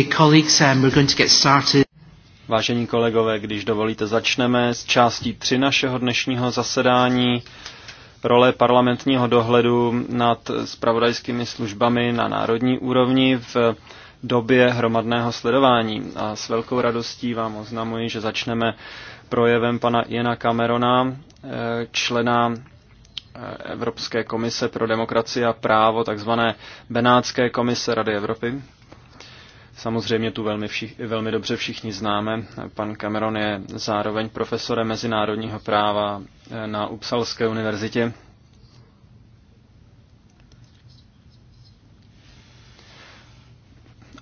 Okay, colleagues, um, we're going to get started. Vážení kolegové, když dovolíte, začneme s částí 3 našeho dnešního zasedání role parlamentního dohledu nad spravodajskými službami na národní úrovni v době hromadného sledování. A s velkou radostí vám oznamuji, že začneme projevem pana Jena Camerona, eh, člena eh, Evropské komise pro demokracii a právo, takzvané Benátské komise Rady Evropy. Samozřejmě tu velmi, vši, velmi dobře všichni známe. Pan Cameron je zároveň profesorem mezinárodního práva eh, na Upsalské univerzitě.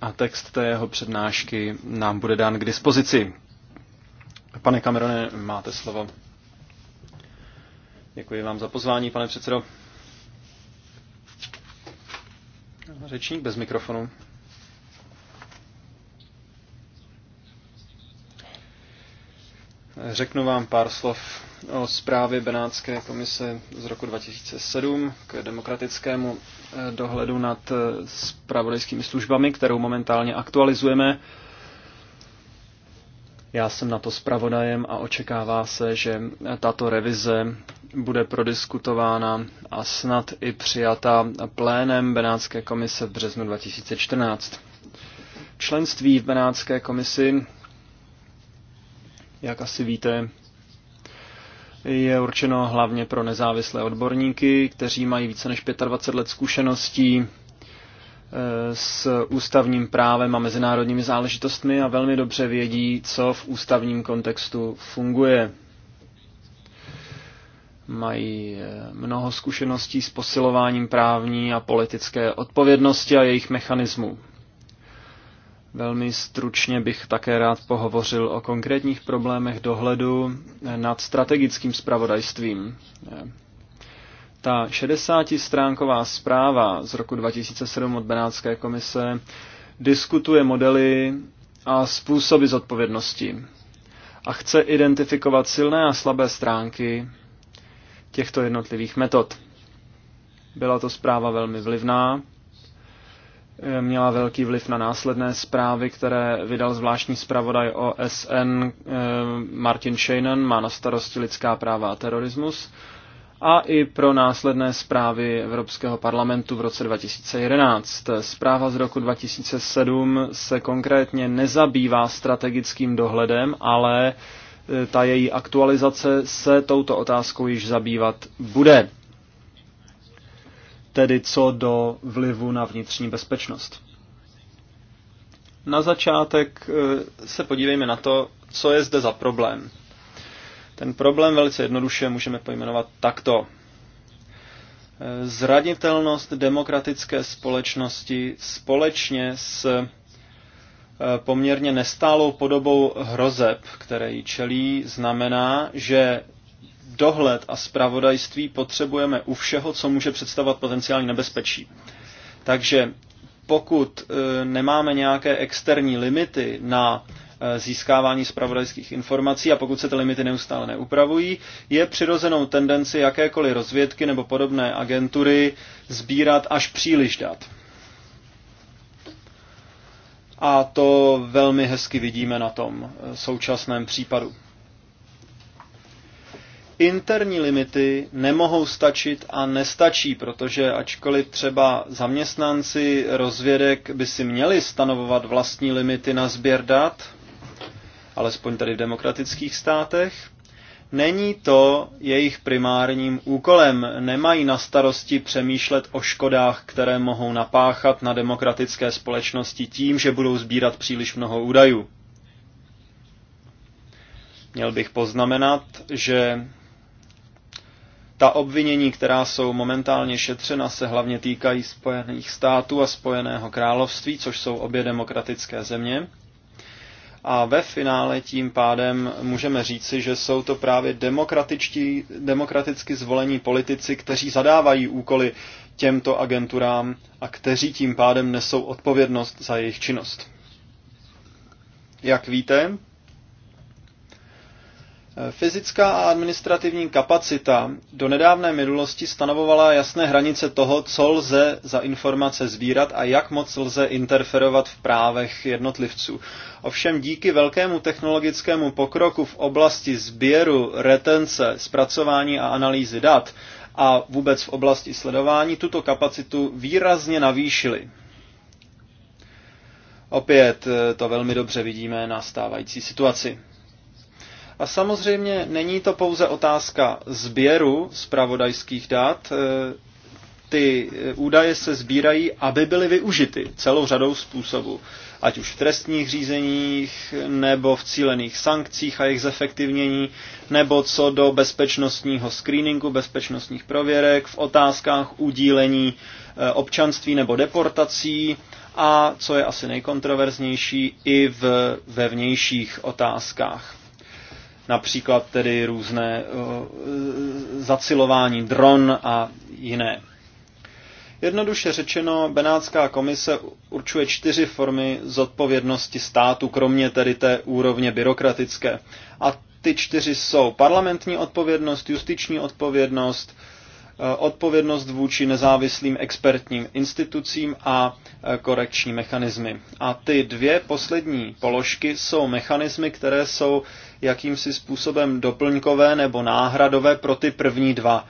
A text té jeho přednášky nám bude dán k dispozici. Pane Camerone, máte slovo. Děkuji vám za pozvání, pane předsedo. Řečník bez mikrofonu. Řeknu vám pár slov o zprávě Benátské komise z roku 2007 k demokratickému eh, dohledu nad spravodajskými eh, službami, kterou momentálně aktualizujeme. Já jsem na to zpravodajem a očekává se, že eh, tato revize bude prodiskutována a snad i přijata plénem Benátské komise v březnu 2014. Členství v Benátské komisi jak asi víte, je určeno hlavně pro nezávislé odborníky, kteří mají více než 25 let zkušeností eh, s ústavním právem a mezinárodními záležitostmi a velmi dobře vědí, co v ústavním kontextu funguje. Mají eh, mnoho zkušeností s posilováním právní a politické odpovědnosti a jejich mechanismů. Velmi stručně bych také rád pohovořil o konkrétních problémech dohledu nad strategickým spravodajstvím. Ta 60-stránková zpráva z roku 2007 od Benátské komise diskutuje modely a způsoby zodpovědnosti a chce identifikovat silné a slabé stránky těchto jednotlivých metod. Byla to zpráva velmi vlivná měla velký vliv na následné zprávy, které vydal zvláštní zpravodaj OSN eh, Martin Shainan, má na starosti lidská práva a terorismus, a i pro následné zprávy Evropského parlamentu v roce 2011. Zpráva z roku 2007 se konkrétně nezabývá strategickým dohledem, ale eh, ta její aktualizace se touto otázkou již zabývat bude tedy co do vlivu na vnitřní bezpečnost. Na začátek eh, se podívejme na to, co je zde za problém. Ten problém velice jednoduše můžeme pojmenovat takto. Eh, zranitelnost demokratické společnosti společně s eh, poměrně nestálou podobou hrozeb, které jí čelí, znamená, že dohled a spravodajství potřebujeme u všeho, co může představovat potenciální nebezpečí. Takže pokud e, nemáme nějaké externí limity na e, získávání spravodajských informací a pokud se ty limity neustále neupravují, je přirozenou tendenci jakékoliv rozvědky nebo podobné agentury sbírat až příliš dat. A to velmi hezky vidíme na tom e, současném případu interní limity nemohou stačit a nestačí, protože ačkoliv třeba zaměstnanci rozvědek by si měli stanovovat vlastní limity na sběr dat, alespoň tady v demokratických státech, není to jejich primárním úkolem. Nemají na starosti přemýšlet o škodách, které mohou napáchat na demokratické společnosti tím, že budou sbírat příliš mnoho údajů. Měl bych poznamenat, že ta obvinění, která jsou momentálně šetřena, se hlavně týkají Spojených států a Spojeného království, což jsou obě demokratické země. A ve finále tím pádem můžeme říci, že jsou to právě demokraticky zvolení politici, kteří zadávají úkoly těmto agenturám a kteří tím pádem nesou odpovědnost za jejich činnost. Jak víte, Eh, fyzická a administrativní kapacita do nedávné minulosti stanovovala jasné hranice toho, co lze za informace sbírat a jak moc lze interferovat v právech jednotlivců. Ovšem díky velkému technologickému pokroku v oblasti sběru, retence, zpracování a analýzy dat a vůbec v oblasti sledování tuto kapacitu výrazně navýšili. Opět eh, to velmi dobře vidíme na stávající situaci. A samozřejmě není to pouze otázka sběru zpravodajských dat. E, ty e, údaje se sbírají, aby byly využity celou řadou způsobů. Ať už v trestních řízeních, nebo v cílených sankcích a jejich zefektivnění, nebo co do bezpečnostního screeningu, bezpečnostních prověrek, v otázkách udílení e, občanství nebo deportací, a co je asi nejkontroverznější, i v, ve vnějších otázkách například tedy různé eh, zacilování dron a jiné. Jednoduše řečeno, Benátská komise určuje čtyři formy zodpovědnosti státu, kromě tedy té úrovně byrokratické. A ty čtyři jsou parlamentní odpovědnost, justiční odpovědnost, eh, odpovědnost vůči nezávislým expertním institucím a eh, korekční mechanismy. A ty dvě poslední položky jsou mechanismy, které jsou jakýmsi způsobem doplňkové nebo náhradové pro ty první dva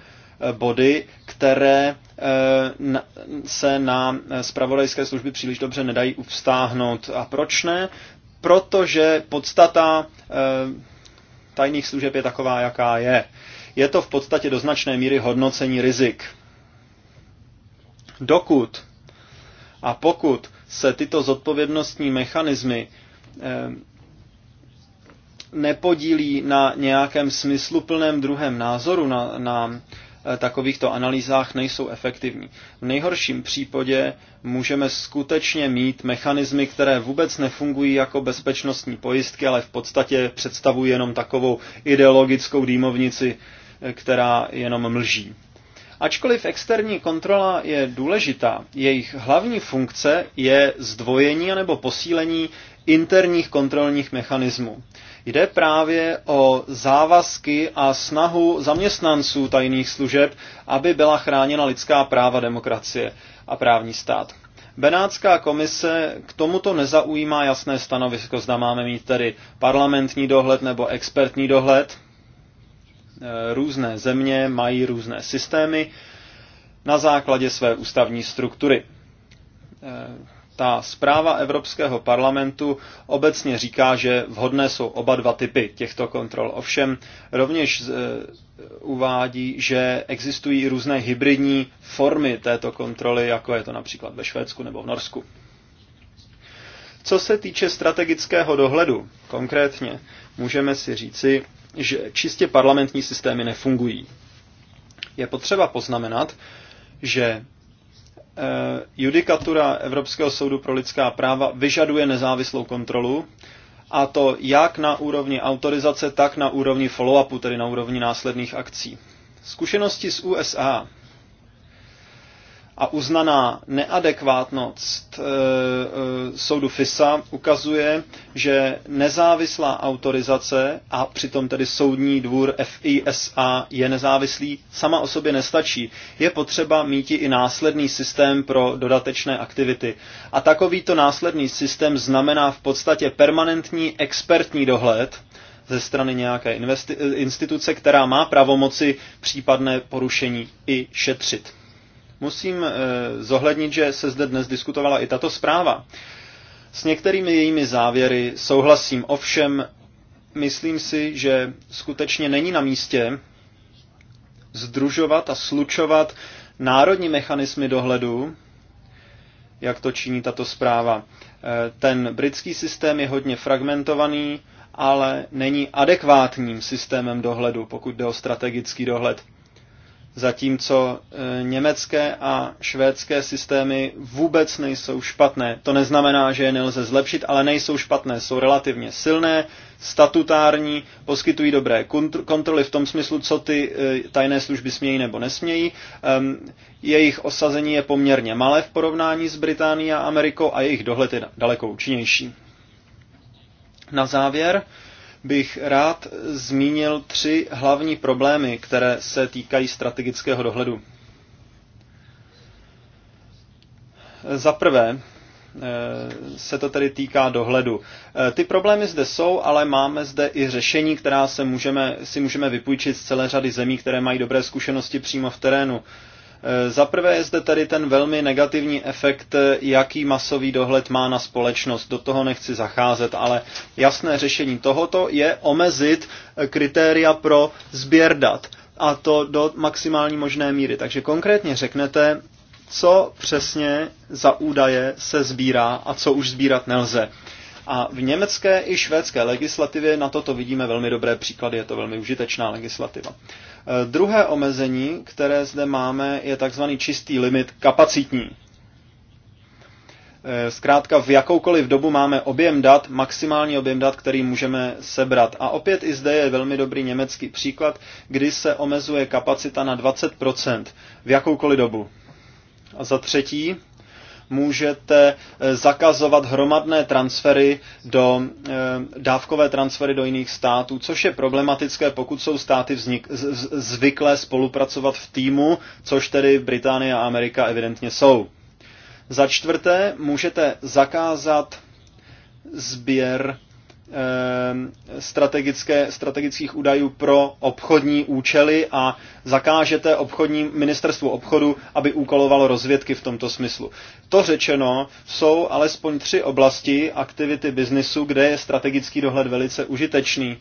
eh, body, které eh, se na spravodajské služby příliš dobře nedají uvstáhnout. A proč ne? Protože podstata eh, tajných služeb je taková, jaká je. Je to v podstatě do značné míry hodnocení rizik. Dokud a pokud se tyto zodpovědnostní mechanismy nepodílí na nějakém smysluplném druhém názoru na, na eh, takovýchto analýzách, nejsou efektivní. V nejhorším případě můžeme skutečně mít mechanismy, které vůbec nefungují jako bezpečnostní pojistky, ale v podstatě představují jenom takovou ideologickou dýmovnici, eh, která jenom mlží. Ačkoliv externí kontrola je důležitá, jejich hlavní funkce je zdvojení nebo posílení interních kontrolních mechanismů. Jde právě o závazky a snahu zaměstnanců tajných služeb, aby byla chráněna lidská práva, demokracie a právní stát. Benátská komise k tomuto nezaujímá jasné stanovisko, zda máme mít tedy parlamentní dohled nebo expertní dohled. E, různé země mají různé systémy na základě své ústavní struktury. E, ta zpráva Evropského parlamentu obecně říká, že vhodné jsou oba dva typy těchto kontrol. Ovšem rovněž e, uvádí, že existují různé hybridní formy této kontroly, jako je to například ve Švédsku nebo v Norsku. Co se týče strategického dohledu konkrétně, můžeme si říci, že čistě parlamentní systémy nefungují. Je potřeba poznamenat, že Eh, judikatura Evropského soudu pro lidská práva vyžaduje nezávislou kontrolu, a to jak na úrovni autorizace, tak na úrovni follow-upu, tedy na úrovni následných akcí. Zkušenosti z USA a uznaná neadekvátnost e, e, soudu FISA ukazuje, že nezávislá autorizace a přitom tedy soudní dvůr FISA je nezávislý, sama o sobě nestačí. Je potřeba mít i následný systém pro dodatečné aktivity. A takovýto následný systém znamená v podstatě permanentní expertní dohled ze strany nějaké eh, instituce, která má pravomoci případné porušení i šetřit. Musím eh, zohlednit, že se zde dnes diskutovala i tato zpráva. S některými jejími závěry souhlasím, ovšem myslím si, že skutečně není na místě združovat a slučovat národní mechanismy dohledu, jak to činí tato zpráva. Eh, ten britský systém je hodně fragmentovaný, ale není adekvátním systémem dohledu, pokud jde o strategický dohled zatímco eh, německé a švédské systémy vůbec nejsou špatné. To neznamená, že je nelze zlepšit, ale nejsou špatné. Jsou relativně silné, statutární, poskytují dobré kontroly v tom smyslu, co ty eh, tajné služby smějí nebo nesmějí. Ehm, jejich osazení je poměrně malé v porovnání s Británií a Amerikou a jejich dohled je daleko účinnější. Na závěr bych rád zmínil tři hlavní problémy, které se týkají strategického dohledu. Za prvé eh, se to tedy týká dohledu. Eh, ty problémy zde jsou, ale máme zde i řešení, která se můžeme, si můžeme vypůjčit z celé řady zemí, které mají dobré zkušenosti přímo v terénu. Eh, za prvé je zde tady ten velmi negativní efekt, eh, jaký masový dohled má na společnost. Do toho nechci zacházet, ale jasné řešení tohoto je omezit eh, kritéria pro sběr dat a to do maximální možné míry. Takže konkrétně řeknete, co přesně za údaje se sbírá a co už sbírat nelze. A v německé i švédské legislativě na toto vidíme velmi dobré příklady, je to velmi užitečná legislativa. E, druhé omezení, které zde máme, je takzvaný čistý limit kapacitní. E, zkrátka v jakoukoliv dobu máme objem dat, maximální objem dat, který můžeme sebrat. A opět i zde je velmi dobrý německý příklad, kdy se omezuje kapacita na 20% v jakoukoliv dobu. A za třetí, můžete eh, zakazovat hromadné transfery do eh, dávkové transfery do jiných států, což je problematické, pokud jsou státy vznik, zvyklé spolupracovat v týmu, což tedy Británie a Amerika evidentně jsou. Za čtvrté, můžete zakázat sběr Ehm, strategické, strategických údajů pro obchodní účely a zakážete obchodním ministerstvu obchodu, aby úkolovalo rozvědky v tomto smyslu. To řečeno, jsou alespoň tři oblasti aktivity biznisu, kde je strategický dohled velice užitečný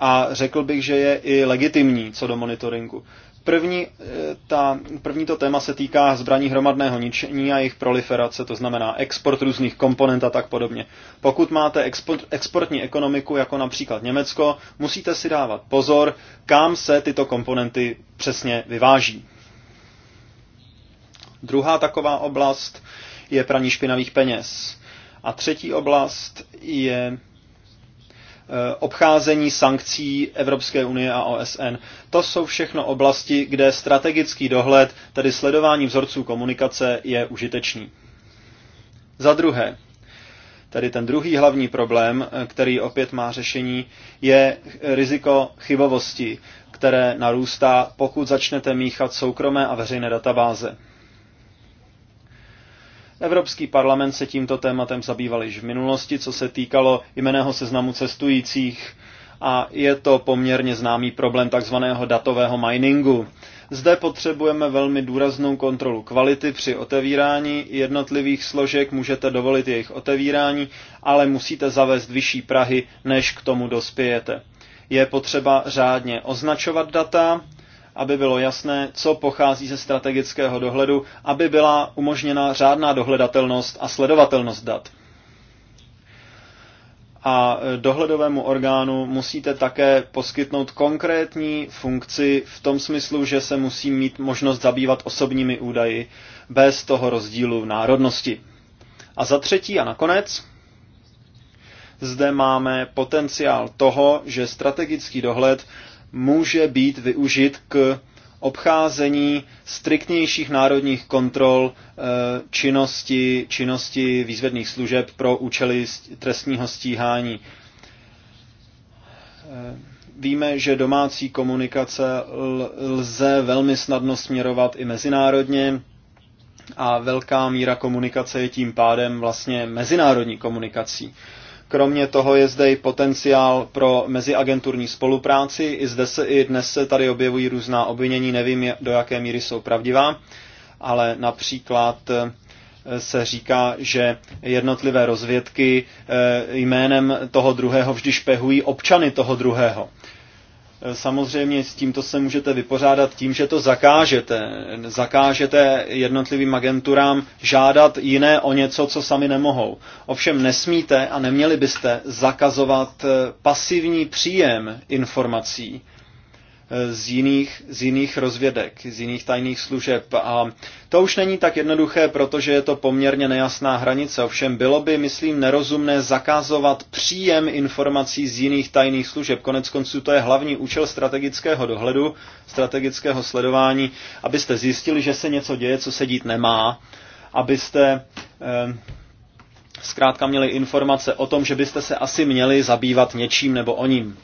a řekl bych, že je i legitimní co do monitoringu. První, eh, ta, první to téma se týká zbraní hromadného ničení a jejich proliferace, to znamená export různých komponent a tak podobně. Pokud máte export, exportní ekonomiku, jako například Německo, musíte si dávat pozor, kam se tyto komponenty přesně vyváží. Druhá taková oblast je praní špinavých peněz. A třetí oblast je Eh, obcházení sankcí Evropské unie a OSN. To jsou všechno oblasti, kde strategický dohled, tedy sledování vzorců komunikace, je užitečný. Za druhé, tedy ten druhý hlavní problém, eh, který opět má řešení, je riziko chybovosti, které narůstá, pokud začnete míchat soukromé a veřejné databáze. Evropský parlament se tímto tématem zabýval již v minulosti, co se týkalo jmeného seznamu cestujících a je to poměrně známý problém takzvaného datového miningu. Zde potřebujeme velmi důraznou kontrolu kvality při otevírání jednotlivých složek, můžete dovolit jejich otevírání, ale musíte zavést vyšší Prahy, než k tomu dospějete. Je potřeba řádně označovat data, aby bylo jasné, co pochází ze strategického dohledu, aby byla umožněna řádná dohledatelnost a sledovatelnost dat. A e, dohledovému orgánu musíte také poskytnout konkrétní funkci v tom smyslu, že se musí mít možnost zabývat osobními údaji bez toho rozdílu v národnosti. A za třetí a nakonec, zde máme potenciál toho, že strategický dohled může být využit k obcházení striktnějších národních kontrol eh, činnosti, činnosti výzvedných služeb pro účely trestního stíhání. Eh, víme, že domácí komunikace lze velmi snadno směrovat i mezinárodně a velká míra komunikace je tím pádem vlastně mezinárodní komunikací. Kromě toho je zde i potenciál pro meziagenturní spolupráci. I, zde se, I dnes se tady objevují různá obvinění, nevím, do jaké míry jsou pravdivá, ale například eh, se říká, že jednotlivé rozvědky eh, jménem toho druhého vždy špehují občany toho druhého. Eh, samozřejmě s tímto se můžete vypořádat tím, že to zakážete. Zakážete jednotlivým agenturám žádat jiné o něco, co sami nemohou. Ovšem nesmíte a neměli byste zakazovat eh, pasivní příjem informací z jiných, z jiných rozvědek, z jiných tajných služeb. A to už není tak jednoduché, protože je to poměrně nejasná hranice. Ovšem bylo by, myslím, nerozumné zakázovat příjem informací z jiných tajných služeb. Konec konců to je hlavní účel strategického dohledu, strategického sledování, abyste zjistili, že se něco děje, co se dít nemá, abyste. Eh, zkrátka měli informace o tom, že byste se asi měli zabývat něčím nebo o ním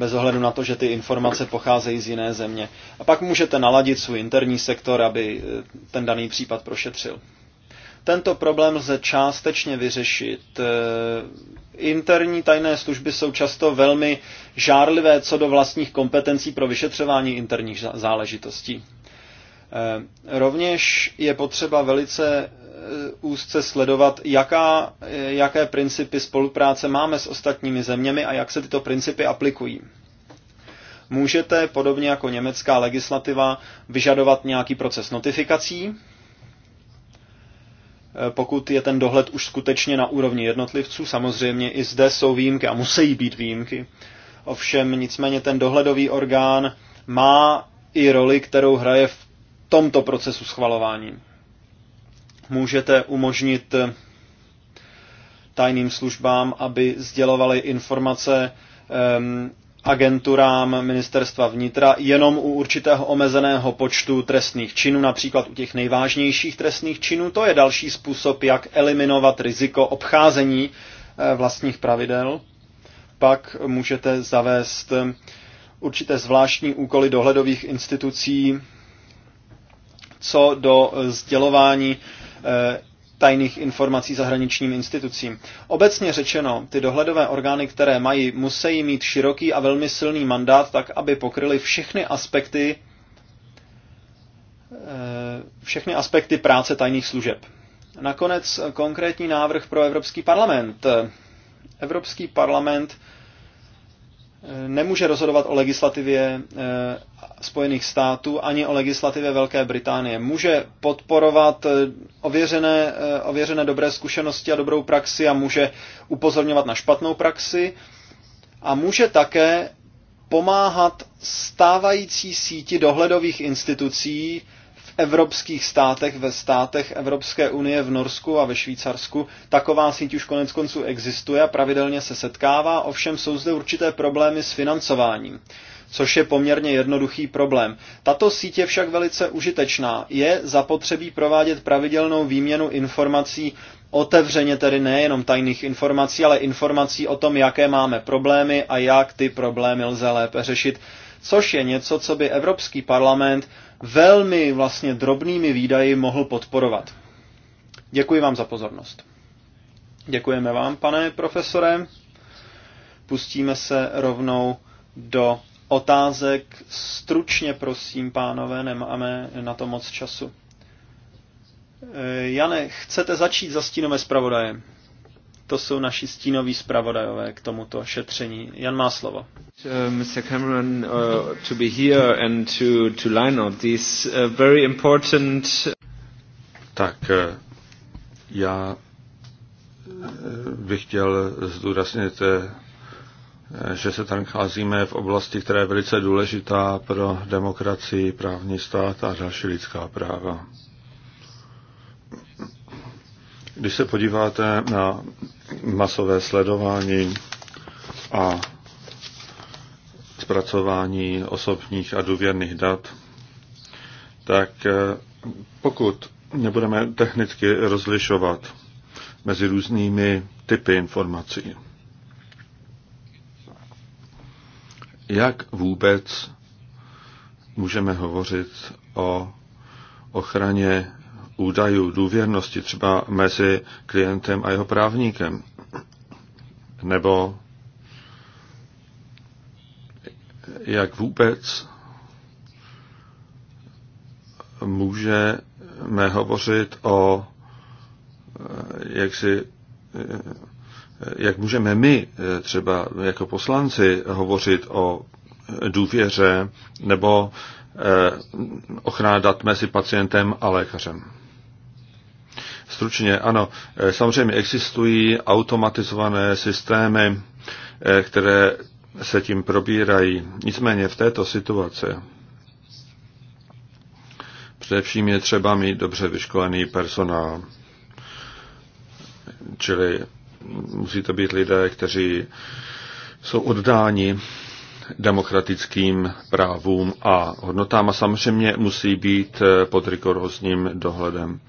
bez ohledu na to, že ty informace pocházejí z jiné země. A pak můžete naladit svůj interní sektor, aby eh, ten daný případ prošetřil. Tento problém lze částečně vyřešit. Eh, interní tajné služby jsou často velmi žárlivé co do vlastních kompetencí pro vyšetřování interních záležitostí. Eh, rovněž je potřeba velice Eh, úzce sledovat, jaká, eh, jaké principy spolupráce máme s ostatními zeměmi a jak se tyto principy aplikují. Můžete, podobně jako německá legislativa, vyžadovat nějaký proces notifikací, eh, pokud je ten dohled už skutečně na úrovni jednotlivců. Samozřejmě i zde jsou výjimky a musí být výjimky. Ovšem nicméně ten dohledový orgán má i roli, kterou hraje v tomto procesu schvalování můžete umožnit eh, tajným službám, aby sdělovaly informace ehm, agenturám ministerstva vnitra jenom u určitého omezeného počtu trestných činů, například u těch nejvážnějších trestných činů. To je další způsob, jak eliminovat riziko obcházení eh, vlastních pravidel. Pak můžete zavést eh, určité zvláštní úkoly dohledových institucí co do sdělování Eh, tajných informací zahraničním institucím. Obecně řečeno, ty dohledové orgány, které mají, musí mít široký a velmi silný mandát, tak aby pokryly všechny aspekty eh, všechny aspekty práce tajných služeb. Nakonec konkrétní návrh pro Evropský parlament. Evropský parlament nemůže rozhodovat o legislativě eh, Spojených států ani o legislativě Velké Británie. Může podporovat eh, ověřené, eh, ověřené dobré zkušenosti a dobrou praxi a může upozorňovat na špatnou praxi a může také pomáhat stávající síti dohledových institucí evropských státech, ve státech Evropské unie, v Norsku a ve Švýcarsku. Taková síť už konec konců existuje a pravidelně se setkává, ovšem jsou zde určité problémy s financováním což je poměrně jednoduchý problém. Tato síť je však velice užitečná. Je zapotřebí provádět pravidelnou výměnu informací otevřeně, tedy nejenom tajných informací, ale informací o tom, jaké máme problémy a jak ty problémy lze lépe řešit, což je něco, co by Evropský parlament velmi vlastně drobnými výdaji mohl podporovat. Děkuji vám za pozornost. Děkujeme vám, pane profesore. Pustíme se rovnou do otázek. Stručně prosím, pánové, nemáme na to moc času. E, Jane, chcete začít za stínové zpravodajem? To jsou naši stínoví zpravodajové k tomuto šetření. Jan má slovo. Uh, Mr. Cameron, uh, to be here and to, to line up these uh, very important... Tak, uh, já uh, bych chtěl zdůraznit, uh, že se tam nacházíme v oblasti, která je velice důležitá pro demokracii, právní stát a další lidská práva. Když se podíváte na masové sledování a zpracování osobních a důvěrných dat, tak eh, pokud nebudeme technicky rozlišovat mezi různými typy informací, jak vůbec můžeme hovořit o ochraně údajů, důvěrnosti třeba mezi klientem a jeho právníkem. Nebo jak vůbec můžeme hovořit o jak si jak můžeme my třeba jako poslanci hovořit o důvěře nebo eh, ochrádat mezi pacientem a lékařem. Stručně, ano. Eh, samozřejmě existují automatizované systémy, eh, které se tím probírají. Nicméně v této situaci především je třeba mít dobře vyškolený personál. Čili musí to být lidé, kteří jsou oddáni demokratickým právům a hodnotám a samozřejmě musí být eh, pod rigorózním dohledem.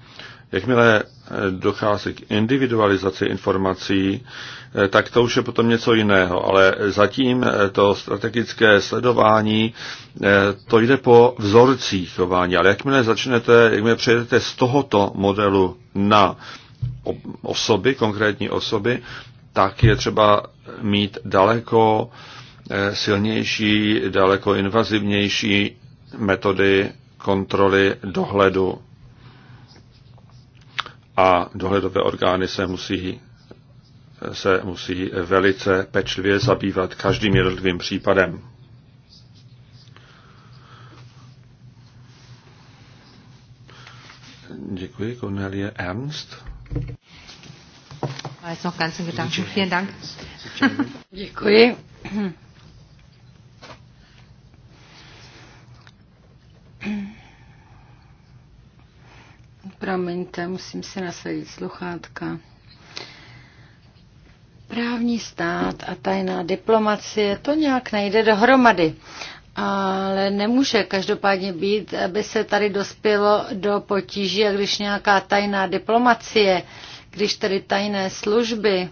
Jakmile eh, dochází k individualizaci informací, eh, tak to už je potom něco jiného, ale zatím eh, to strategické sledování, to jde po vzorcích chování, ale jakmile začnete, jakmile přejdete z tohoto modelu na osoby, konkrétní osoby, tak je třeba mít daleko silnější, daleko invazivnější metody kontroly dohledu a dohledové orgány se musí se musí velice pečlivě zabývat každým jednotlivým případem. Děkuji, Cornelie Ernst. Děkuji. Děkuji. Promiňte, musím si nasadit sluchátka. Právní stát a tajná diplomacie, to nějak nejde dohromady. Ale nemůže každopádně být, aby se tady dospělo do potíží, a když nějaká tajná diplomacie, když tedy tajné služby,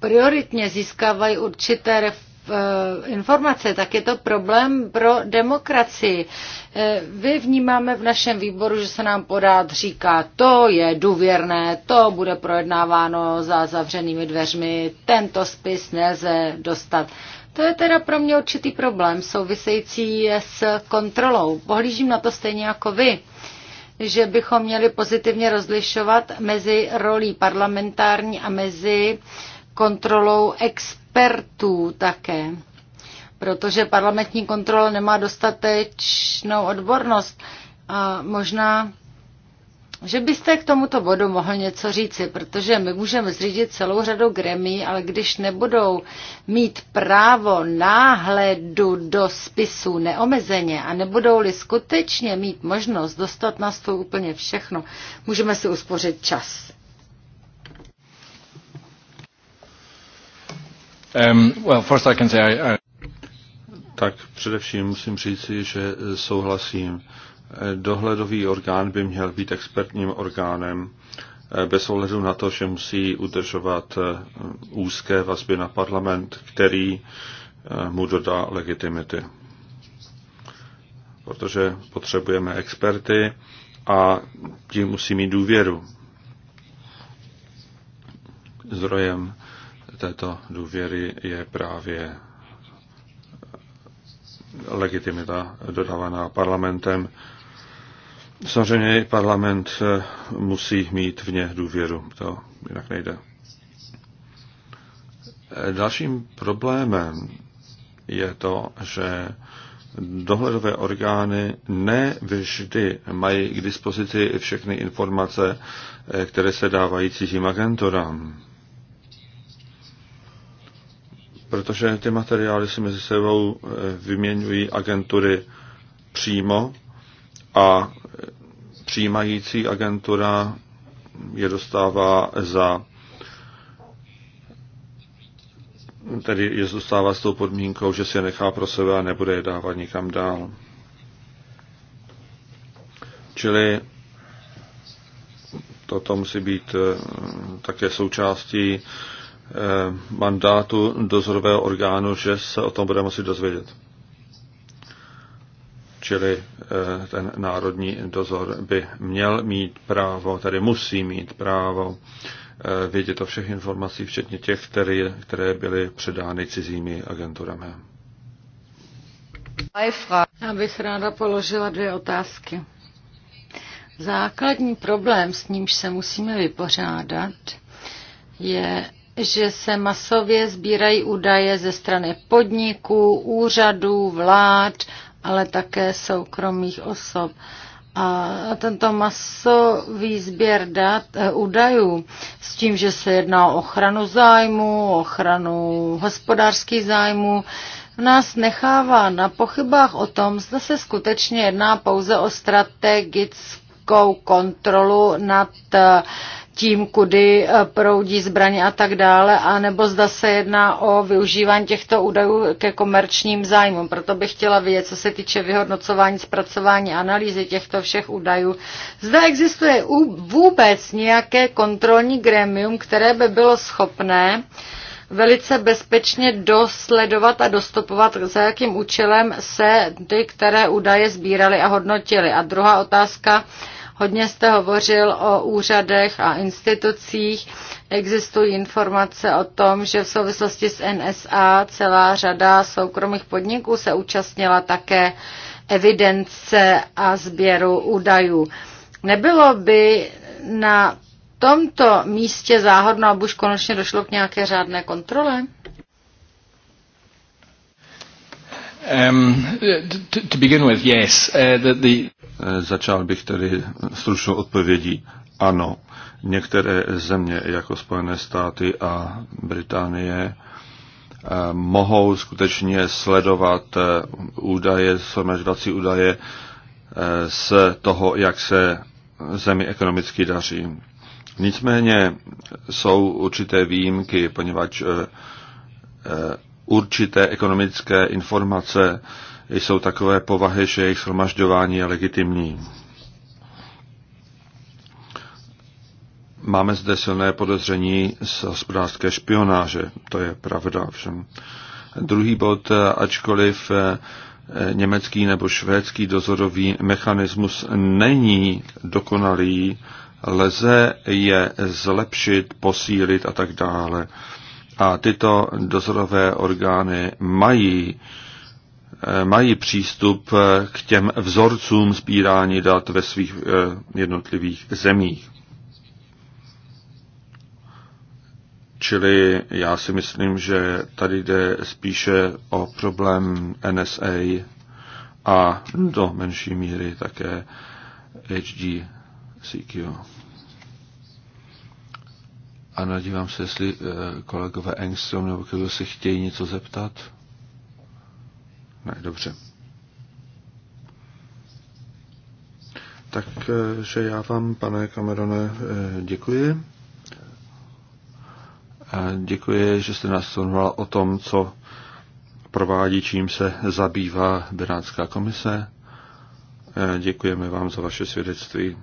prioritně získávají určité Eh, informace, tak je to problém pro demokracii. Eh, vy vnímáme v našem výboru, že se nám podát říká, to je důvěrné, to bude projednáváno za zavřenými dveřmi, tento spis nelze dostat. To je teda pro mě určitý problém související s kontrolou. Pohlížím na to stejně jako vy že bychom měli pozitivně rozlišovat mezi rolí parlamentární a mezi kontrolou ex expertů také, protože parlamentní kontrola nemá dostatečnou odbornost. A možná, že byste k tomuto bodu mohl něco říci, protože my můžeme zřídit celou řadu gremí, ale když nebudou mít právo náhledu do spisů neomezeně a nebudou-li skutečně mít možnost dostat na stůl úplně všechno, můžeme si uspořit čas. Um, tak především musím říci, že souhlasím. Dohledový orgán by měl být expertním orgánem eh, bez ohledu na to, že musí udržovat eh, úzké vazby na parlament, který eh, mu dodá legitimity. Protože potřebujeme experty a tím musí mít důvěru. Zdrojem této důvěry je právě legitimita dodávaná parlamentem. Samozřejmě parlament eh, musí mít v ně důvěru, to jinak nejde. Eh, dalším problémem je to, že dohledové orgány ne vždy mají k dispozici všechny informace, eh, které se dávají cizím agenturám protože ty materiály si mezi sebou eh, vyměňují agentury přímo a eh, přijímající agentura je dostává za tedy je zůstává s tou podmínkou, že si je nechá pro sebe a nebude je dávat nikam dál. Čili toto musí být eh, také součástí Eh, mandátu dozorového orgánu, že se o tom bude moci dozvědět. Čili eh, ten národní dozor by měl mít právo, tedy musí mít právo eh, vědět o všech informacích, včetně těch, které, které byly předány cizími agenturami. Já bych ráda položila dvě otázky. Základní problém, s nímž se musíme vypořádat, je že se masově sbírají údaje ze strany podniků, úřadů, vlád, ale také soukromých osob. A tento masový sběr dat, eh, údajů s tím, že se jedná o ochranu zájmu, ochranu hospodářských zájmů, nás nechává na pochybách o tom, zda se skutečně jedná pouze o strategickou kontrolu nad eh, tím, kudy eh, proudí zbraně a tak dále, anebo zda se jedná o využívání těchto údajů ke komerčním zájmům. Proto bych chtěla vědět, co se týče vyhodnocování, zpracování, analýzy těchto všech údajů. Zda existuje vůbec nějaké kontrolní gremium, které by bylo schopné velice bezpečně dosledovat a dostupovat, za jakým účelem se ty, které údaje sbíraly a hodnotily. A druhá otázka, Hodně jste hovořil o úřadech a institucích. Existují informace o tom, že v souvislosti s NSA celá řada soukromých podniků se účastnila také evidence a sběru údajů. Nebylo by na tomto místě záhodno, aby už konečně došlo k nějaké řádné kontrole? Um, to, to begin with, yes. Uh, the, the... Eh, začal bych tedy stručnou odpovědí. Ano, některé země jako Spojené státy a Británie eh, mohou skutečně sledovat eh, údaje, shromažďovací údaje z toho, jak se zemi ekonomicky daří. Nicméně jsou určité výjimky, poněvadž určité ekonomické informace jsou takové povahy, že jejich shromažďování je legitimní. Máme zde silné podezření z hospodářské špionáže, to je pravda všem. Druhý bod, ačkoliv eh, německý nebo švédský dozorový mechanismus není dokonalý, lze je zlepšit, posílit a tak dále. A tyto dozorové orgány mají Eh, mají přístup eh, k těm vzorcům sbírání dat ve svých eh, jednotlivých zemích. Čili já si myslím, že tady jde spíše o problém NSA a do menší míry také HDCQ. Ano, dívám se, jestli kolegové Engstrom nebo kdo se chtějí něco zeptat. Ne, dobře. Takže eh, já vám, pane Camerone, eh, děkuji. A děkuji, že jste nás informoval o tom, co provádí, čím se zabývá Benátská komise. Eh, děkujeme vám za vaše svědectví.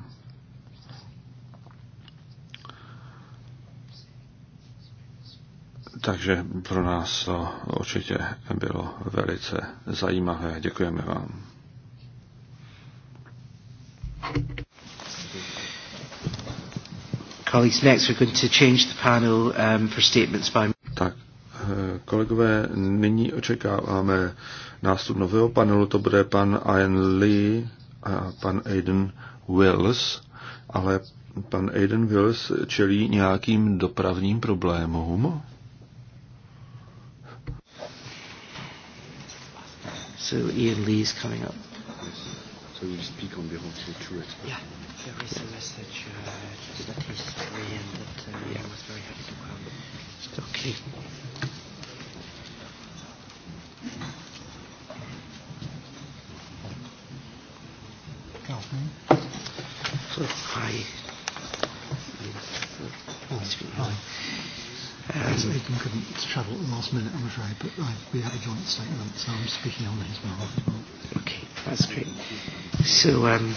Takže pro nás to určitě bylo velice zajímavé. Děkujeme vám. Colleagues, next we're going to change the panel um, for statements by... Tak, eh, kolegové, nyní očekáváme nástup nového panelu. To bude pan Ian Lee a pan Aiden Wills, ale pan Aiden Wills čelí nějakým dopravním problémům. So Ian Lee's coming up. Yes. So you speak on behalf of the two experts. Yeah, there is a message uh, that he's and that uh, yeah. I was very happy to come. Okay. Mm-hmm. Hi. Mm-hmm. Oh because mm. Aiken couldn't travel at the last minute, I'm afraid, but I, uh, we have a joint statement, so I'm speaking on his behalf. Okay, that's great. So, um,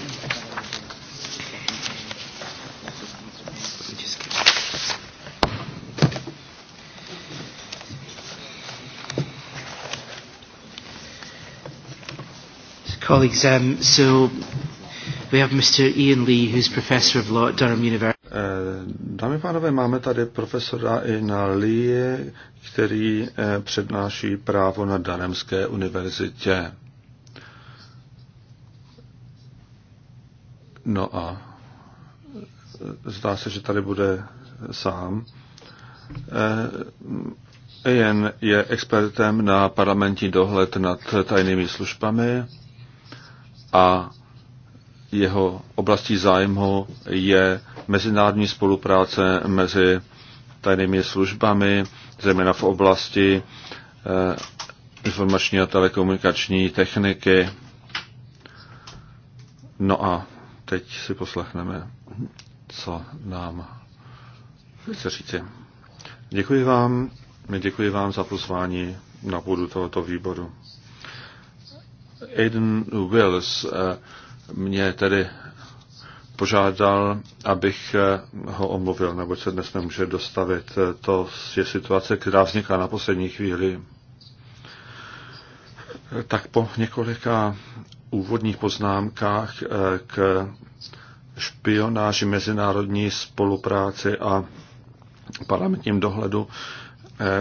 Colleagues, um, so we have Mr. Ian Lee, who's Professor of Law at Durham University. Dámy a pánové, máme tady profesora na Lee, který eh, přednáší právo na Danemské univerzitě. No a eh, zdá se, že tady bude sám. Eh, Ian je expertem na parlamentní dohled nad tajnými službami a jeho oblastí zájmu je mezinárodní spolupráce mezi tajnými službami, zejména v oblasti eh, informační a telekomunikační techniky. No a teď si poslechneme, co nám chce říci. Děkuji vám, my děkuji vám za pozvání na půdu tohoto výboru. Aiden Wills, uh, mě tedy požádal, abych eh, ho omluvil, neboť se dnes nemůže dostavit. Eh, to je situace, která vznikla na poslední chvíli. Tak po několika úvodních poznámkách eh, k špionáži mezinárodní spolupráci a parlamentním dohledu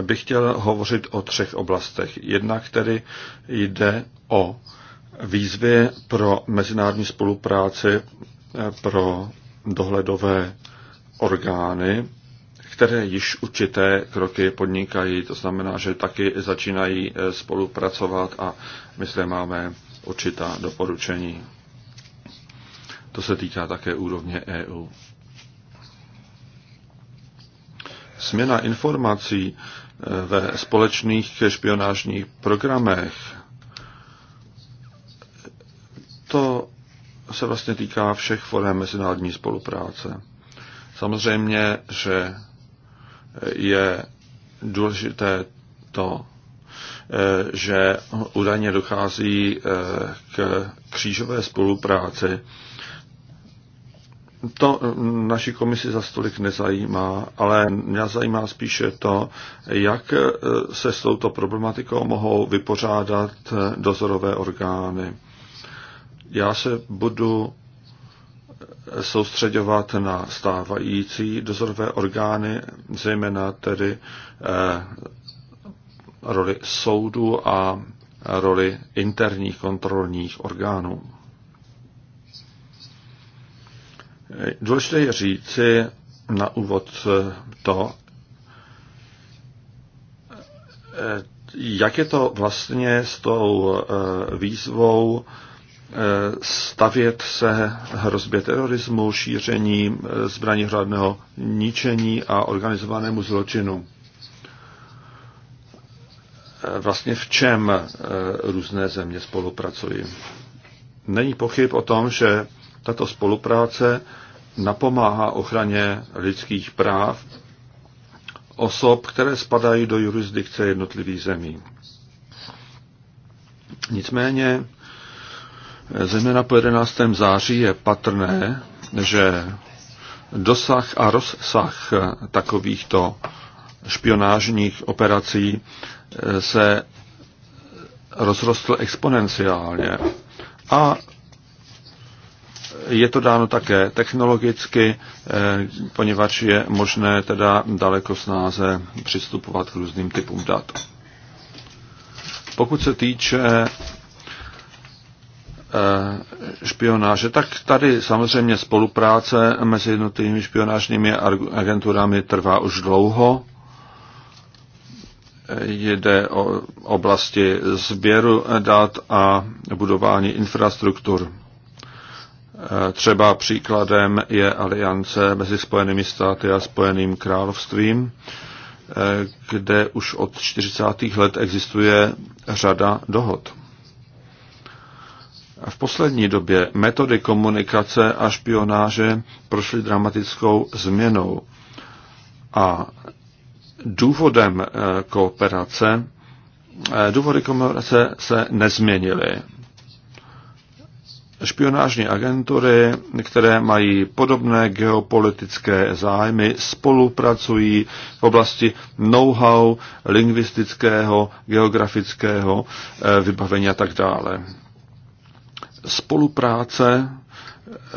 bych chtěl hovořit o třech oblastech. Jednak tedy jde o výzvy pro mezinárodní spolupráci eh, pro dohledové orgány, které již určité kroky podnikají. To znamená, že taky začínají eh, spolupracovat a my zde máme určitá doporučení. To se týká také úrovně EU. Směna informací eh, ve společných špionážních programech to se vlastně týká všech forem mezinárodní spolupráce. Samozřejmě, že je důležité to, že údajně dochází eh, k křížové spolupráci. To naši komisi za stolik nezajímá, ale mě zajímá spíše to, jak eh, se s touto problematikou mohou vypořádat eh, dozorové orgány. Já se budu soustředovat na stávající dozorové orgány, zejména tedy eh, roli soudu a roli interních kontrolních orgánů. Důležité je říci na úvod to, eh, jak je to vlastně s tou eh, výzvou stavět se hrozbě terorismu, šíření eh, zbraní hradného, ničení a organizovanému zločinu. Eh, vlastně v čem eh, různé země spolupracují. Není pochyb o tom, že tato spolupráce napomáhá ochraně lidských práv osob, které spadají do jurisdikce jednotlivých zemí. Nicméně zejména po 11. září je patrné, že dosah a rozsah takovýchto špionážních operací eh, se rozrostl exponenciálně. A je to dáno také technologicky, eh, poněvadž je možné teda daleko snáze přistupovat k různým typům dat. Pokud se týče Eh, špionáže, tak tady samozřejmě spolupráce mezi jednotlivými špionážními agenturami trvá už dlouho. Eh, jde o oblasti sběru dat a budování infrastruktur. Eh, třeba příkladem je aliance mezi Spojenými státy a Spojeným královstvím, kde už od 40. let existuje řada dohod. V poslední době metody komunikace a špionáže prošly dramatickou změnou a důvodem eh, kooperace, eh, důvody kooperace se nezměnily. Špionážní agentury, které mají podobné geopolitické zájmy, spolupracují v oblasti know-how, lingvistického, geografického eh, vybavení a tak dále spolupráce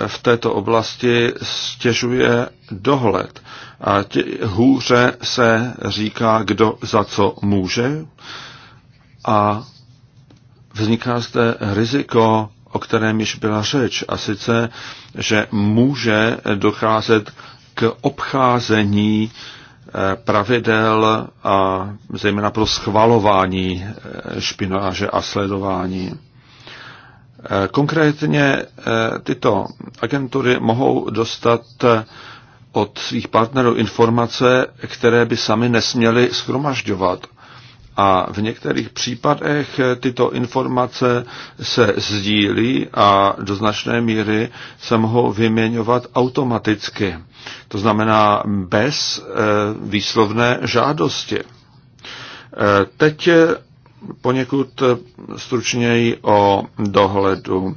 v této oblasti stěžuje dohled. A tě, hůře se říká, kdo za co může a vzniká zde riziko, o kterém již byla řeč, a sice, že může docházet k obcházení eh, pravidel a zejména pro schvalování eh, špinaže a sledování. Eh, konkrétně eh, tyto agentury mohou dostat eh, od svých partnerů informace, které by sami nesměly schromažďovat. A v některých případech tyto informace se sdílí a do značné míry se mohou vyměňovat automaticky. To znamená bez výslovné žádosti. Teď poněkud eh, stručněji o dohledu.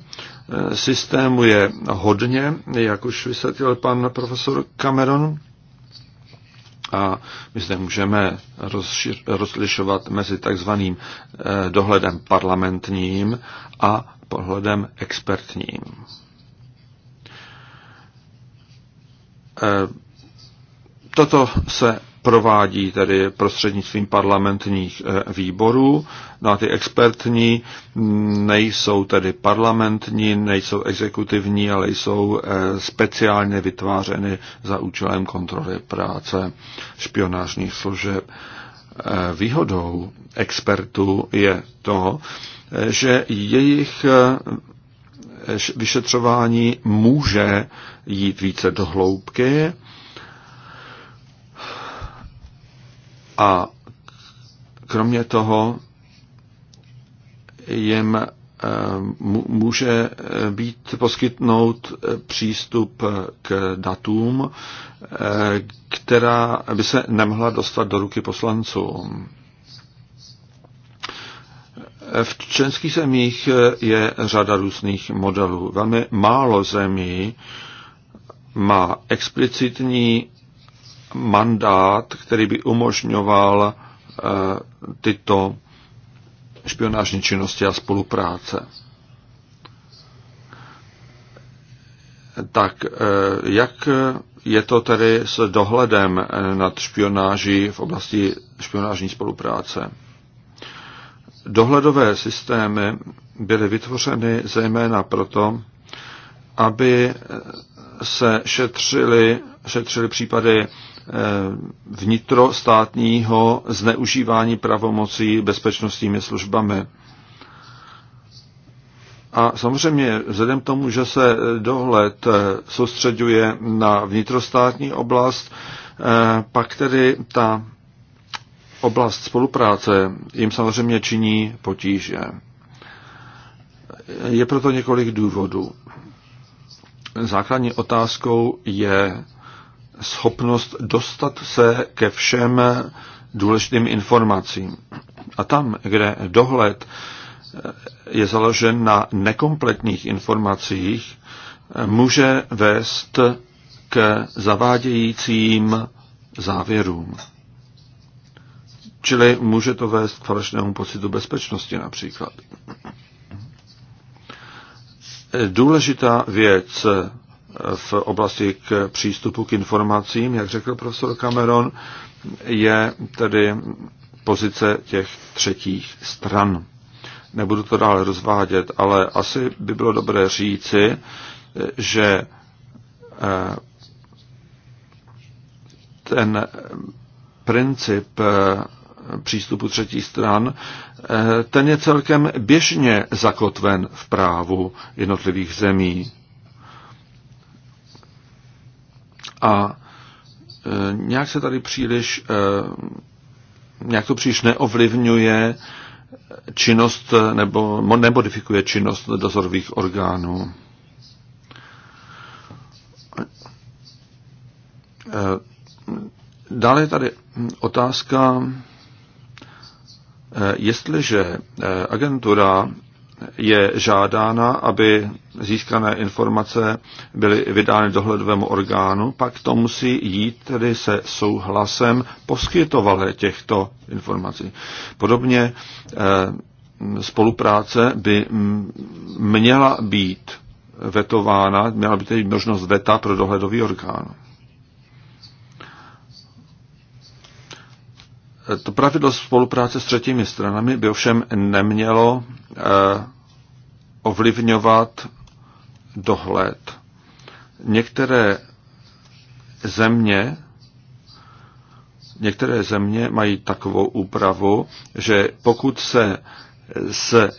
Eh, systému je hodně, jak už vysvětlil pan profesor Cameron, a my zde můžeme rozšir, rozlišovat mezi takzvaným eh, dohledem parlamentním a pohledem expertním. Toto se provádí tedy prostřednictvím parlamentních eh, výborů. No a ty expertní mm, nejsou tedy parlamentní, nejsou exekutivní, ale jsou eh, speciálně vytvářeny za účelem kontroly práce špionážních služeb. Eh, výhodou expertů je to, že jejich vyšetřování může jít více do hloubky A kromě toho jim eh, může eh, být poskytnout eh, přístup k datům, která by se nemohla dostat do ruky poslanců. V členských zemích je řada různých modelů. Velmi málo zemí má explicitní mandát, který by umožňoval eh, tyto špionážní činnosti a spolupráce. Tak eh, jak je to tedy s dohledem eh, nad špionáží v oblasti špionážní spolupráce? Dohledové systémy byly vytvořeny zejména proto, aby se šetřily šetřili případy Eh, vnitrostátního zneužívání pravomocí bezpečnostními službami. A samozřejmě vzhledem k tomu, že se dohled eh, soustředuje na vnitrostátní oblast, eh, pak tedy ta oblast spolupráce jim samozřejmě činí potíže. Je proto několik důvodů. Základní otázkou je, schopnost dostat se ke všem důležitým informacím. A tam, kde dohled je založen na nekompletních informacích, může vést k zavádějícím závěrům. Čili může to vést k falešnému pocitu bezpečnosti například. Důležitá věc v oblasti k přístupu k informacím, jak řekl profesor Cameron, je tedy pozice těch třetích stran. Nebudu to dále rozvádět, ale asi by bylo dobré říci, že eh, ten princip eh, přístupu třetí stran, eh, ten je celkem běžně zakotven v právu jednotlivých zemí. A e, nějak se tady příliš, e, nějak to příliš neovlivňuje činnost nebo nemodifikuje činnost dozorových orgánů. E, dále je tady otázka, jestliže agentura je žádána, aby získané informace byly vydány dohledovému orgánu, pak to musí jít tedy se souhlasem poskytovatele těchto informací. Podobně eh, spolupráce by mm, měla být vetována, měla by tedy možnost veta pro dohledový orgán. To pravidlo spolupráce s třetími stranami by ovšem nemělo eh, ovlivňovat dohled. Některé země Některé země mají takovou úpravu, že pokud se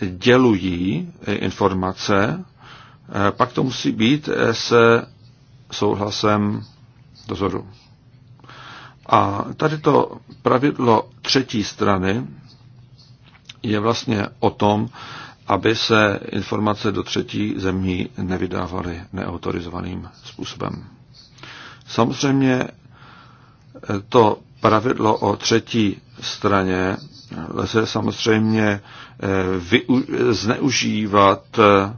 sdělují eh, informace, eh, pak to musí být se souhlasem dozoru. A tady to pravidlo třetí strany je vlastně o tom, aby se informace do třetí zemí nevydávaly neautorizovaným způsobem. Samozřejmě eh, to pravidlo o třetí straně lze samozřejmě eh, zneužívat eh,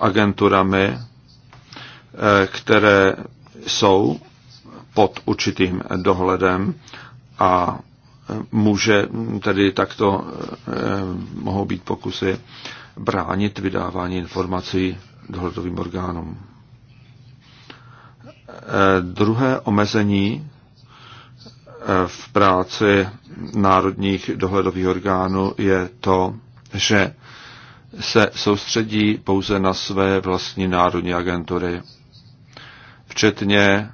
agenturami, které jsou pod určitým dohledem a může tedy takto eh, mohou být pokusy bránit vydávání informací dohledovým orgánům. Eh, druhé omezení eh, v práci národních dohledových orgánů je to, že se soustředí pouze na své vlastní národní agentury, včetně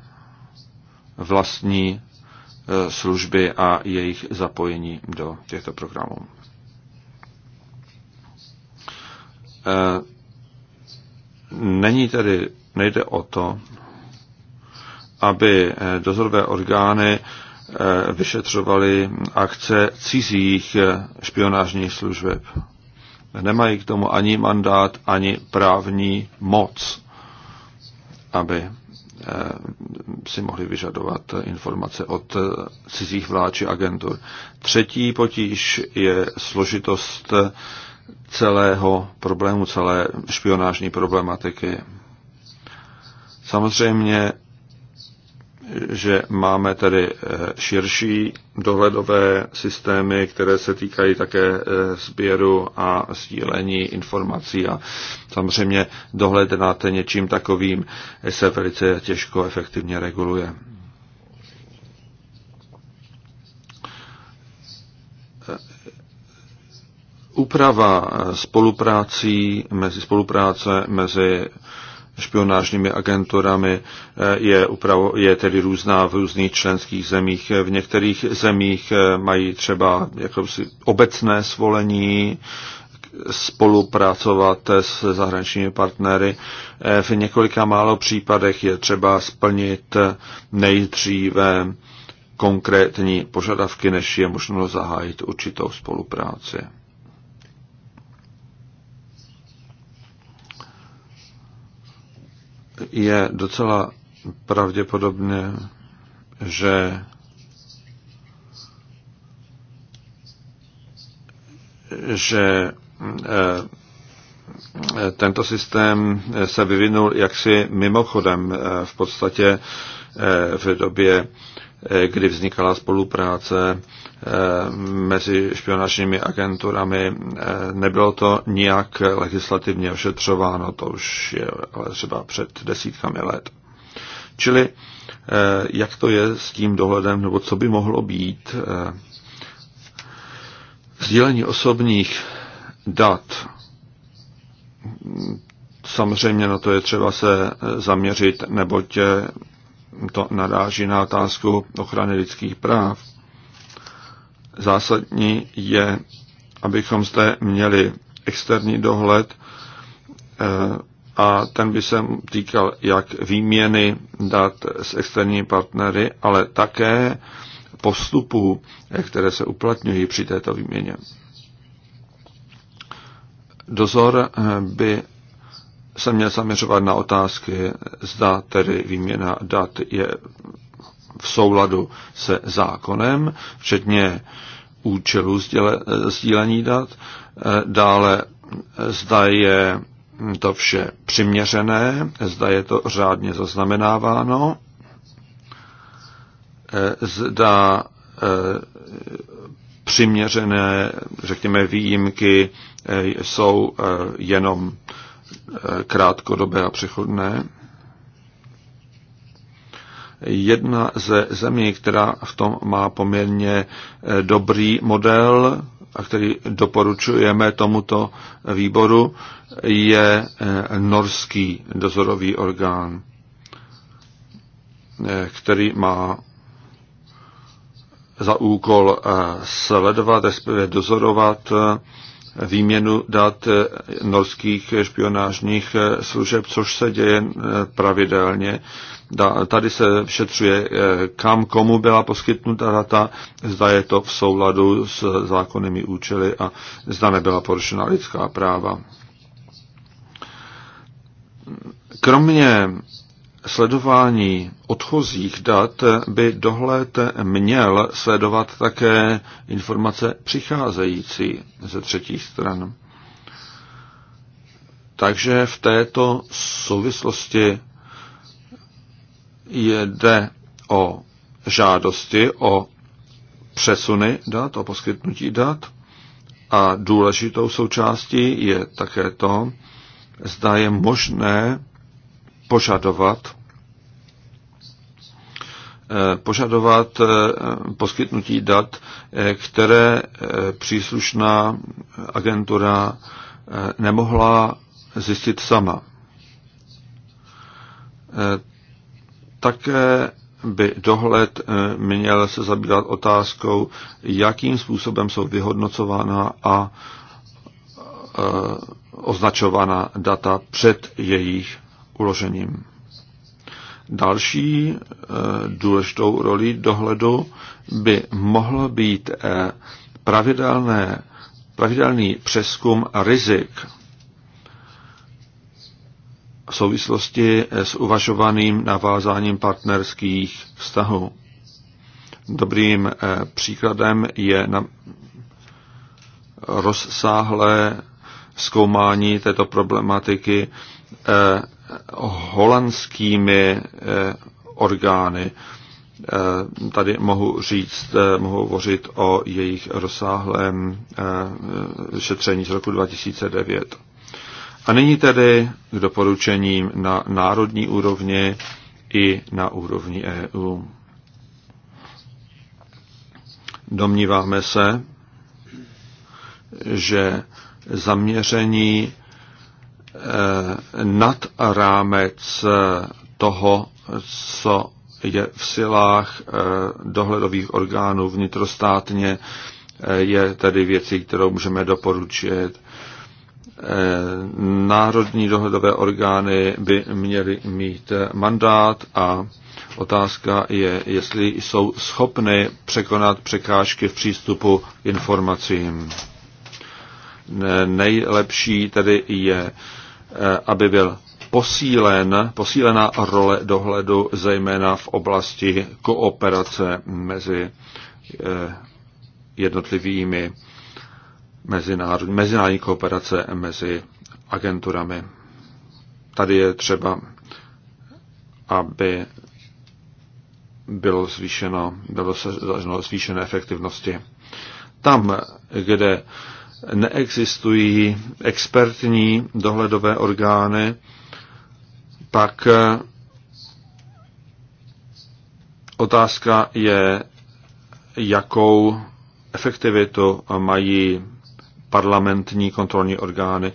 vlastní e, služby a jejich zapojení do těchto programů. E, není tedy, nejde o to, aby e, dozorové orgány vyšetřovaly akce cizích špionážních služeb. Nemají k tomu ani mandát, ani právní moc, aby si mohli vyžadovat informace od cizích vlád či agentur. Třetí potíž je složitost celého problému, celé špionážní problematiky. Samozřejmě že máme tedy eh, širší dohledové systémy, které se týkají také eh, sběru a sdílení informací a samozřejmě dohled nad něčím takovým se velice těžko efektivně reguluje. Eh, úprava spoluprácí mezi spolupráce mezi špionážními agenturami eh, je, upravo, je tedy různá v různých členských zemích. V některých zemích eh, mají třeba jakousi obecné svolení spolupracovat s zahraničními partnery. Eh, v několika málo případech je třeba splnit nejdříve konkrétní požadavky, než je možno zahájit určitou spolupráci. je docela pravděpodobné, že že eh, tento systém se vyvinul jaksi mimochodem eh, v podstatě eh, v době, kdy vznikala spolupráce Eh, mezi špionážními agenturami. Eh, nebylo to nijak legislativně ošetřováno, to už je ale třeba před desítkami let. Čili eh, jak to je s tím dohledem, nebo co by mohlo být sdílení osobních dat. Samozřejmě na to je třeba se zaměřit, neboť to naráží na otázku ochrany lidských práv. Zásadní je, abychom zde měli externí dohled eh, a ten by se týkal jak výměny dat s externími partnery, ale také postupů, eh, které se uplatňují při této výměně. Dozor eh, by se měl zaměřovat na otázky, zda tedy výměna dat je v souladu se zákonem, včetně účelu sdílení dat, dále zda je to vše přiměřené, zda je to řádně zaznamenáváno, zda eh, přiměřené, řekněme, výjimky eh, jsou eh, jenom krátkodobé a přechodné jedna ze zemí, která v tom má poměrně eh, dobrý model a který doporučujeme tomuto výboru, je eh, norský dozorový orgán, eh, který má za úkol sledovat, respektive dozorovat výměnu dat eh, norských špionážních eh, služeb, což se děje eh, pravidelně. Tady se vyšetřuje, kam komu byla poskytnuta data, zda je to v souladu s zákonnými účely a zda nebyla porušena lidská práva. Kromě sledování odchozích dat by dohled měl sledovat také informace přicházející ze třetích stran. Takže v této souvislosti jde o žádosti o přesuny dat, o poskytnutí dat a důležitou součástí je také to, zda je možné požadovat, eh, požadovat eh, poskytnutí dat, eh, které příslušná agentura nemohla zjistit sama. Také by dohled měl se zabývat otázkou, jakým způsobem jsou vyhodnocována a označována data před jejich uložením. Další eh, důležitou roli dohledu by mohl být eh, pravidelné, pravidelný přeskum rizik v souvislosti eh, s uvažovaným navázáním partnerských vztahů. Dobrým příkladem je na rozsáhlé zkoumání této problematiky holandskými eh, orgány. Eh, tady mohu říct, eh, mohu hovořit o jejich rozsáhlém šetření z roku 2009. A nyní tedy k doporučením na národní úrovni i na úrovni EU. Domníváme se, že zaměření Eh, nad rámec eh, toho, co je v silách eh, dohledových orgánů vnitrostátně, je tedy věcí, kterou můžeme doporučit. Národní dohledové orgány by měly mít mandát a otázka je, jestli jsou schopny překonat překážky v přístupu k informacím. Nejlepší tedy je Eh, aby byl posílen, posílená role dohledu, zejména v oblasti kooperace mezi eh, jednotlivými mezinárodní, mezinárodní kooperace mezi agenturami. Tady je třeba, aby bylo zvýšeno, bylo zvýšeno efektivnosti. Tam, kde neexistují expertní dohledové orgány, pak eh, otázka je, jakou efektivitu mají parlamentní kontrolní orgány.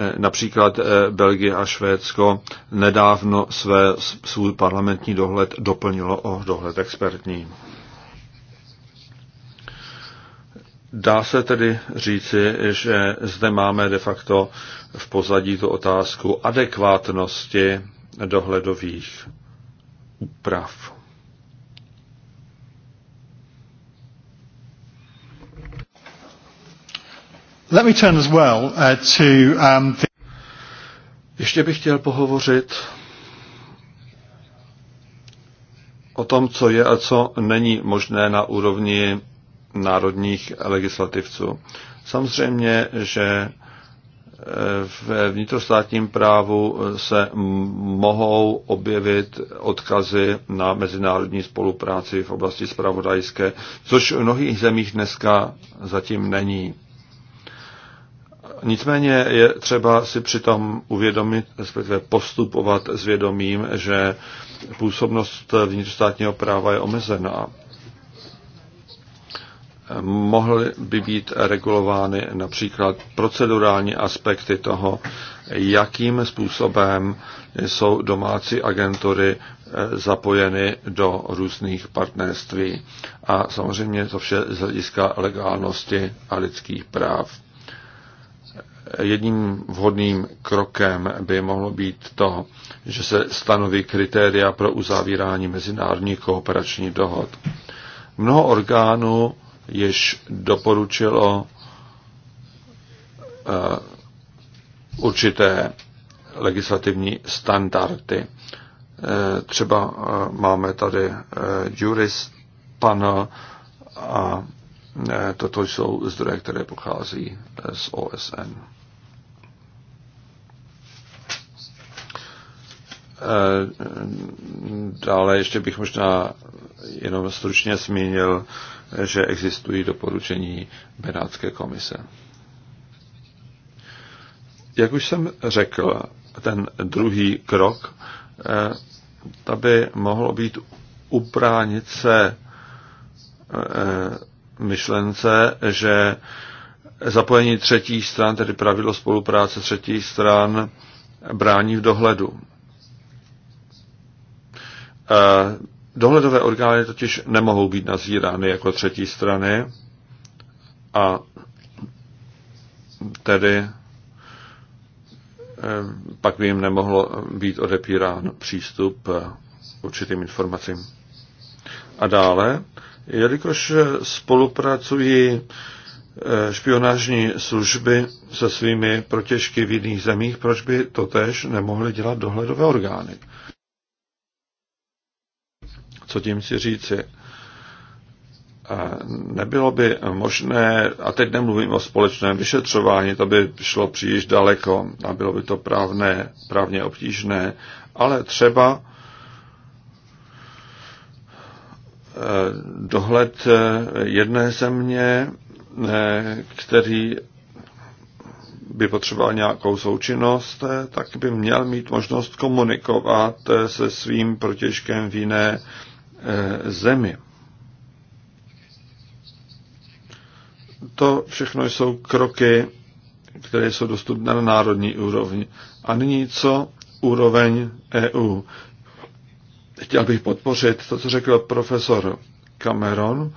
Eh, například eh, Belgie a Švédsko nedávno své, svůj parlamentní dohled doplnilo o dohled expertní. Dá se tedy říci, že zde máme de facto v pozadí tu otázku adekvátnosti dohledových úprav. Let me turn as well, uh, to, um, the... Ještě bych chtěl pohovořit o tom, co je a co není možné na úrovni národních legislativců. Samozřejmě, že e, v vnitrostátním právu se mohou objevit odkazy na mezinárodní spolupráci v oblasti spravodajské, což v mnohých zemích dneska zatím není. Nicméně je třeba si přitom uvědomit, respektive postupovat s vědomím, že působnost vnitrostátního práva je omezená mohly by být regulovány například procedurální aspekty toho, jakým způsobem jsou domácí agentury eh, zapojeny do různých partnerství. A samozřejmě to vše z hlediska legálnosti a lidských práv. Jedním vhodným krokem by mohlo být to, že se stanoví kritéria pro uzavírání mezinárodních kooperačních dohod. Mnoho orgánů jež doporučilo eh, určité legislativní standardy. Eh, třeba eh, máme tady juris panel a toto jsou zdroje, které pochází z OSN. Dále ještě bych možná jenom stručně zmínil že existují doporučení Benátské komise. Jak už jsem řekl, ten druhý krok, eh, to by mohlo být upránit se eh, myšlence, že zapojení třetích stran, tedy pravidlo spolupráce třetích stran, brání v dohledu eh, Dohledové orgány totiž nemohou být nazírány jako třetí strany a tedy eh, pak by jim nemohlo být odepírán přístup eh, k určitým informacím. A dále, jelikož spolupracují eh, špionážní služby se svými protěžky v jiných zemích, proč by to tež nemohly dělat dohledové orgány? Co tím chci říci? Nebylo by možné, a teď nemluvím o společném vyšetřování, to by šlo příliš daleko a bylo by to právné, právně obtížné, ale třeba eh, dohled eh, jedné země, eh, který by potřeboval nějakou součinnost, tak by měl mít možnost komunikovat se svým protěžkem v jiné Eh, zemi. To všechno jsou kroky, které jsou dostupné na národní úrovni. A nyní co úroveň EU? Chtěl bych podpořit to, co řekl profesor Cameron,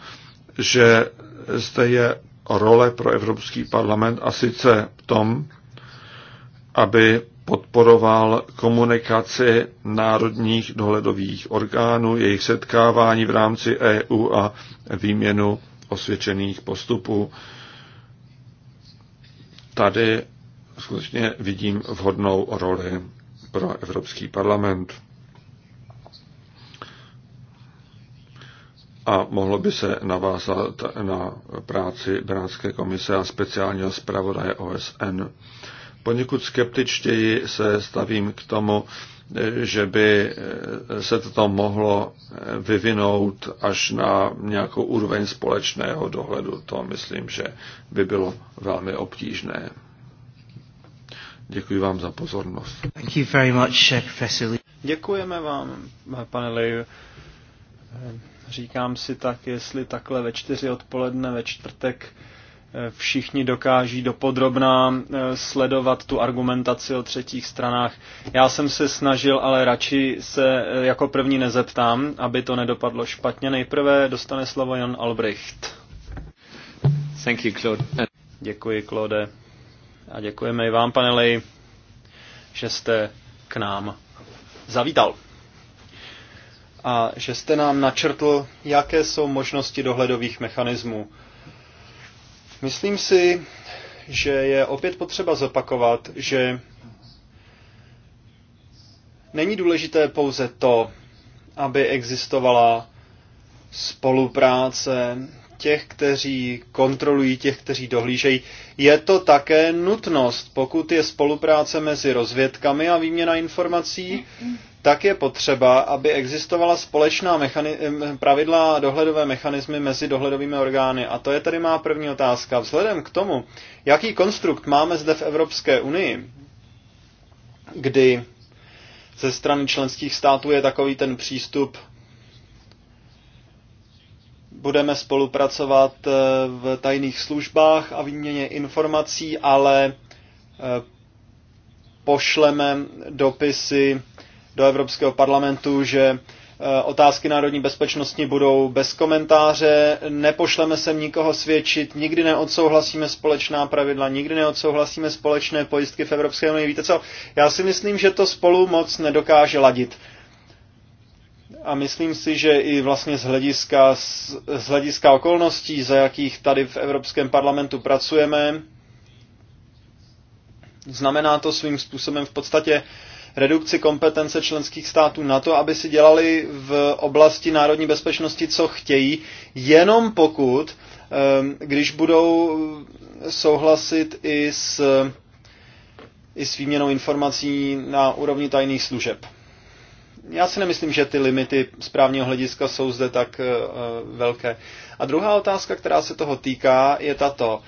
že zde je role pro Evropský parlament a sice v tom, aby podporoval komunikaci národních dohledových orgánů, jejich setkávání v rámci EU a výměnu osvědčených postupů. Tady skutečně vidím vhodnou roli pro Evropský parlament. A mohlo by se navázat na práci Benátské komise a speciálního zpravodaje OSN. Poněkud skeptičtěji se stavím k tomu, že by se toto mohlo vyvinout až na nějakou úroveň společného dohledu. To myslím, že by bylo velmi obtížné. Děkuji vám za pozornost. Thank you very much, eh, Děkujeme vám, eh, pane Leju. Eh, říkám si tak, jestli takhle ve čtyři odpoledne, ve čtvrtek všichni dokáží dopodrobná eh, sledovat tu argumentaci o třetích stranách. Já jsem se snažil, ale radši se eh, jako první nezeptám, aby to nedopadlo špatně. Nejprve dostane slovo Jan Albrecht. Thank you, Claude. Děkuji, Claude. A děkujeme i vám, pane Lej, že jste k nám zavítal. A že jste nám načrtl, jaké jsou možnosti dohledových mechanismů Myslím si, že je opět potřeba zopakovat, že není důležité pouze to, aby existovala spolupráce těch, kteří kontrolují, těch, kteří dohlížejí je to také nutnost. Pokud je spolupráce mezi rozvědkami a výměna informací, tak je potřeba, aby existovala společná mechani- pravidla a dohledové mechanismy mezi dohledovými orgány. A to je tedy má první otázka. Vzhledem k tomu, jaký konstrukt máme zde v Evropské unii, kdy ze strany členských států je takový ten přístup budeme spolupracovat eh, v tajných službách a výměně informací, ale eh, pošleme dopisy do Evropského parlamentu, že eh, otázky národní bezpečnosti budou bez komentáře, nepošleme sem nikoho svědčit, nikdy neodsouhlasíme společná pravidla, nikdy neodsouhlasíme společné pojistky v Evropské unii. Víte co, já si myslím, že to spolu moc nedokáže ladit. A myslím si, že i vlastně z hlediska, z hlediska okolností, za jakých tady v Evropském parlamentu pracujeme, znamená to svým způsobem v podstatě redukci kompetence členských států na to, aby si dělali v oblasti národní bezpečnosti, co chtějí, jenom pokud, ehm, když budou souhlasit i s, i s výměnou informací na úrovni tajných služeb já si nemyslím, že ty limity z právního hlediska jsou zde tak eh, eh, velké. A druhá otázka, která se toho týká, je tato.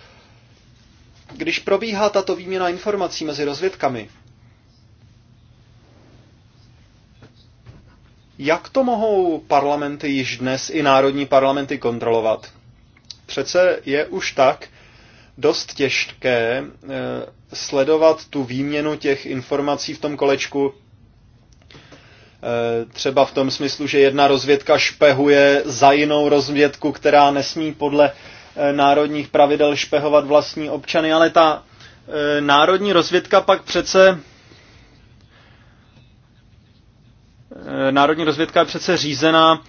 Když probíhá tato výměna informací mezi rozvědkami, jak to mohou parlamenty již dnes i národní parlamenty kontrolovat? Přece je už tak dost těžké eh, sledovat tu výměnu těch informací v tom kolečku Eh, třeba v tom smyslu, že jedna rozvědka špehuje za jinou rozvědku, která nesmí podle eh, národních pravidel špehovat vlastní občany, ale ta eh, národní rozvědka pak přece Národní rozvědka je přece řízená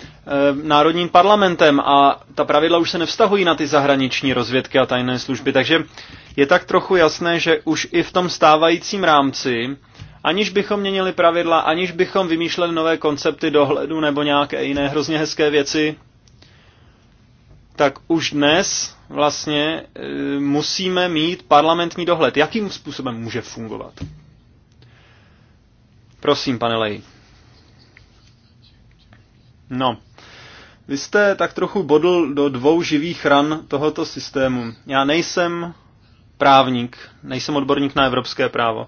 národním parlamentem a ta pravidla už se nevztahují na ty zahraniční rozvědky a tajné služby, takže je tak trochu jasné, že už i v tom stávajícím rámci aniž bychom měnili pravidla, aniž bychom vymýšleli nové koncepty dohledu nebo nějaké jiné hrozně hezké věci, tak už dnes vlastně e, musíme mít parlamentní dohled. Jakým způsobem může fungovat? Prosím, pane Lej. No, vy jste tak trochu bodl do dvou živých ran tohoto systému. Já nejsem právník, nejsem odborník na evropské právo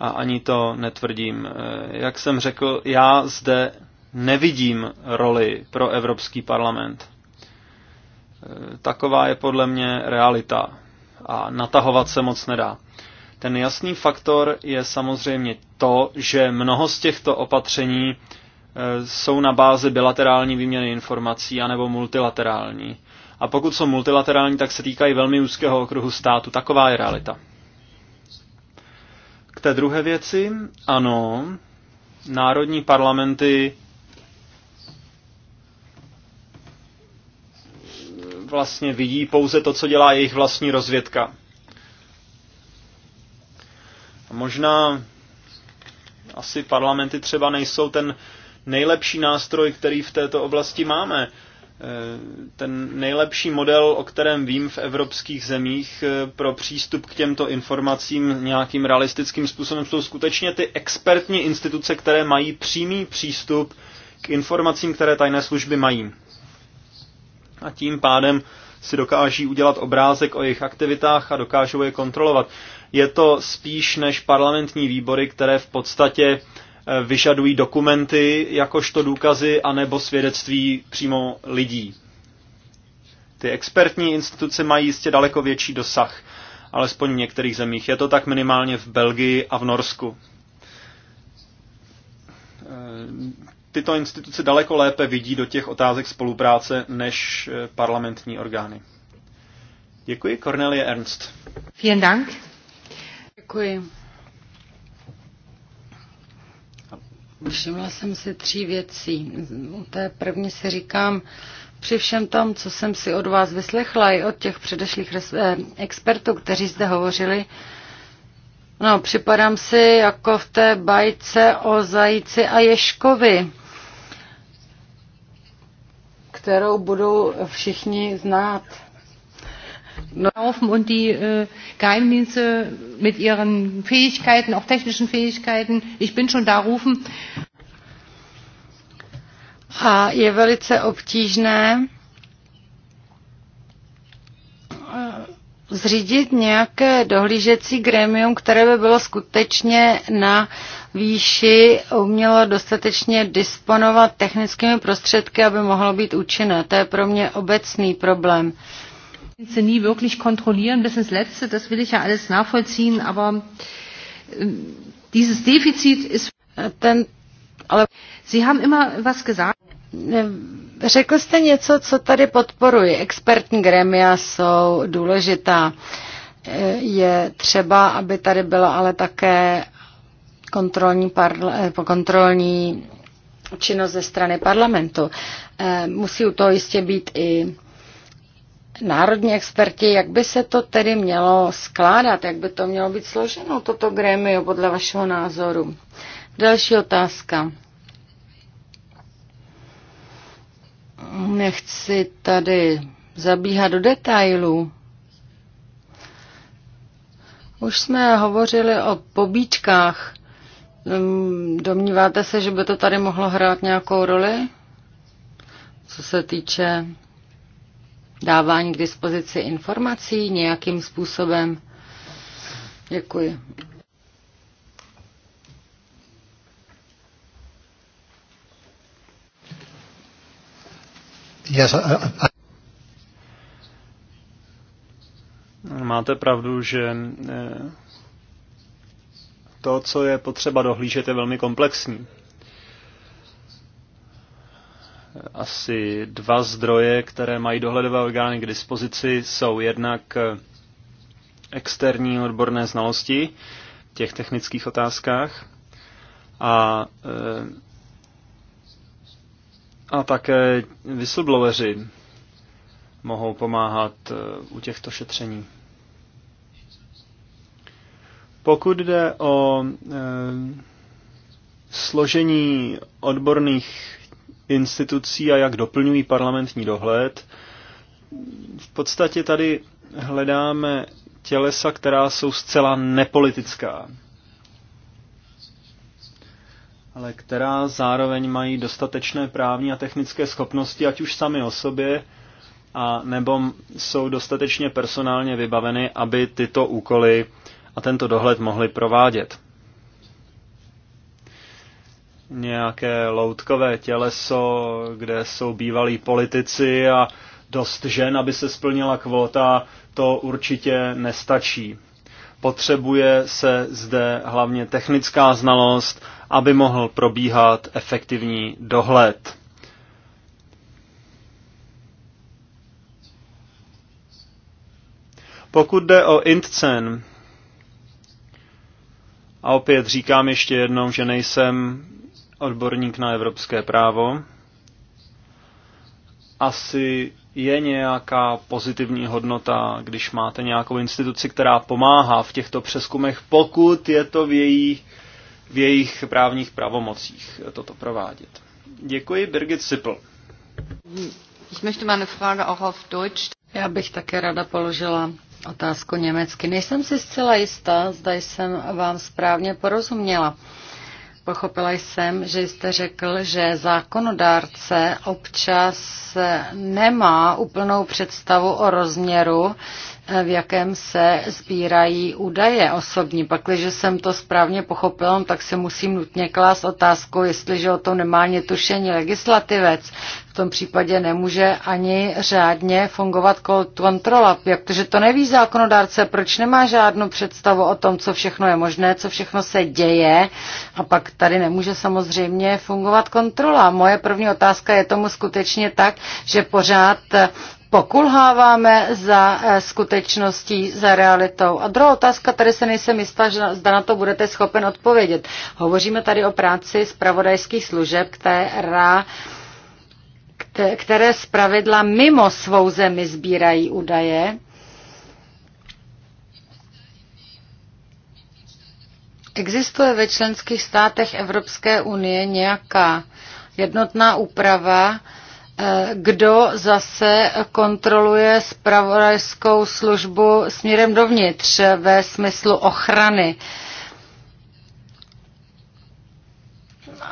a ani to netvrdím. Eh, jak jsem řekl, já zde nevidím roli pro Evropský parlament. Eh, taková je podle mě realita a natahovat se moc nedá. Ten jasný faktor je samozřejmě to, že mnoho z těchto opatření eh, jsou na bázi bilaterální výměny informací anebo multilaterální. A pokud jsou multilaterální, tak se týkají velmi úzkého okruhu státu. Taková je realita té druhé věci, ano, národní parlamenty vlastně vidí pouze to, co dělá jejich vlastní rozvědka. A možná asi parlamenty třeba nejsou ten nejlepší nástroj, který v této oblasti máme. Eh, ten nejlepší model, o kterém vím v evropských zemích eh, pro přístup k těmto informacím nějakým realistickým způsobem, jsou skutečně ty expertní instituce, které mají přímý přístup k informacím, které tajné služby mají. A tím pádem si dokáží udělat obrázek o jejich aktivitách a dokážou je kontrolovat. Je to spíš než parlamentní výbory, které v podstatě Eh, vyžadují dokumenty jakožto důkazy anebo svědectví přímo lidí. Ty expertní instituce mají jistě daleko větší dosah, alespoň v některých zemích. Je to tak minimálně v Belgii a v Norsku. Eh, tyto instituce daleko lépe vidí do těch otázek spolupráce než eh, parlamentní orgány. Děkuji, Cornelie Ernst. Vielen Dank. Děkuji. Všimla jsem si tří věcí. U té první si říkám, při všem tom, co jsem si od vás vyslechla i od těch předešlých eh, expertů, kteří zde hovořili, no, připadám si jako v té bajce o zajíci a ješkovi, kterou budou všichni znát. No. laufen und die äh, Geheimdienste mit ihren Fähigkeiten, auch technischen Fähigkeiten, ich bin schon da rufen. A je velice obtížné eh, zřídit nějaké dohlížecí gremium, které by bylo skutečně na výši umělo dostatečně disponovat technickými prostředky, aby mohlo být účinné. To je pro mě obecný problém sie nie wirklich kontrollieren bis ins Letzte, das will ich ja alles nachvollziehen, aber ähm, dieses Defizit ist. Ten, ale Sie haben immer was gesagt. Řekl jste něco, co tady podporuji. Expertní gremia jsou důležitá. E, je třeba, aby tady byla ale také kontrolní, parla, e, kontrolní činnost ze strany parlamentu. E, musí u toho jistě být i národní experti, jak by se to tedy mělo skládat, jak by to mělo být složeno, toto grémio, podle vašeho názoru. Další otázka. Nechci tady zabíhat do detailů. Už jsme hovořili o pobíčkách. Hm, domníváte se, že by to tady mohlo hrát nějakou roli? Co se týče dávání k dispozici informací nějakým způsobem? Děkuji. Yes, I, I... Máte pravdu, že e, to, co je potřeba dohlížet, je velmi komplexní asi dva zdroje, které mají dohledové orgány k dispozici, jsou jednak externí odborné znalosti v těch technických otázkách a, eh, a také whistlebloweri mohou pomáhat eh, u těchto šetření. Pokud jde o eh, složení odborných institucí a jak doplňují parlamentní dohled. V podstatě tady hledáme tělesa, která jsou zcela nepolitická, ale která zároveň mají dostatečné právní a technické schopnosti, ať už sami o sobě, a nebo jsou dostatečně personálně vybaveny, aby tyto úkoly a tento dohled mohli provádět nějaké loutkové těleso, kde jsou bývalí politici a dost žen, aby se splnila kvota, to určitě nestačí. Potřebuje se zde hlavně technická znalost, aby mohl probíhat efektivní dohled. Pokud jde o Intcen, a opět říkám ještě jednou, že nejsem odborník na evropské právo. Asi je nějaká pozitivní hodnota, když máte nějakou instituci, která pomáhá v těchto přeskumech, pokud je to v jejich, v jejich právních pravomocích toto provádět. Děkuji, Birgit Sipl. Ich möchte mal Frage auch auf Deutsch. Já bych také ráda položila otázku německy. Nejsem si zcela jistá, zda jsem vám správně porozuměla. Pochopila jsem, že jste řekl, že zákonodárce občas nemá úplnou představu o rozměru v jakém se sbírají údaje osobní. Pak, když jsem to správně pochopil, no tak se musím nutně klást otázku, jestliže o tom nemá ani tušení legislativec. V tom případě nemůže ani řádně fungovat kontrola. Jak to, že to neví zákonodárce, proč nemá žádnou představu o tom, co všechno je možné, co všechno se děje a pak tady nemůže samozřejmě fungovat kontrola. Moje první otázka je tomu skutečně tak, že pořád pokulháváme za eh, skutečností, za realitou. A druhá otázka, tady se nejsem jistá, že zda na to budete schopen odpovědět. Hovoříme tady o práci zpravodajských služeb, která které pravidla mimo svou zemi sbírají údaje. Existuje ve členských státech Evropské unie nějaká jednotná úprava, kdo zase kontroluje spravodajskou službu směrem dovnitř ve smyslu ochrany.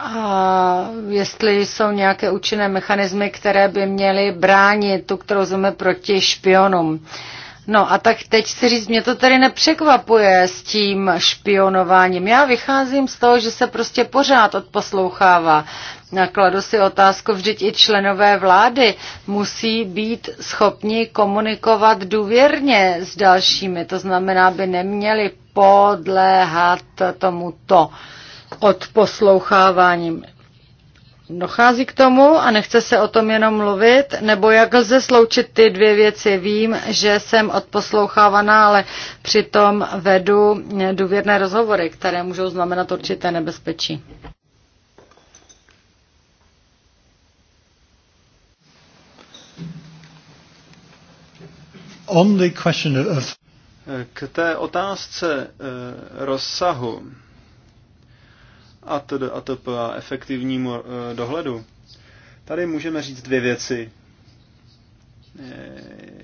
A jestli jsou nějaké účinné mechanismy, které by měly bránit tu, kterou zeme proti špionům. No a tak teď si říct, mě to tady nepřekvapuje s tím špionováním. Já vycházím z toho, že se prostě pořád odposlouchává. Kladu si otázku, vždyť i členové vlády musí být schopni komunikovat důvěrně s dalšími, to znamená, by neměli podléhat tomuto odposloucháváním. Dochází k tomu a nechce se o tom jenom mluvit, nebo jak lze sloučit ty dvě věci. Vím, že jsem odposlouchávaná, ale přitom vedu důvěrné rozhovory, které můžou znamenat určité nebezpečí. on the question of... K té otázce eh, rozsahu a a to a efektivnímu eh, dohledu, tady můžeme říct dvě věci. Eh,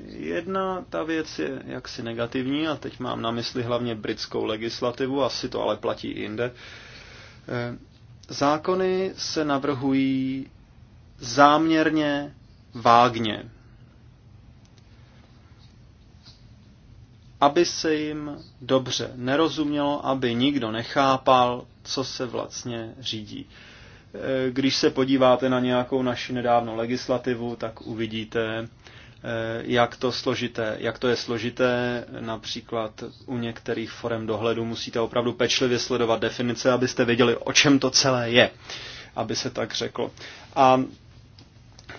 jedna ta věc je jaksi negativní, a teď mám na mysli hlavně britskou legislativu, asi to ale platí i jinde. Zákony se navrhují záměrně vágně. aby se jim dobře nerozumělo, aby nikdo nechápal, co se vlastně řídí. Eh, když se podíváte na nějakou naši nedávnou legislativu, tak uvidíte, eh, jak to, složité, jak to je složité. Například u některých forem dohledu musíte opravdu pečlivě sledovat definice, abyste věděli, o čem to celé je, aby se tak řeklo. A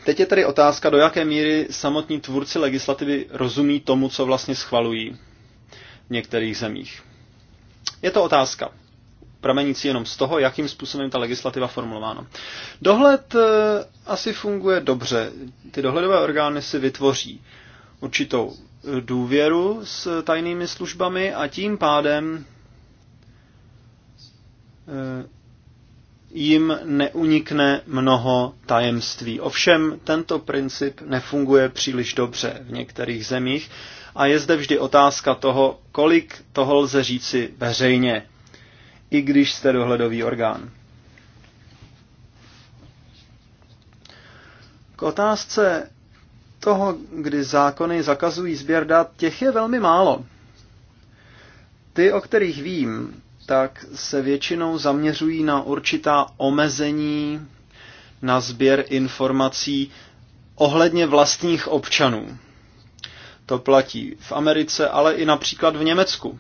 teď je tady otázka, do jaké míry samotní tvůrci legislativy rozumí tomu, co vlastně schvalují v některých zemích. Je to otázka pramenící jenom z toho, jakým způsobem ta legislativa formulována. Dohled eh, asi funguje dobře. Ty dohledové orgány si vytvoří určitou eh, důvěru s tajnými službami a tím pádem eh, jim neunikne mnoho tajemství. Ovšem, tento princip nefunguje příliš dobře v některých zemích a je zde vždy otázka toho, kolik toho lze říci veřejně, i když jste dohledový orgán. K otázce toho, kdy zákony zakazují sběr dat, těch je velmi málo. Ty, o kterých vím, tak se většinou zaměřují na určitá omezení na sběr informací ohledně vlastních občanů. To platí v Americe, ale i například v Německu.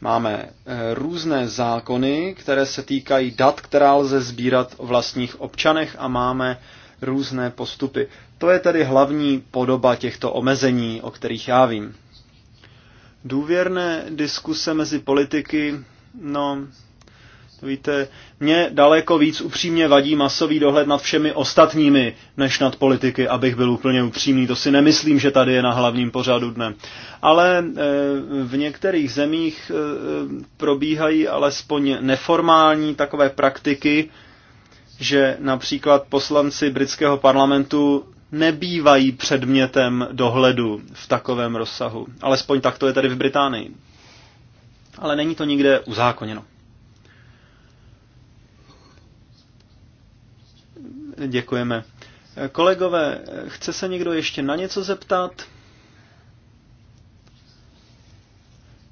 Máme eh, různé zákony, které se týkají dat, která lze sbírat o vlastních občanech a máme různé postupy. To je tedy hlavní podoba těchto omezení, o kterých já vím důvěrné diskuse mezi politiky, no, víte, mě daleko víc upřímně vadí masový dohled nad všemi ostatními, než nad politiky, abych byl úplně upřímný. To si nemyslím, že tady je na hlavním pořadu dne. Ale eh, v některých zemích eh, probíhají alespoň neformální takové praktiky, že například poslanci britského parlamentu nebývají předmětem dohledu v takovém rozsahu. Alespoň tak to je tady v Británii. Ale není to nikde uzákoněno. Děkujeme. Kolegové, chce se někdo ještě na něco zeptat?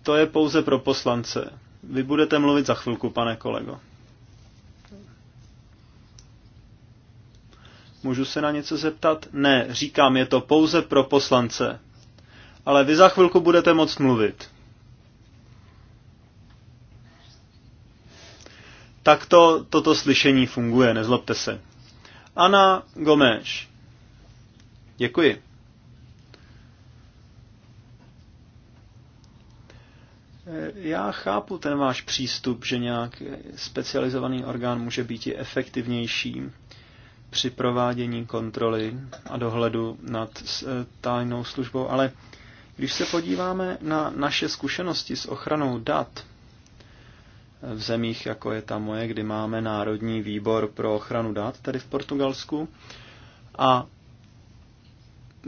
To je pouze pro poslance. Vy budete mluvit za chvilku, pane kolego. Můžu se na něco zeptat? Ne, říkám, je to pouze pro poslance. Ale vy za chvilku budete moc mluvit. Tak to, toto slyšení funguje, nezlobte se. Ana Gomeš. Děkuji. Já chápu ten váš přístup, že nějak specializovaný orgán může být i efektivnější při provádění kontroly a dohledu nad eh, tajnou službou, ale když se podíváme na naše zkušenosti s ochranou dat eh, v zemích, jako je ta moje, kdy máme Národní výbor pro ochranu dat tady v Portugalsku, a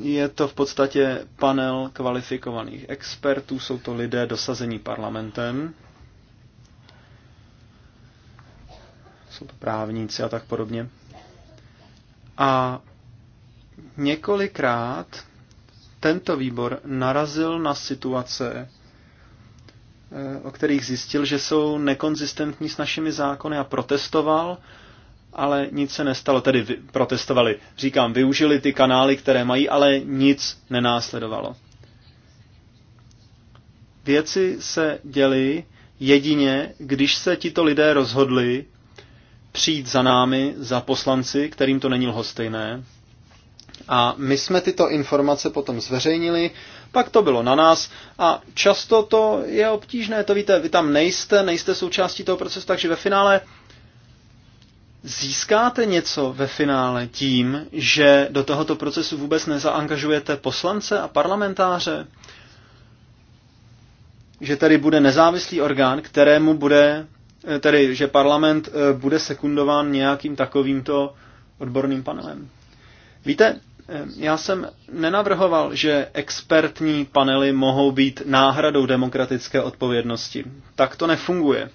je to v podstatě panel kvalifikovaných expertů, jsou to lidé dosazení parlamentem, jsou to právníci a tak podobně. A několikrát tento výbor narazil na situace, eh, o kterých zjistil, že jsou nekonzistentní s našimi zákony a protestoval, ale nic se nestalo. Tedy protestovali, říkám, využili ty kanály, které mají, ale nic nenásledovalo. Věci se děly jedině, když se tito lidé rozhodli, přijít za námi, za poslanci, kterým to není lhostejné. A my jsme tyto informace potom zveřejnili, pak to bylo na nás a často to je obtížné, to víte, vy tam nejste, nejste součástí toho procesu, takže ve finále získáte něco ve finále tím, že do tohoto procesu vůbec nezaangažujete poslance a parlamentáře? Že tady bude nezávislý orgán, kterému bude Eh, tedy že parlament eh, bude sekundován nějakým takovýmto odborným panelem. Víte, eh, já jsem nenavrhoval, že expertní panely mohou být náhradou demokratické odpovědnosti. Tak to nefunguje.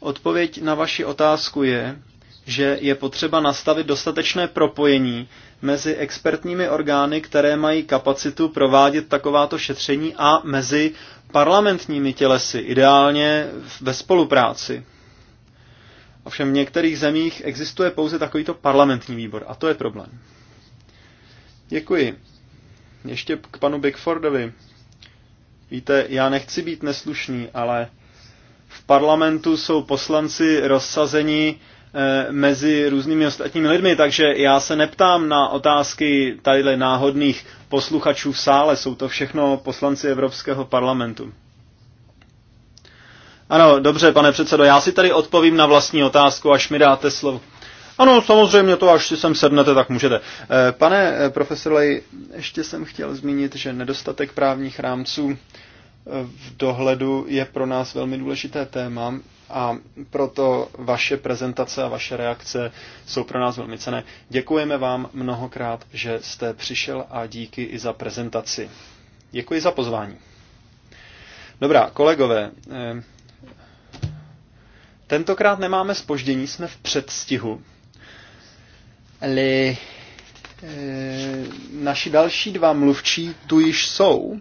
Odpověď na vaši otázku je, že je potřeba nastavit dostatečné propojení mezi expertními orgány, které mají kapacitu provádět takováto šetření a mezi parlamentními tělesy, ideálně ve spolupráci. Ovšem v některých zemích existuje pouze takovýto parlamentní výbor a to je problém. Děkuji. Ještě k panu Bigfordovi. Víte, já nechci být neslušný, ale v parlamentu jsou poslanci rozsazeni Eh, mezi různými ostatními lidmi, takže já se neptám na otázky tadyhle náhodných posluchačů v sále, jsou to všechno poslanci Evropského parlamentu. Ano, dobře, pane předsedo, já si tady odpovím na vlastní otázku, až mi dáte slovo. Ano, samozřejmě to, až si sem sednete, tak můžete. Eh, pane eh, profesore, ještě jsem chtěl zmínit, že nedostatek právních rámců v dohledu je pro nás velmi důležité téma a proto vaše prezentace a vaše reakce jsou pro nás velmi cené. Děkujeme vám mnohokrát, že jste přišel a díky i za prezentaci. Děkuji za pozvání. Dobrá, kolegové, eh, tentokrát nemáme spoždění, jsme v předstihu. Ale eh, naši další dva mluvčí tu již jsou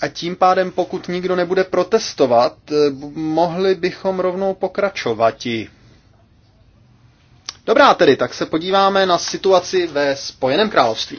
a tím pádem, pokud nikdo nebude protestovat, eh, mohli bychom rovnou pokračovat. Dobrá tedy, tak se podíváme na situaci ve Spojeném království.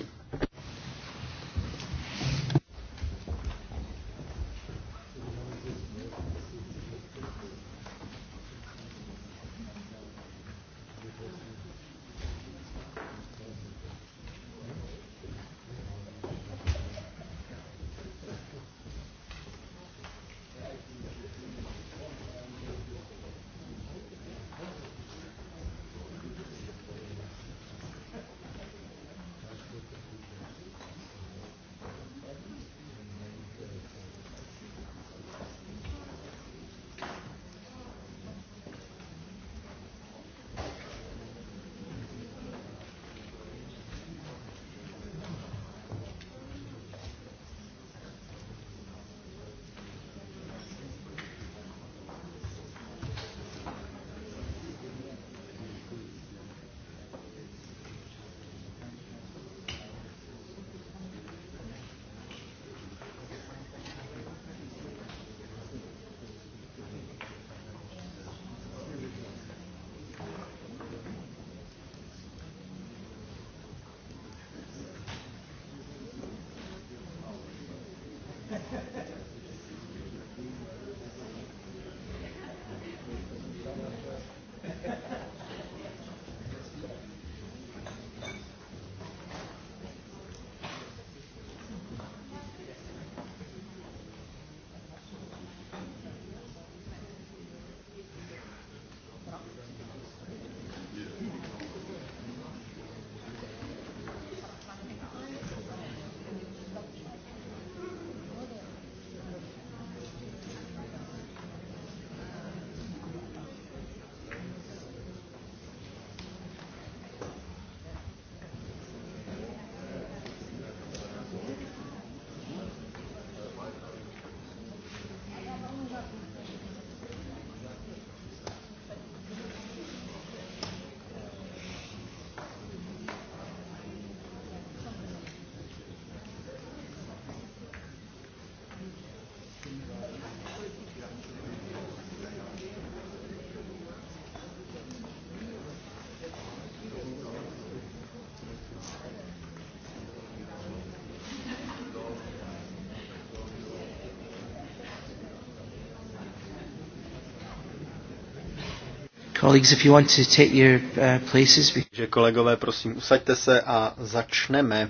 colleagues, if you want to take your uh, places. Že kolegové, prosím, usaďte se a začneme.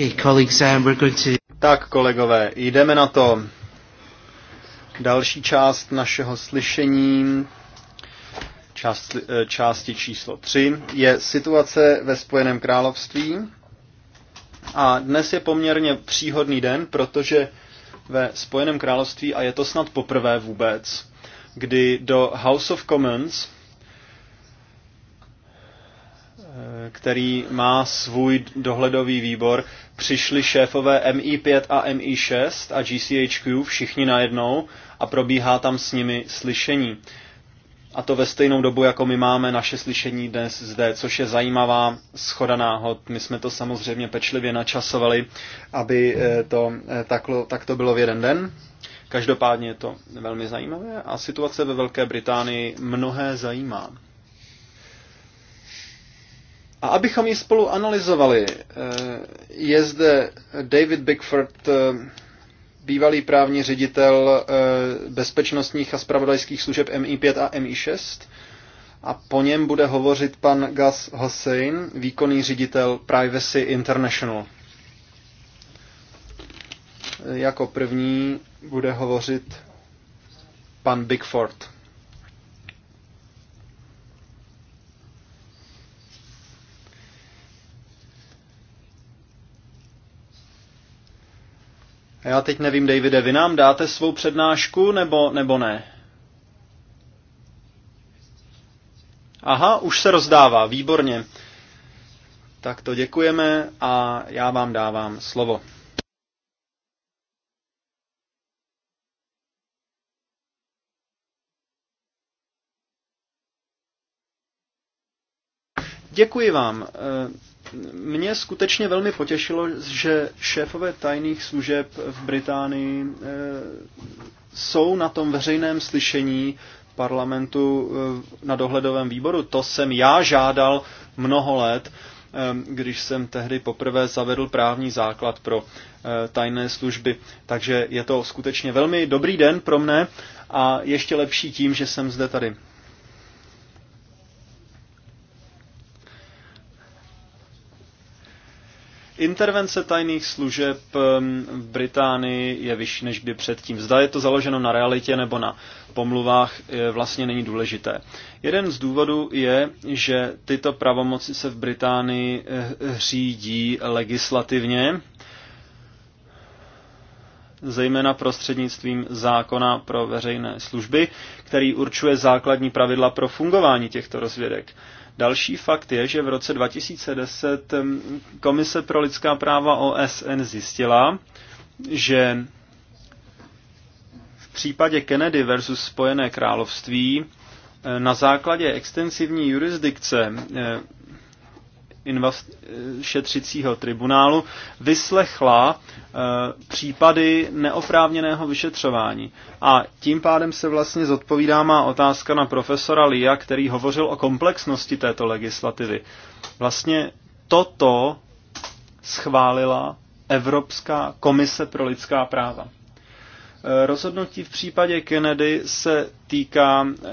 Um, tak, kolegové, jdeme na to. Další část našeho slyšení, část, eh, části číslo 3, je situace ve Spojeném království. A dnes je poměrně příhodný den, protože ve Spojeném království, a je to snad poprvé vůbec, kdy do House of Commons, eh, který má svůj dohledový výbor, přišli šéfové MI5 a MI6 a GCHQ všichni najednou a probíhá tam s nimi slyšení. A to ve stejnou dobu, jako my máme naše slyšení dnes zde, což je zajímavá schoda náhod. My jsme to samozřejmě pečlivě načasovali, aby eh, to eh, taklo, tak to bylo v jeden den. Každopádně je to velmi zajímavé a situace ve Velké Británii mnohé zajímá. A abychom ji spolu analyzovali, eh, je zde David Bickford, eh, bývalý právní ředitel eh, bezpečnostních a spravodajských služeb MI5 a MI6, a po něm bude hovořit pan Gus Hossein, výkonný ředitel Privacy International. Jako první bude hovořit pan Bigford. Já teď nevím, Davide, vy nám dáte svou přednášku nebo, nebo ne? Aha, už se rozdává, výborně. Tak to děkujeme a já vám dávám slovo. Děkuji vám. Eh, mě skutečně velmi potěšilo, že šéfové tajných služeb v Británii eh, jsou na tom veřejném slyšení parlamentu eh, na dohledovém výboru. To jsem já žádal mnoho let, eh, když jsem tehdy poprvé zavedl právní základ pro tajné služby. Takže je to skutečně velmi dobrý den pro mne a ještě lepší tím, že jsem zde tady. Intervence tajných služeb v Británii je vyšší než by předtím. Zda je to založeno na realitě nebo na pomluvách, vlastně není důležité. Jeden z důvodů je, že tyto pravomoci se v Británii eh, řídí legislativně, zejména prostřednictvím zákona pro veřejné služby, který určuje základní pravidla pro fungování těchto rozvědek. Další fakt je, že v roce 2010 Komise pro lidská práva OSN zjistila, že v případě Kennedy versus Spojené království e, na základě extensivní jurisdikce e, invast, šetřicího tribunálu vyslechla e, případy neoprávněného vyšetřování. A tím pádem se vlastně zodpovídá má otázka na profesora Lia, který hovořil o komplexnosti této legislativy. Vlastně toto schválila Evropská komise pro lidská práva. Rozhodnutí v případě Kennedy se týká eh,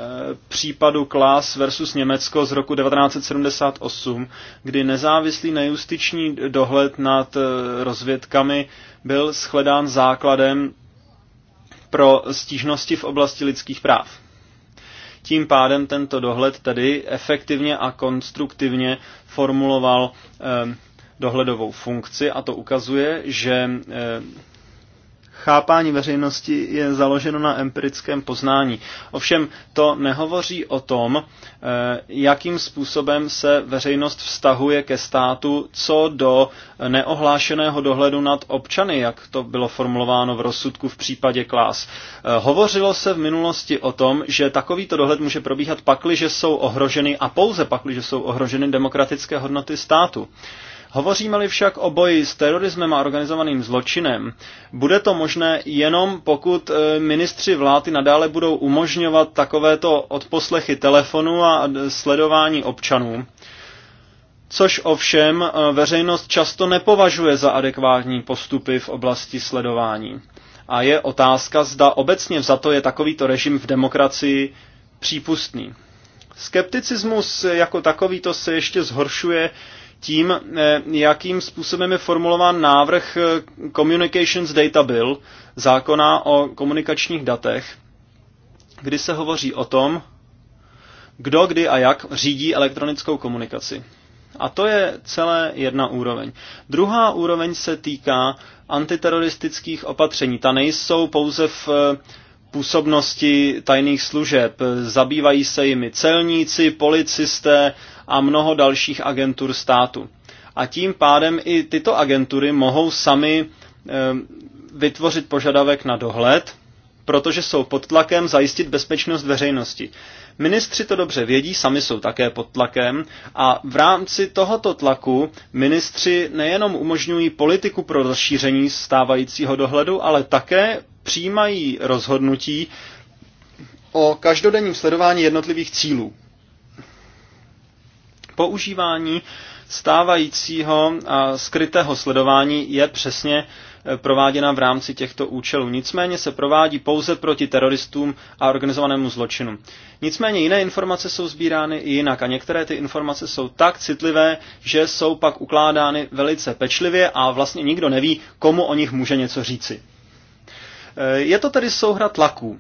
případu Klaas versus Německo z roku 1978, kdy nezávislý nejustiční dohled nad eh, rozvědkami byl shledán základem pro stížnosti v oblasti lidských práv. Tím pádem tento dohled tedy efektivně a konstruktivně formuloval eh, dohledovou funkci a to ukazuje, že chápání veřejnosti je založeno na empirickém poznání. Ovšem to nehovoří o tom, eh, jakým způsobem se veřejnost vztahuje ke státu co do neohlášeného dohledu nad občany, jak to bylo formulováno v rozsudku v případě klás. Eh, hovořilo se v minulosti o tom, že takovýto dohled může probíhat pakli, že jsou ohroženy a pouze pakli, že jsou ohroženy demokratické hodnoty státu. Hovoříme-li však o boji s terorismem a organizovaným zločinem, bude to možné jenom pokud e, ministři vlády nadále budou umožňovat takovéto odposlechy telefonu a sledování občanů, což ovšem e, veřejnost často nepovažuje za adekvátní postupy v oblasti sledování. A je otázka, zda obecně vzato je takovýto režim v demokracii přípustný. Skepticismus jako takovýto se ještě zhoršuje tím, eh, jakým způsobem je formulován návrh eh, Communications Data Bill, zákona o komunikačních datech, kdy se hovoří o tom, kdo, kdy a jak řídí elektronickou komunikaci. A to je celé jedna úroveň. Druhá úroveň se týká antiteroristických opatření. Ta nejsou pouze v eh, působnosti tajných služeb. Zabývají se jimi celníci, policisté, a mnoho dalších agentur státu. A tím pádem i tyto agentury mohou sami eh, vytvořit požadavek na dohled, protože jsou pod tlakem zajistit bezpečnost veřejnosti. Ministři to dobře vědí, sami jsou také pod tlakem a v rámci tohoto tlaku ministři nejenom umožňují politiku pro rozšíření stávajícího dohledu, ale také přijímají rozhodnutí o každodenním sledování jednotlivých cílů používání stávajícího a skrytého sledování je přesně e, prováděna v rámci těchto účelů. Nicméně se provádí pouze proti teroristům a organizovanému zločinu. Nicméně jiné informace jsou sbírány i jinak a některé ty informace jsou tak citlivé, že jsou pak ukládány velice pečlivě a vlastně nikdo neví, komu o nich může něco říci. E, je to tedy souhra tlaků,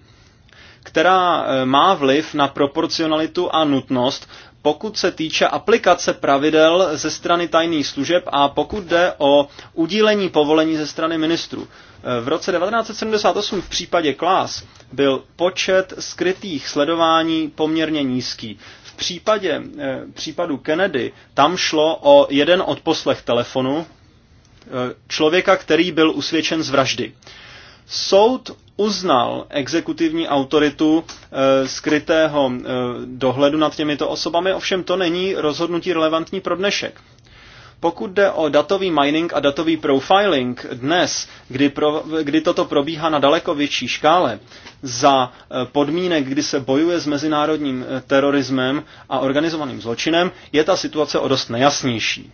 která e, má vliv na proporcionalitu a nutnost pokud se týče aplikace pravidel ze strany tajných služeb a pokud jde o udílení povolení ze strany ministrů. E, v roce 1978 v případě Klás byl počet skrytých sledování poměrně nízký. V případě e, případu Kennedy tam šlo o jeden odposlech telefonu e, člověka, který byl usvědčen z vraždy. Soud uznal exekutivní autoritu e, skrytého e, dohledu nad těmito osobami, ovšem to není rozhodnutí relevantní pro dnešek. Pokud jde o datový mining a datový profiling dnes, kdy, pro, kdy toto probíhá na daleko větší škále, za eh, podmínek, kdy se bojuje s mezinárodním terorismem a organizovaným zločinem, je ta situace o dost nejasnější.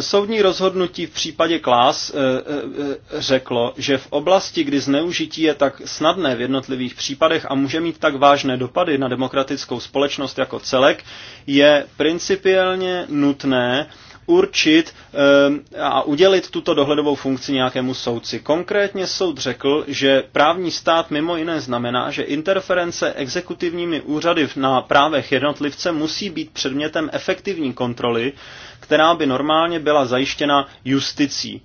Soudní rozhodnutí v případě Klás eh, eh, eh, řeklo, že v oblasti, kdy zneužití je tak snadné v jednotlivých případech a může mít tak vážné dopady na demokratickou společnost jako celek, je principiálně nutné určit ehm, a udělit tuto dohledovou funkci nějakému soudci. Konkrétně soud řekl, že právní stát mimo jiné znamená, že interference exekutivními úřady na právech jednotlivce musí být předmětem efektivní kontroly, která by normálně byla zajištěna justicí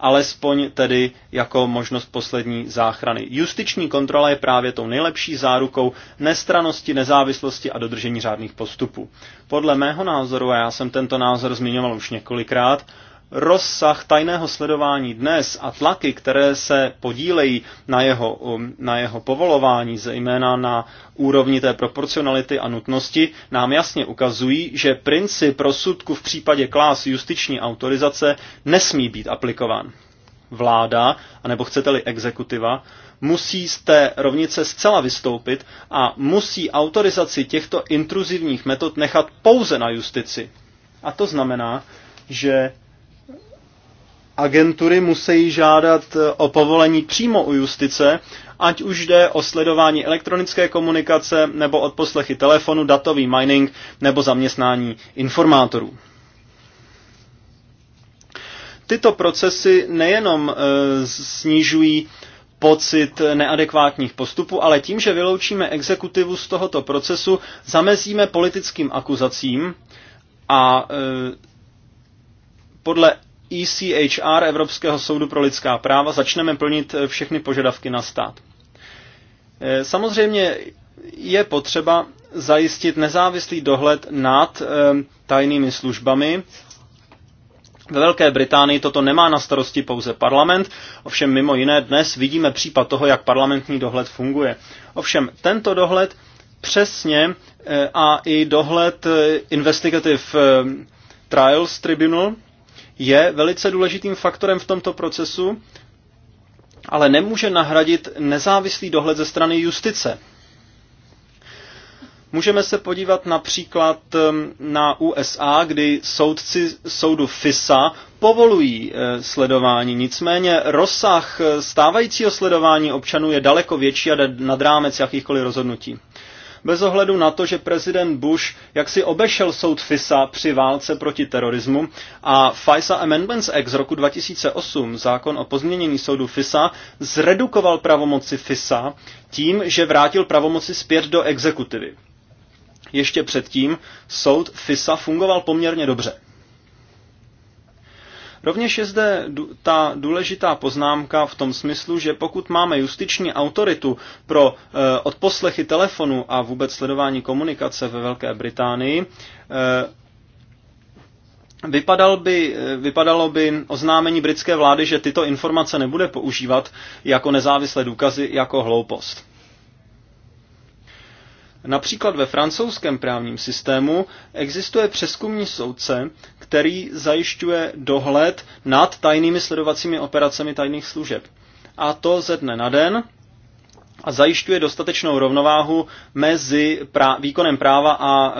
alespoň tedy jako možnost poslední záchrany. Justiční kontrola je právě tou nejlepší zárukou nestranosti, nezávislosti a dodržení řádných postupů. Podle mého názoru, a já jsem tento názor zmiňoval už několikrát, rozsah tajného sledování dnes a tlaky, které se podílejí na jeho, um, na jeho povolování, zejména na úrovni té proporcionality a nutnosti, nám jasně ukazují, že princip rozsudku v případě klás justiční autorizace nesmí být aplikován. Vláda, anebo chcete-li exekutiva, musí z té rovnice zcela vystoupit a musí autorizaci těchto intruzivních metod nechat pouze na justici. A to znamená, že agentury musí žádat eh, o povolení přímo u justice, ať už jde o sledování elektronické komunikace nebo odposlechy telefonu, datový mining nebo zaměstnání informátorů. Tyto procesy nejenom e, snižují pocit neadekvátních postupů, ale tím, že vyloučíme exekutivu z tohoto procesu, zamezíme politickým akuzacím a e, podle ECHR Evropského soudu pro lidská práva začneme plnit eh, všechny požadavky na stát. Eh, samozřejmě je potřeba zajistit nezávislý dohled nad eh, tajnými službami. Ve Velké Británii toto nemá na starosti pouze parlament, ovšem mimo jiné dnes vidíme případ toho, jak parlamentní dohled funguje. Ovšem tento dohled přesně a i dohled Investigative Trials Tribunal je velice důležitým faktorem v tomto procesu, ale nemůže nahradit nezávislý dohled ze strany justice. Můžeme se podívat například um, na USA, kdy soudci soudu FISA povolují uh, sledování, nicméně rozsah uh, stávajícího sledování občanů je daleko větší a nad rámec jakýchkoliv rozhodnutí bez ohledu na to, že prezident Bush jaksi obešel soud FISA při válce proti terorismu a FISA Amendments Act z roku 2008, zákon o pozměnění soudu FISA, zredukoval pravomoci FISA tím, že vrátil pravomoci zpět do exekutivy. Ještě předtím soud FISA fungoval poměrně dobře. Rovněž je zde ta důležitá poznámka v tom smyslu, že pokud máme justiční autoritu pro eh, odposlechy telefonu a vůbec sledování komunikace ve Velké Británii, eh, Vypadal by, eh, vypadalo by oznámení britské vlády, že tyto informace nebude používat jako nezávislé důkazy, jako hloupost. Například ve francouzském právním systému existuje přeskumní soudce, který zajišťuje dohled nad tajnými sledovacími operacemi tajných služeb. A to ze dne na den a zajišťuje dostatečnou rovnováhu mezi prá- výkonem práva a e,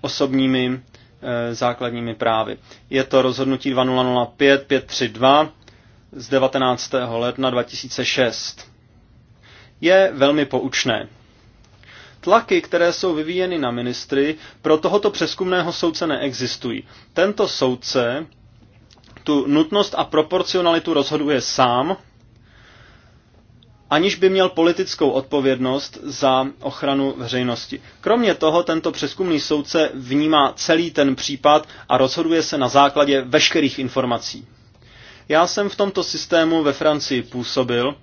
osobními e, základními právy. Je to rozhodnutí 2005 532 z 19. ledna 2006. Je velmi poučné. Tlaky, které jsou vyvíjeny na ministry, pro tohoto přeskumného soudce neexistují. Tento soudce tu nutnost a proporcionalitu rozhoduje sám, aniž by měl politickou odpovědnost za ochranu veřejnosti. Kromě toho tento přeskumný soudce vnímá celý ten případ a rozhoduje se na základě veškerých informací. Já jsem v tomto systému ve Francii působil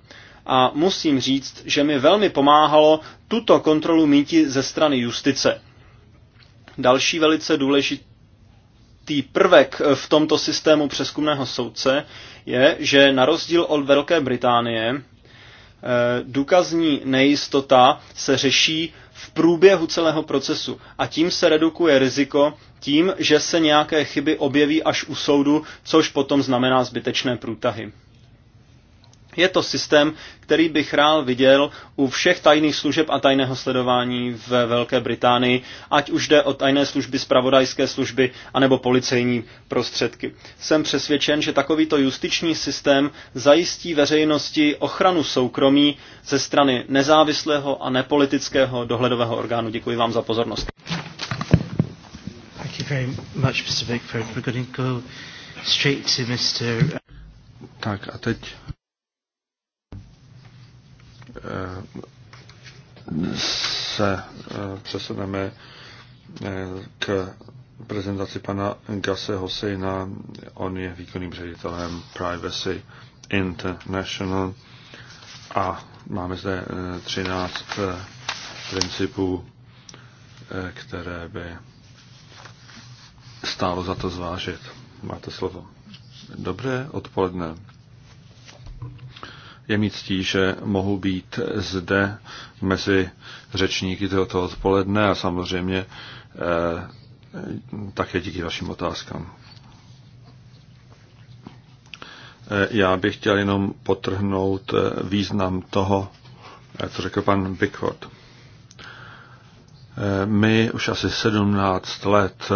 a musím říct, že mi velmi pomáhalo tuto kontrolu míti ze strany justice. Další velice důležitý prvek v tomto systému přeskumného soudce je, že na rozdíl od Velké Británie eh, důkazní nejistota se řeší v průběhu celého procesu a tím se redukuje riziko tím, že se nějaké chyby objeví až u soudu, což potom znamená zbytečné průtahy. Je to systém, který bych rád viděl u všech tajných služeb a tajného sledování ve Velké Británii, ať už jde o tajné služby, spravodajské služby anebo policejní prostředky. Jsem přesvědčen, že takovýto justiční systém zajistí veřejnosti ochranu soukromí ze strany nezávislého a nepolitického dohledového orgánu. Děkuji vám za pozornost. Tak a teď se eh, přesuneme eh, k prezentaci pana Gase Hosejna. On je výkonným ředitelem Privacy International a máme zde 13 eh, principů, které by stálo za to zvážit. Máte slovo. Dobré odpoledne. Je mi ctí, že mohu být zde mezi řečníky tohoto odpoledne a samozřejmě eh, také díky vašim otázkám. Eh, já bych chtěl jenom potrhnout eh, význam toho, co řekl pan Bickford. My už asi 17 let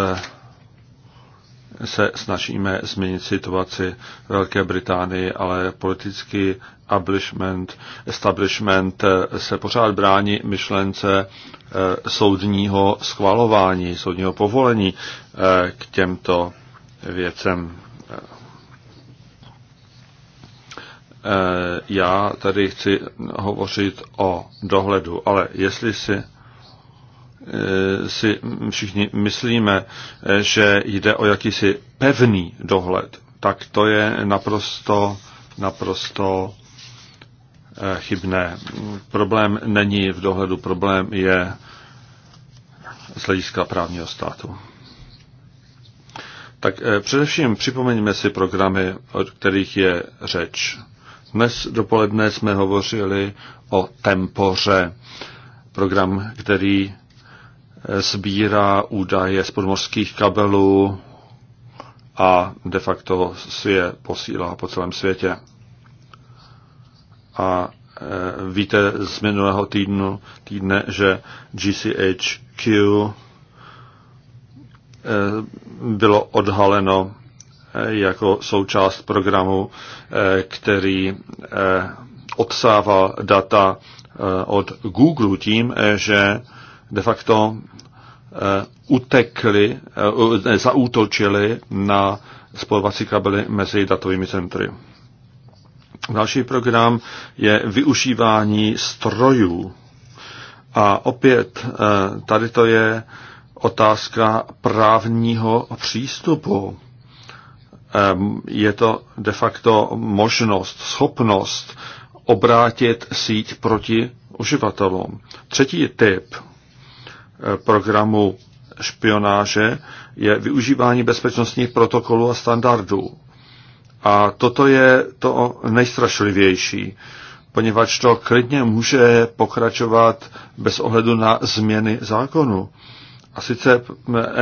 se snažíme změnit situaci Velké Británie, ale politický establishment, establishment se pořád brání myšlence eh, soudního schvalování, soudního povolení eh, k těmto věcem. Eh, já tady chci hovořit o dohledu, ale jestli si Eh, si všichni myslíme, eh, že jde o jakýsi pevný dohled, tak to je naprosto, naprosto eh, chybné. Problém není v dohledu, problém je z hlediska právního státu. Tak především připomeňme si programy, o kterých je řeč. Dnes dopoledne jsme hovořili o tempoře, program, který Eh, sbírá údaje z podmořských kabelů a de facto si je posílá po celém světě. A eh, víte z minulého týdnu, týdne, že GCHQ eh, bylo odhaleno jako součást programu, který odsával data od Google tím, že de facto eh, utekli, eh, ne, zaútočili na spojovací kabely mezi datovými centry. Další program je využívání strojů. A opět eh, tady to je otázka právního přístupu. Je to de facto možnost, schopnost obrátit síť proti uživatelům. Třetí typ programu špionáže je využívání bezpečnostních protokolů a standardů. A toto je to nejstrašlivější, poněvadž to klidně může pokračovat bez ohledu na změny zákonu. A sice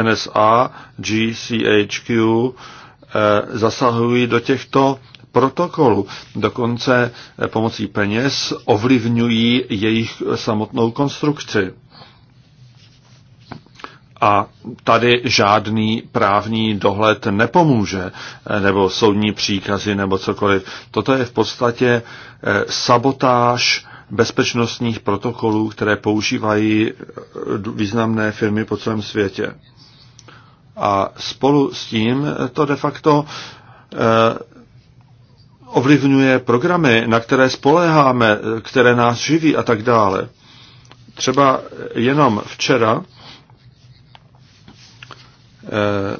NSA, GCHQ eh, zasahují do těchto protokolů. Dokonce eh, pomocí peněz ovlivňují jejich samotnou konstrukci. A tady žádný právní dohled nepomůže, eh, nebo soudní příkazy, nebo cokoliv. Toto je v podstatě eh, sabotáž bezpečnostních protokolů, které používají eh, významné firmy po celém světě. A spolu s tím to de facto ovlivňuje programy, na které spoléháme, které nás živí a tak dále. Třeba jenom včera Eh,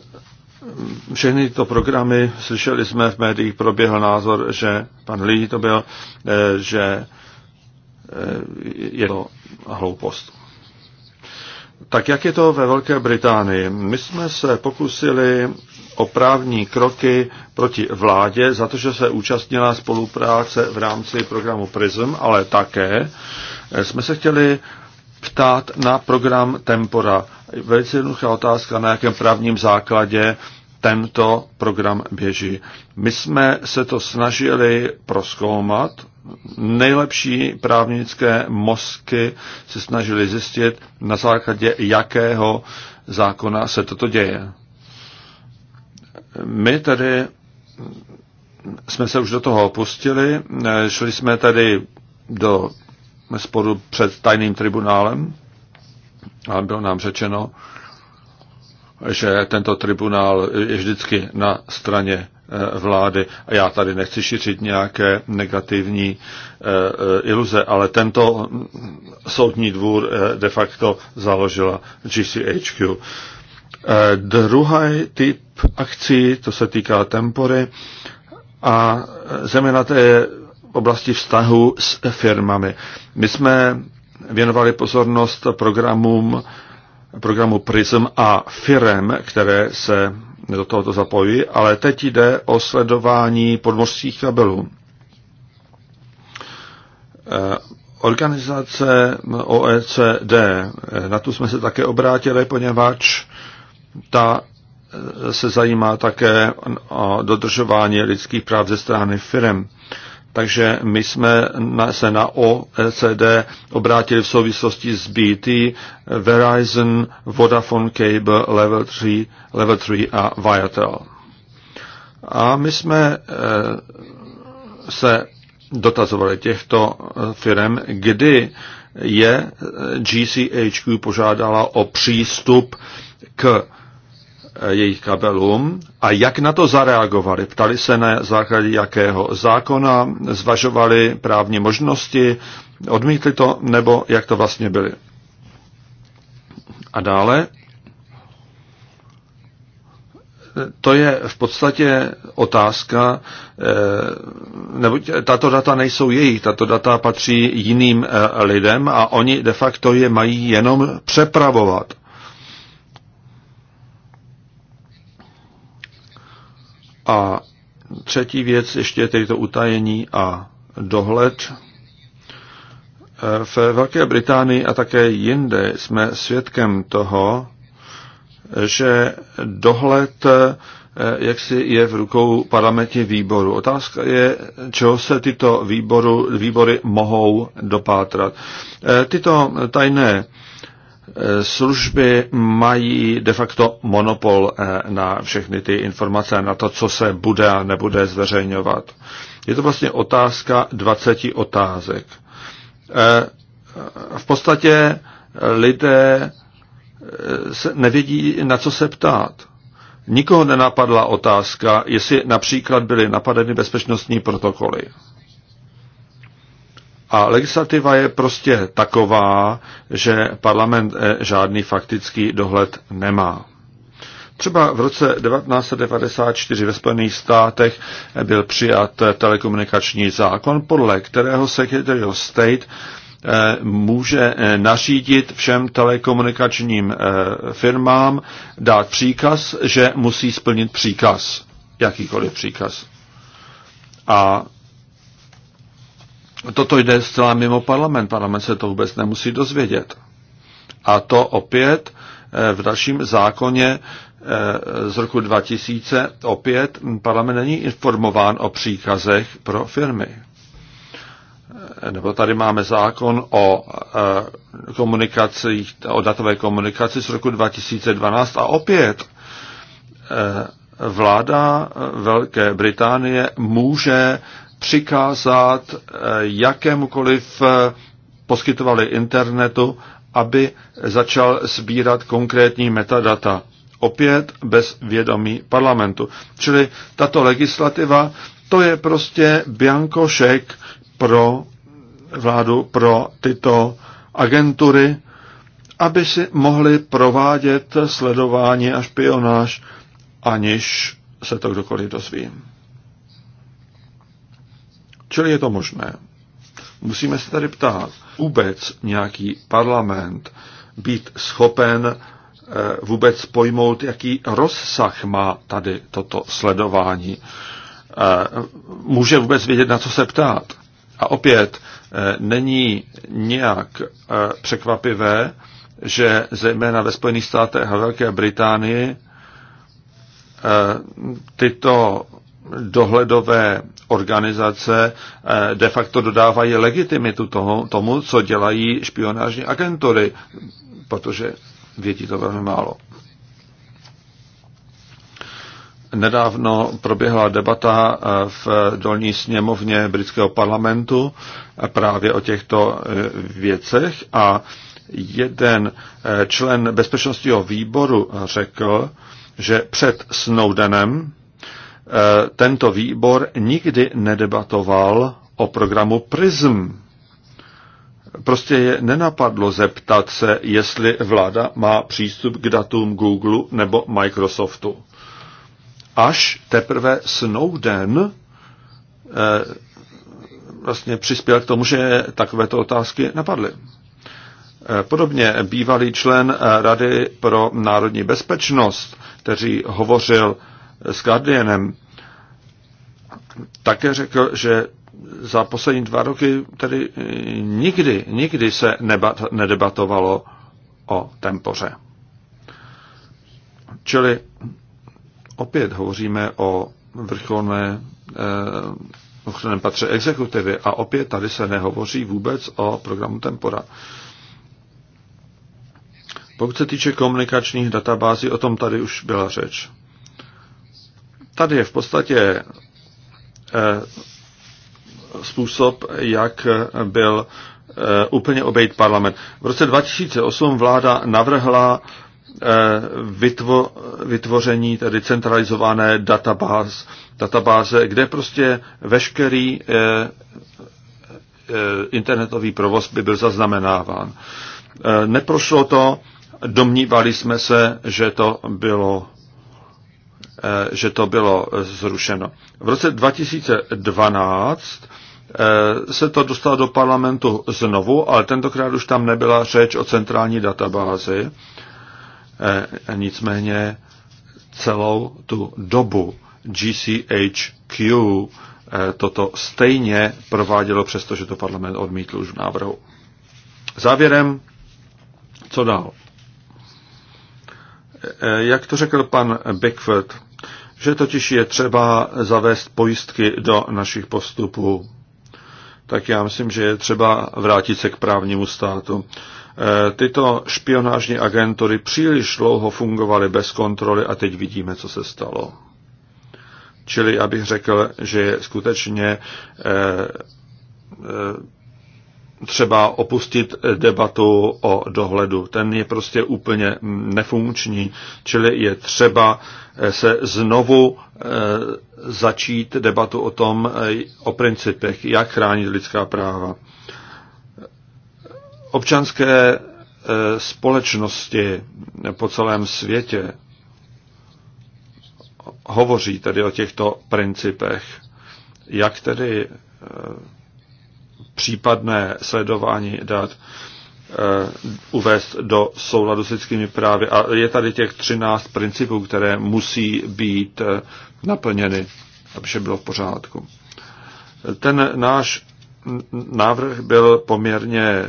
všechny tyto programy, slyšeli jsme v médiích, proběhl názor, že pan Lí to byl, eh, že eh, je to hloupost. Tak jak je to ve Velké Británii? My jsme se pokusili o právní kroky proti vládě za to, že se účastnila spolupráce v rámci programu PRISM, ale také jsme se chtěli ptát na program Tempora. Velice jednoduchá otázka, na jakém právním základě tento program běží. My jsme se to snažili proskoumat, nejlepší právnické mozky se snažili zjistit, na základě jakého zákona se toto děje. My tedy jsme se už do toho opustili, šli jsme tady do sporu před tajným tribunálem, ale bylo nám řečeno, že tento tribunál je vždycky na straně e, vlády. A já tady nechci šířit nějaké negativní e, e, iluze, ale tento mm, soudní dvůr de facto založila GCHQ. Druhý typ akcí, to se týká tempory, a zeměna to je oblasti vztahu s firmami. My jsme věnovali pozornost programům, programu PRISM a firem, které se do tohoto zapojí, ale teď jde o sledování podmořských kabelů. Eh, organizace OECD, eh, na tu jsme se také obrátili, poněvadž ta eh, se zajímá také o dodržování lidských práv ze strany firm. Takže my jsme se na OECD obrátili v souvislosti s BT, Verizon, Vodafone Cable, Level 3, Level 3 a Viatel. A my jsme eh, se dotazovali těchto eh, firm, kdy je eh, GCHQ požádala o přístup k Eh, jejich kabelům a jak na to zareagovali. Ptali se na základě jakého zákona, zvažovali právní možnosti, odmítli to, nebo jak to vlastně byli. A dále, to je v podstatě otázka, eh, nebo tato data nejsou jejich, tato data patří jiným eh, lidem a oni de facto je mají jenom přepravovat. A třetí věc, ještě je tedy to utajení a dohled. V Velké Británii a také jinde jsme svědkem toho, že dohled eh, jak si je v rukou parlamentní výboru. Otázka je, čeho se tyto výboru, výbory mohou dopátrat. Eh, tyto tajné služby mají de facto monopol eh, na všechny ty informace, na to, co se bude a nebude zveřejňovat. Je to vlastně otázka 20 otázek. Eh, v podstatě eh, lidé nevědí, na co se ptát. Nikoho nenapadla otázka, jestli například byly napadeny bezpečnostní protokoly. A legislativa je prostě taková, že parlament eh, žádný faktický dohled nemá. Třeba v roce 1994 ve Spojených státech eh, byl přijat eh, telekomunikační zákon, podle kterého Secretary of State může nařídit všem telekomunikačním firmám dát příkaz, že musí splnit příkaz, jakýkoliv příkaz. A toto jde zcela mimo parlament. Parlament se to vůbec nemusí dozvědět. A to opět eh, v dalším zákoně eh, z roku 2000 opět parlament není informován o příkazech pro firmy. Eh, nebo tady máme zákon o komunikacích, o datové komunikaci z roku 2012 a opět vláda Velké Británie může přikázat eh, jakémukoliv eh, poskytovali internetu, aby začal sbírat konkrétní metadata. Opět bez vědomí parlamentu. Čili tato legislativa, to je prostě biankošek pro vládu, pro tyto agentury, aby si mohli provádět sledování a špionáž, aniž se to kdokoliv dozví. Čili je to možné. Musíme se tady ptát, vůbec nějaký parlament být schopen eh, vůbec pojmout, jaký rozsah má tady toto sledování. Eh, může vůbec vědět, na co se ptát. A opět, eh, není nějak překvapivé, že zejména ve Spojených státech a Velké Británii tyto dohledové organizace eh, de facto dodávají legitimitu toho, tomu, co dělají špionážní agentury, protože vědí to velmi málo. Nedávno proběhla debata eh, v dolní sněmovně britského parlamentu eh, právě o těchto věcech a jeden člen bezpečnostního výboru řekl, že před Snowdenem Eh, tento výbor nikdy nedebatoval o programu PRISM. Prostě je nenapadlo zeptat se, jestli vláda má přístup k datům Google nebo Microsoftu. Až teprve Snowden eh, vlastně přispěl k tomu, že takovéto otázky napadly. Eh, podobně bývalý člen Rady pro národní bezpečnost, který hovořil s Guardianem, také řekl, že za poslední dva roky tedy eh, nikdy, nikdy se nebat, nedebatovalo o tempoře. Čili opět hovoříme o vrcholné eh, ochranném patře exekutivy a opět tady se nehovoří vůbec o programu Tempora. Pokud se týče komunikačních databází, o tom tady už byla řeč. Tady je v podstatě eh, způsob, jak byl eh, úplně obejít parlament. V roce 2008 vláda navrhla eh, vytvo, vytvoření tedy centralizované databáze, databáze, kde prostě veškerý internetový provoz by byl zaznamenáván. Neprošlo to, domnívali jsme se, že to bylo Eh, že to bylo eh, zrušeno. V roce 2012 eh, se to dostalo do parlamentu znovu, ale tentokrát už tam nebyla řeč o centrální databázi. Nicméně celou tu dobu GCHQ toto stejně provádělo, přestože to parlament odmítl už v návrhu. Závěrem, co dál? Jak to řekl pan Bickford, že totiž je třeba zavést pojistky do našich postupů. Tak já myslím, že je třeba vrátit se k právnímu státu. E, tyto špionážní agentury příliš dlouho fungovaly bez kontroly a teď vidíme, co se stalo. Čili abych řekl, že je skutečně e, e, třeba opustit eh, debatu o dohledu. Ten je prostě úplně mm, nefunkční, čili je třeba eh, se znovu eh, začít debatu o tom, o principech, jak chránit lidská práva. Občanské společnosti po celém světě hovoří tedy o těchto principech, jak tedy případné sledování dat eh, uvést do souladu s lidskými právy. A je tady těch 13 principů, které musí být eh, naplněny, aby vše bylo v pořádku. Ten náš návrh byl poměrně,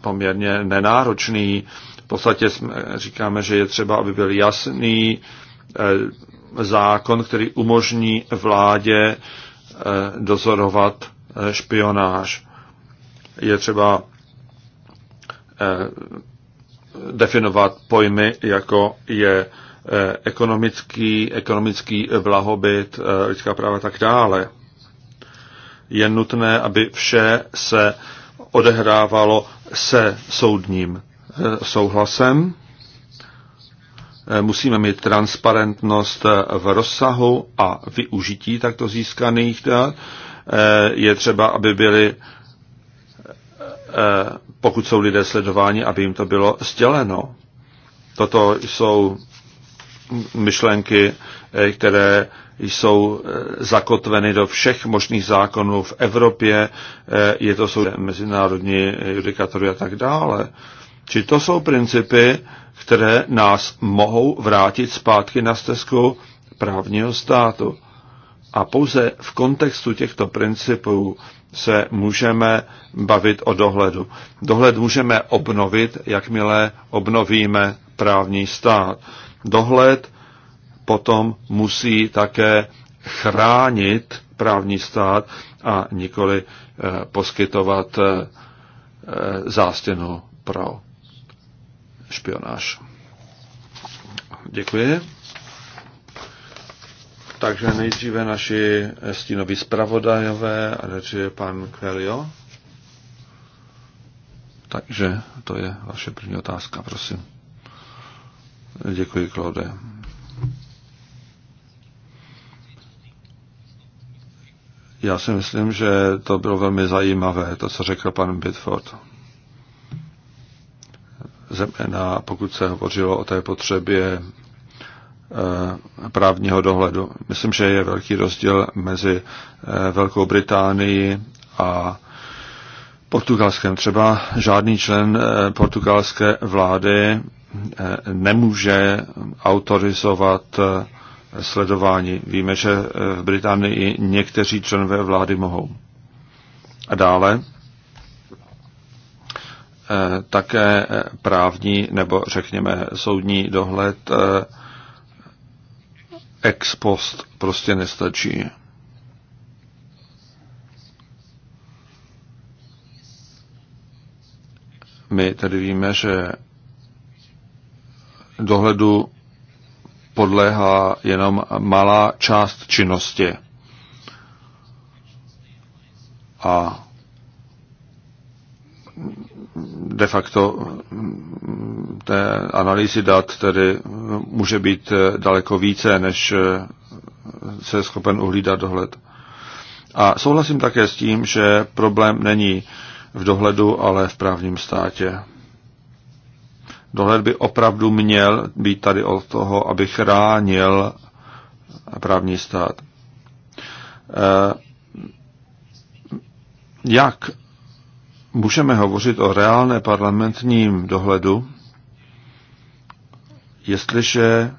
poměrně nenáročný. V podstatě jsme, říkáme, že je třeba, aby byl jasný eh, zákon, který umožní vládě dozorovat špionáž. Je třeba eh, definovat pojmy, jako je eh, ekonomický, ekonomický blahobyt, eh, lidská práva a tak dále. Je nutné, aby vše se odehrávalo se soudním souhlasem. Musíme mít transparentnost v rozsahu a využití takto získaných dat Eh, je třeba, aby byli eh, pokud jsou lidé sledováni, aby jim to bylo sděleno. Toto jsou myšlenky, eh, které jsou zakotveny do všech možných zákonů v Evropě, je to jsou mezinárodní judikatory a tak dále. Či to jsou principy, které nás mohou vrátit zpátky na stezku právního státu. A pouze v kontextu těchto principů se můžeme bavit o dohledu. Dohled můžeme obnovit, jakmile obnovíme právní stát. Dohled potom musí také chránit právní stát a nikoli eh, poskytovat eh, eh, zástěnu pro špionáž. Děkuji. Takže nejdříve naši stínoví zpravodajové, a nejdříve pan Kvelio. Takže to je vaše první otázka, prosím. Děkuji, Claude. Já si myslím, že to bylo velmi zajímavé, to, co řekl pan Bitford. Zeměna, pokud se hovořilo o té potřebě Eh, právního dohledu. Myslím, že je velký rozdíl mezi eh, Velkou Británií a Portugalskem. Třeba žádný člen eh, portugalské vlády nemůže autorizovat sledování. Víme, že v Británii někteří členové vlády mohou. A dále také právní nebo řekněme soudní dohled ex post prostě nestačí. My tady víme, že dohledu podléhá jenom malá část činnosti. A de facto mm, té analýzy dat tedy mm, může být eh, daleko více, než eh, se je schopen uhlídat dohled. A souhlasím také s tím, že problém není v dohledu, ale v právním státě. Dohled by opravdu měl být tady od toho, aby chránil právní stát. Eh, jak můžeme hovořit o reálné parlamentním dohledu, jestliže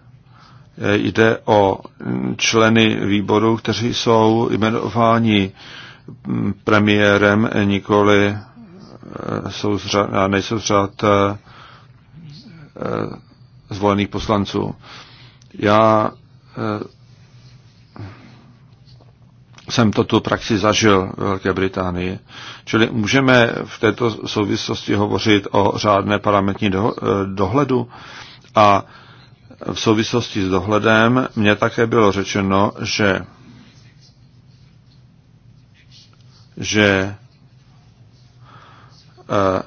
eh, jde o mm, členy výboru, kteří jsou jmenováni mm, premiérem, eh, nikoli eh, jsou z řad, nejsou z řad zvolených poslanců. Já jsem to tu praxi zažil v Velké Británii. Čili můžeme v této souvislosti hovořit o řádné parlamentní eh, dohledu a v souvislosti s dohledem mně také bylo řečeno, že že eh,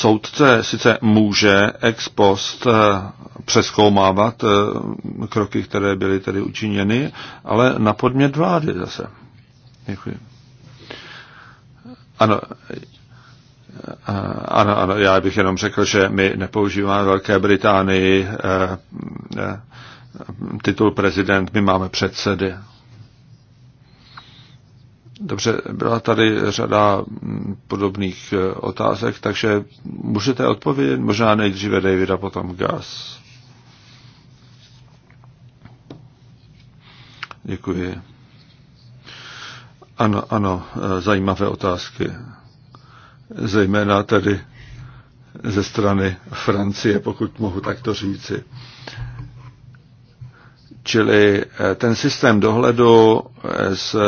soudce sice může ex post eh, přeskoumávat eh, kroky, které byly tedy učiněny, ale na podmět vlády zase. Děkuji. Ano, eh, ano, ano, já bych jenom řekl, že my nepoužíváme Velké Británii titul prezident, my máme předsedy. Dobře, byla tady řada mm, podobných e, otázek, takže můžete odpovědět možná nejdříve a potom Gas. Děkuji. Ano, ano, e, zajímavé otázky. Zejména tedy ze strany Francie, pokud mohu takto říci. Čili eh, ten systém dohledu eh, s eh,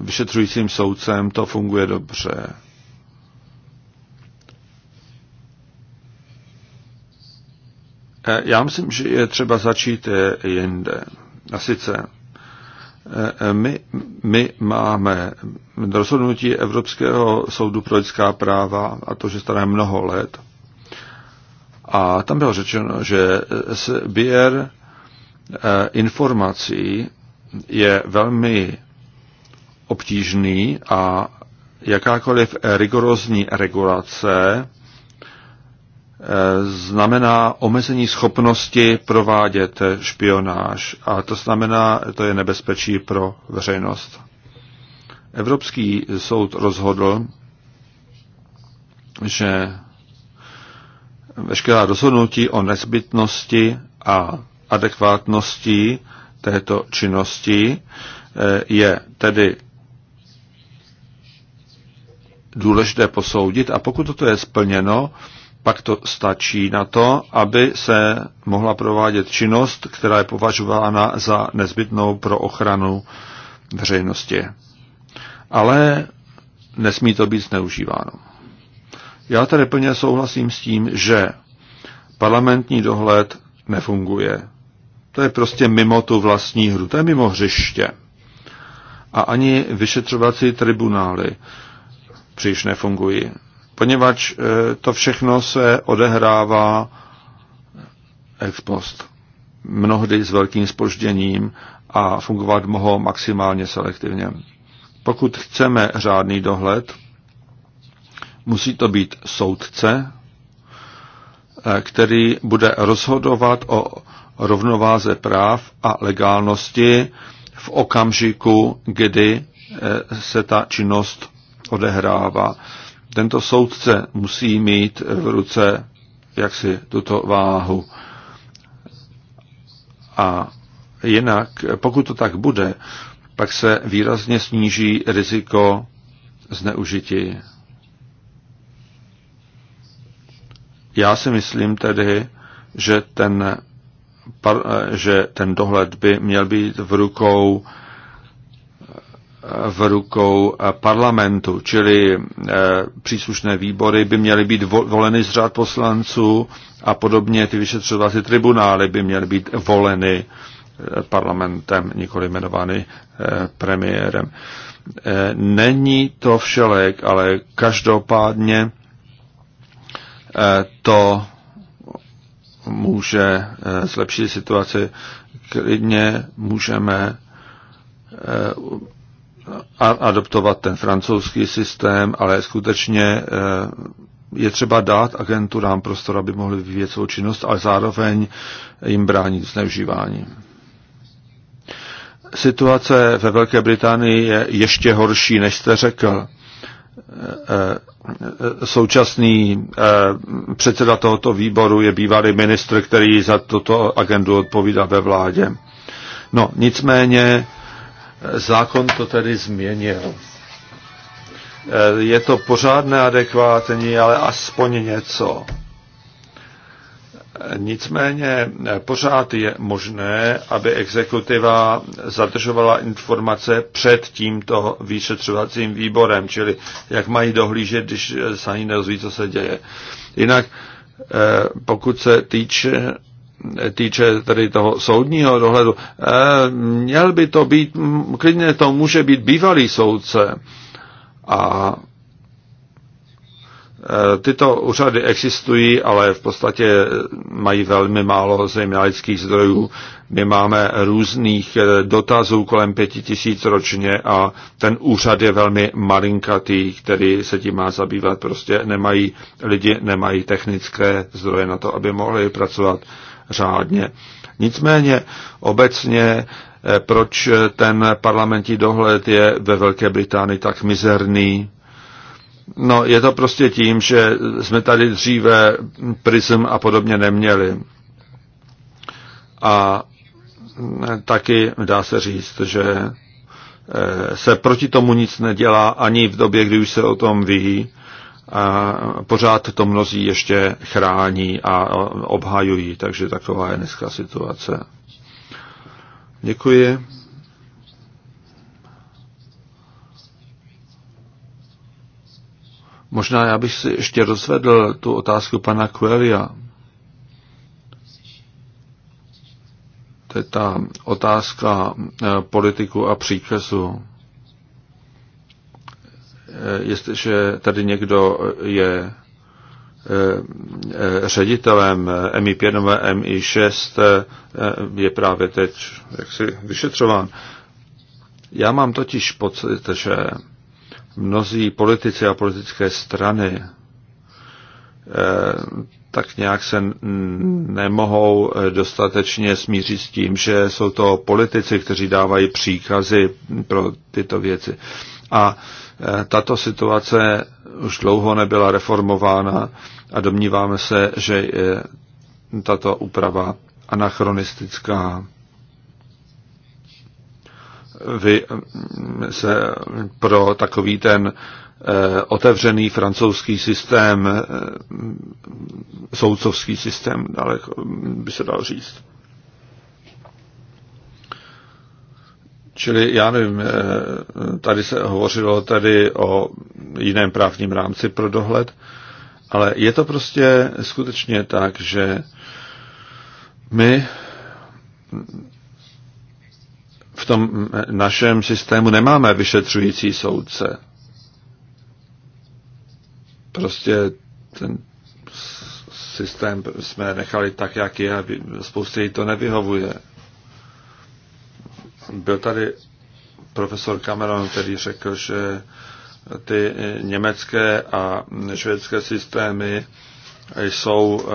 vyšetřujícím soudcem, to funguje dobře. Já myslím, že je třeba začít jinde. A sice my, my máme rozhodnutí Evropského soudu pro lidská práva, a to, že staré mnoho let. A tam bylo řečeno, že sběr Eh, informací je velmi obtížný a jakákoliv rigorózní regulace eh, znamená omezení schopnosti provádět špionáž a to znamená, to je nebezpečí pro veřejnost. Evropský soud rozhodl, že veškerá rozhodnutí o nezbytnosti a adekvátností této činnosti eh, je tedy důležité posoudit a pokud toto je splněno, pak to stačí na to, aby se mohla provádět činnost, která je považována za nezbytnou pro ochranu veřejnosti. Ale nesmí to být zneužíváno. Já tady plně souhlasím s tím, že parlamentní dohled nefunguje. To je prostě mimo tu vlastní hru, to je mimo hřiště. A ani vyšetřovací tribunály příliš nefungují, poněvadž eh, to všechno se odehrává ex post, mnohdy s velkým spožděním a fungovat mohou maximálně selektivně. Pokud chceme řádný dohled, musí to být soudce, eh, který bude rozhodovat o rovnováze práv a legálnosti v okamžiku, kdy eh, se ta činnost odehrává. Tento soudce musí mít v ruce jaksi tuto váhu. A jinak, pokud to tak bude, pak se výrazně sníží riziko zneužití. Já si myslím tedy, že ten že ten dohled by měl být v rukou v rukou parlamentu, čili eh, příslušné výbory by měly být voleny z řád poslanců a podobně ty vyšetřovací tribunály by měly být voleny eh, parlamentem, nikoli jmenovány eh, premiérem. Není to všelek, ale každopádně to může eh, zlepšit situaci. Klidně můžeme eh, adoptovat ten francouzský systém, ale skutečně eh, je třeba dát agenturám prostor, aby mohli vyvíjet svou činnost, ale zároveň jim bránit zneužívání. Situace ve Velké Británii je ještě horší, než jste řekl. Eh, eh, současný eh, předseda tohoto výboru je bývalý ministr, který za toto agendu odpovídá ve vládě. No, nicméně zákon to tedy změnil. Je to pořád neadekvátní, ale aspoň něco. Nicméně pořád je možné, aby exekutiva zadržovala informace před tímto vyšetřovacím výborem, čili jak mají dohlížet, když se ani nerozví, co se děje. Jinak eh, pokud se týče týče tedy toho soudního dohledu, eh, měl by to být, klidně to může být bývalý soudce a Eh, tyto úřady existují, ale v podstatě mají velmi málo zejména lidských zdrojů. My máme různých eh, dotazů kolem pěti tisíc ročně a ten úřad je velmi malinkatý, který se tím má zabývat. Prostě nemají lidi, nemají technické zdroje na to, aby mohli pracovat řádně. Nicméně obecně eh, proč ten parlamentní dohled je ve Velké Británii tak mizerný, No, je to prostě tím, že jsme tady dříve prism a podobně neměli. A e, taky dá se říct, že e, se proti tomu nic nedělá ani v době, kdy už se o tom ví. A pořád to mnozí ještě chrání a obhajují, takže taková je dneska situace. Děkuji. Možná já bych si ještě rozvedl tu otázku pana Quelia. To je ta otázka eh, politiku a příkazu. Eh, jestliže tady někdo je eh, ředitelem MI5 nebo MI6, je právě teď jaksi vyšetřován. Já mám totiž pocit, že mnozí politici a politické strany eh, tak nějak se nemohou eh, dostatečně smířit s tím, že jsou to politici, kteří dávají příkazy pro tyto věci. A eh, tato situace už dlouho nebyla reformována a domníváme se, že je tato úprava anachronistická vy mm, se pro takový ten eh, otevřený francouzský systém, eh, soudcovský systém, ale by se dal říct. Čili já nevím, eh, tady se hovořilo tady o jiném právním rámci pro dohled, ale je to prostě skutečně tak, že my v tom našem systému nemáme vyšetřující soudce. Prostě ten systém jsme nechali tak, jak je, a spoustě jí to nevyhovuje. Byl tady profesor Cameron, který řekl, že ty německé a švédské systémy jsou eh,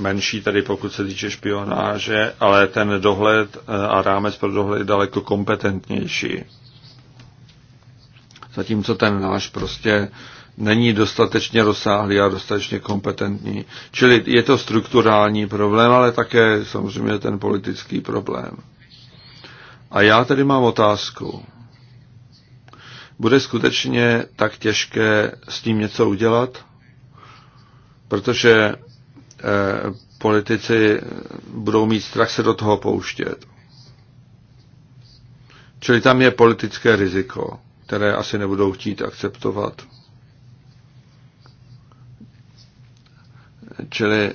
menší, tedy pokud se týče špionáže, ale ten dohled eh, a rámec pro dohled je daleko kompetentnější. Zatímco ten náš prostě není dostatečně rozsáhlý a dostatečně kompetentní. Čili je to strukturální problém, ale také samozřejmě ten politický problém. A já tedy mám otázku. Bude skutečně tak těžké s tím něco udělat? protože eh, politici budou mít strach se do toho pouštět. Čili tam je politické riziko, které asi nebudou chtít akceptovat. Čili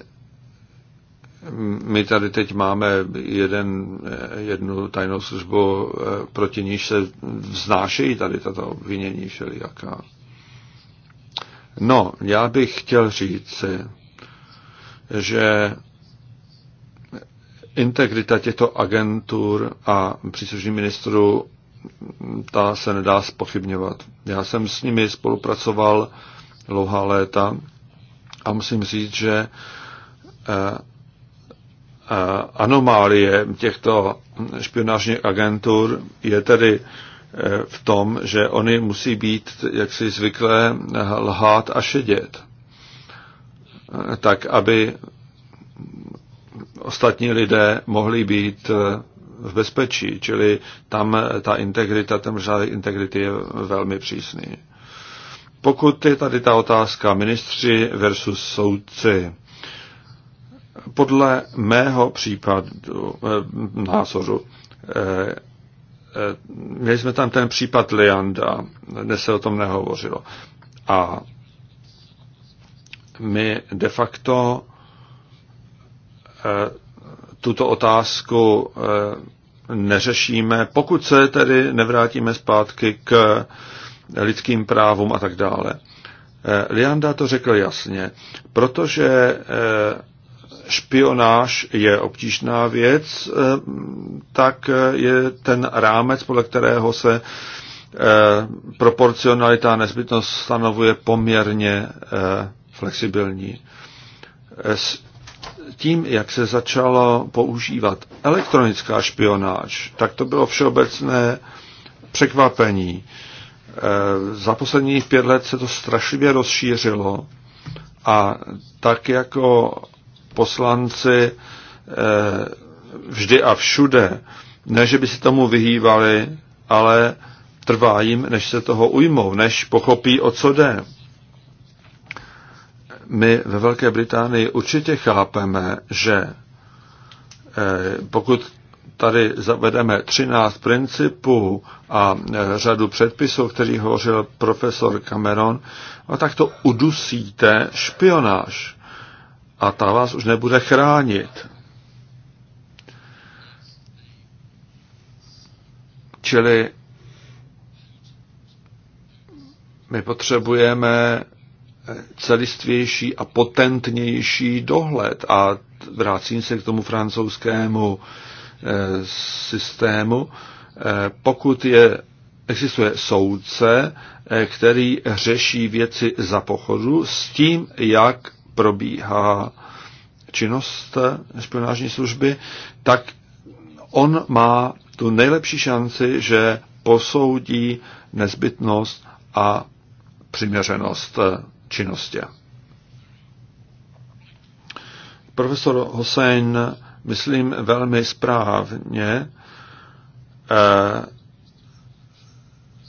mm, my tady teď máme jeden, eh, jednu tajnou službu, eh, proti níž se vznášejí tady tato obvinění všelijaká. No, já bych chtěl říct, že integrita těchto agentur a příslušných ministrů ta se nedá spochybňovat. Já jsem s nimi spolupracoval dlouhá léta a musím říct, že eh, eh, anomálie těchto špionážních agentur je tedy v tom, že oni musí být, jak si zvyklé, lhát a šedět. Tak, aby ostatní lidé mohli být v bezpečí, čili tam ta integrita, ten řád integrity je velmi přísný. Pokud je tady ta otázka ministři versus soudci, podle mého případu, eh, názoru, eh, Eh, měli jsme tam ten případ Leanda, dnes se o tom nehovořilo. A my de facto eh, tuto otázku eh, neřešíme, pokud se tedy nevrátíme zpátky k lidským právům a tak dále. Lianda to řekl jasně, protože špionáž je obtížná věc, eh, tak je ten rámec, podle kterého se eh, proporcionalita a nezbytnost stanovuje poměrně eh, flexibilní. S tím, jak se začalo používat elektronická špionáž, tak to bylo všeobecné překvapení. Za posledních pět let se to strašlivě rozšířilo a tak jako poslanci eh, vždy a všude. Ne, že by si tomu vyhývali, ale trvá jim, než se toho ujmou, než pochopí, o co jde. My ve Velké Británii určitě chápeme, že eh, pokud tady zavedeme 13 principů a eh, řadu předpisů, který kterých hovořil profesor Cameron, a no tak to udusíte špionáž a ta vás už nebude chránit. Čili my potřebujeme celistvější a potentnější dohled a vracím se k tomu francouzskému eh, systému. Eh, pokud je, existuje soudce, eh, který řeší věci za pochodu s tím, jak probíhá činnost špionážní služby, tak on má tu nejlepší šanci, že posoudí nezbytnost a přiměřenost činnosti. Profesor Hossein, myslím, velmi správně eh,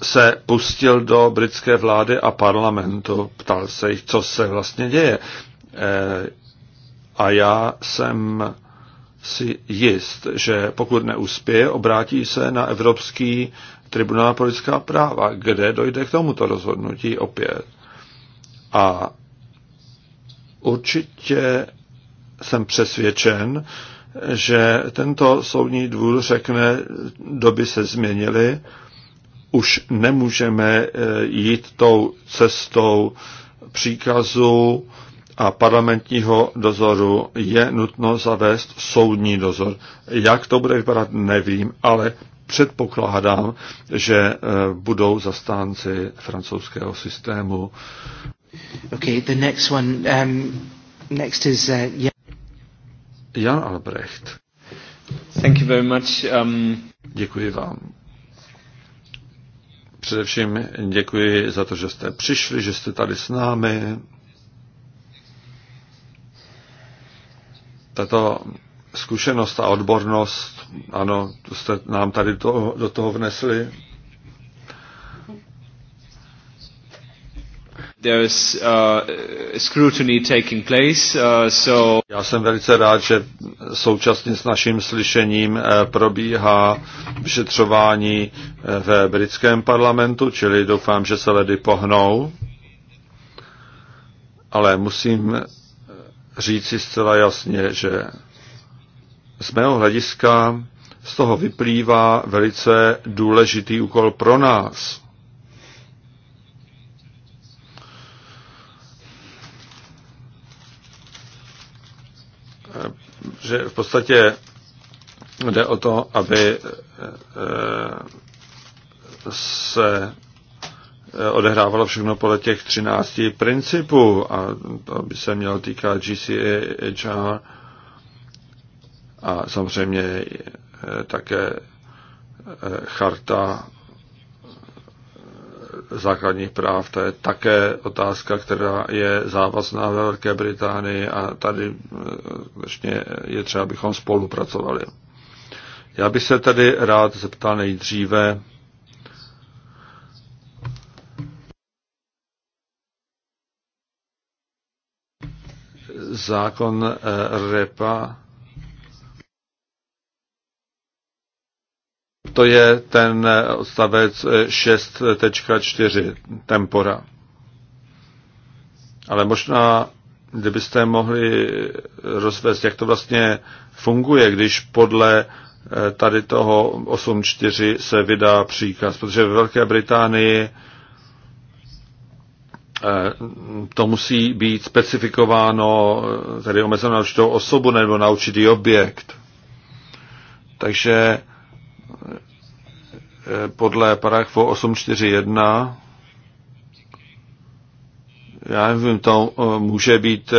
se pustil do britské vlády a parlamentu, ptal se jich, co se vlastně děje. Eh, a já jsem si jist, že pokud neuspěje, obrátí se na Evropský tribunál pro lidská práva, kde dojde k tomuto rozhodnutí opět. A určitě jsem přesvědčen, že tento soudní dvůr řekne, doby se změnily, už nemůžeme eh, jít tou cestou příkazu, a parlamentního dozoru je nutno zavést soudní dozor. Jak to bude vypadat, nevím, ale předpokládám, že eh, budou zastánci francouzského systému. Okay, the next one, um, next is, uh, Jan Albrecht. Thank you very much. Um... Děkuji vám. Především děkuji za to, že jste přišli, že jste tady s námi. tato zkušenost a odbornost, ano, to jste nám tady to, do toho vnesli. There is uh, scrutiny taking place, uh, so... Já jsem velice rád, že současně s naším slyšením uh, probíhá vyšetřování uh, ve britském parlamentu, čili doufám, že se ledy pohnou. Ale musím říci zcela jasně, že z mého hlediska z toho vyplývá velice důležitý úkol pro nás. Že v podstatě jde o to, aby eh, eh, se Eh, odehrávalo všechno podle těch 13 principů a to by se mělo týkat GCA, HR a samozřejmě eh, také eh, charta základních práv, to je také otázka, která je závazná ve Velké Británii a tady vlastně je třeba, abychom spolupracovali. Já bych se tady rád zeptal nejdříve zákon eh, REPA. To je ten eh, odstavec 6.4 eh, tempora. Ale možná, kdybyste mohli rozvést, jak to vlastně funguje, když podle tady toho 8.4 se vydá příkaz, protože ve Velké Británii Eh, to musí být specifikováno, eh, tedy omezeno na určitou osobu nebo na určitý objekt. Takže eh, podle paragrafu 841 já nevím, to může být,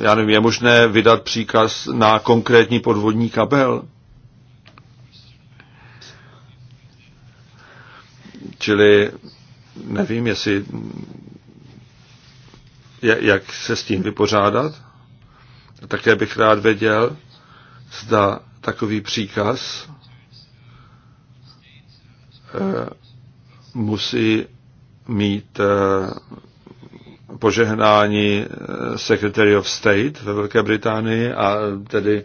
já nevím, je možné vydat příkaz na konkrétní podvodní kabel. Čili nevím, jestli jak se s tím vypořádat. Také bych rád věděl, zda takový příkaz eh, musí mít eh, požehnání eh, Secretary of State ve Velké Británii a tedy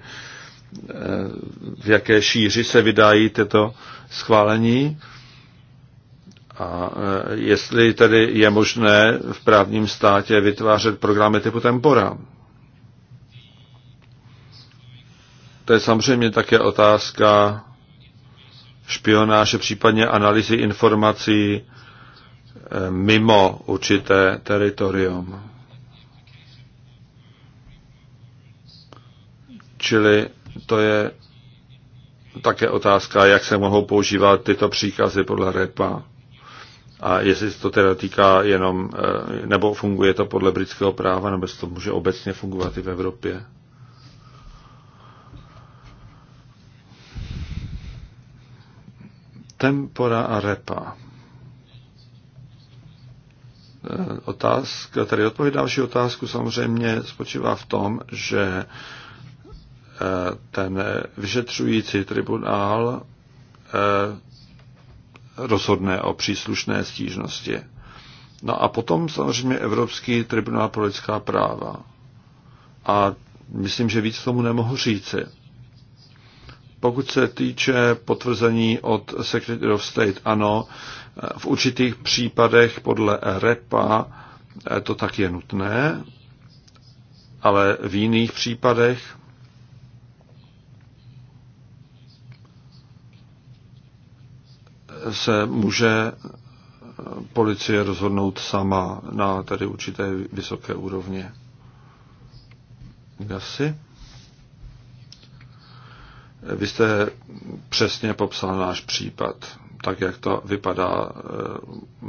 v jaké šíři se vydají tyto schválení a e, jestli tedy je možné v právním státě vytvářet programy typu Tempora. To je samozřejmě také otázka špionáže, případně analýzy informací e, mimo určité teritorium. Čili to je také otázka, jak se mohou používat tyto příkazy podle REPA. A jestli se to teda týká jenom, eh, nebo funguje to podle britského práva, nebo to může obecně fungovat i v Evropě? Tempora a repa. Eh, otázka, tady odpověď vaši otázku samozřejmě spočívá v tom, že eh, ten vyšetřující tribunál rozhodne o příslušné stížnosti. No a potom samozřejmě Evropský tribunál pro lidská práva. A myslím, že víc tomu nemohu říci. Pokud se týče potvrzení od Secretary of State, ano, v určitých případech podle REPA eh, to tak je nutné, ale v jiných případech se může policie rozhodnout sama na tady určité vysoké úrovně. Gasy? Vy jste přesně popsal náš případ, tak jak to vypadá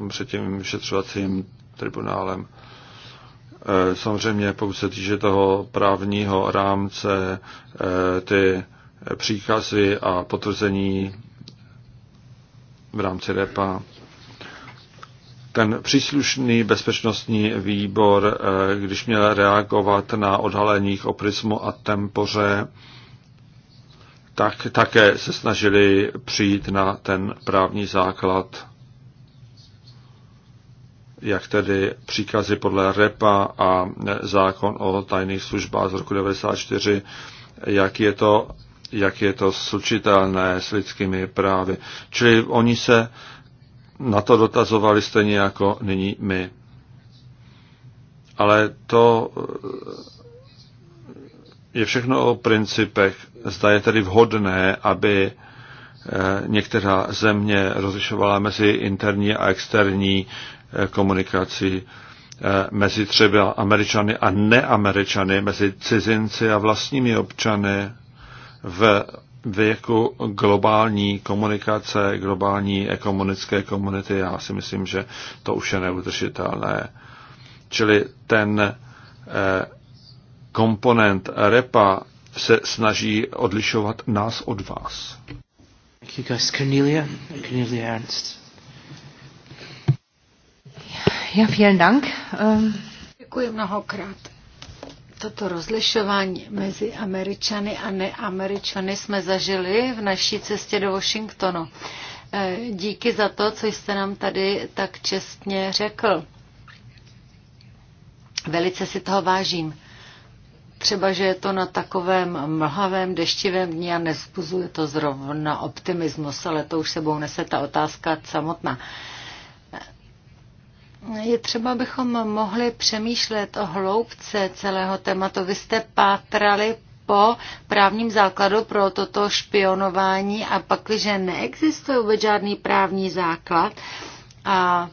eh, před tím vyšetřovacím tribunálem. Eh, samozřejmě, pokud se týče toho právního rámce, eh, ty příkazy a potvrzení v rámci repa. Ten příslušný bezpečnostní výbor, eh, když měl reagovat na odhaleních o prismu a tempoře, tak také se snažili přijít na ten právní základ, jak tedy příkazy podle REPA a zákon o tajných službách z roku 1994, jak je to jak je to slučitelné s lidskými právy. Čili oni se na to dotazovali stejně jako nyní my. Ale to eh, je všechno o principech. Zda je tedy vhodné, aby eh, některá země rozlišovala mezi interní a externí eh, komunikací, mezi třeba Američany a neameričany, mezi cizinci a vlastními občany v věku globální komunikace, globální ekonomické komunity, já si myslím, že to už je neudržitelné. Čili ten eh, komponent repa se snaží odlišovat nás od vás. Ernst. Ja, vielen Dank. Um... Děkuji mnohokrát toto rozlišování mezi Američany a neameričany jsme zažili v naší cestě do Washingtonu. E, díky za to, co jste nám tady tak čestně řekl. Velice si toho vážím. Třeba, že je to na takovém mlhavém, deštivém dní a nezbuzuje to zrovna optimismus, ale to už sebou nese ta otázka samotná. Eh, je třeba, abychom mohli přemýšlet o hloubce celého tématu. Vy jste pátrali po právním základu pro toto špionování a pak, když neexistuje vůbec žádný právní základ a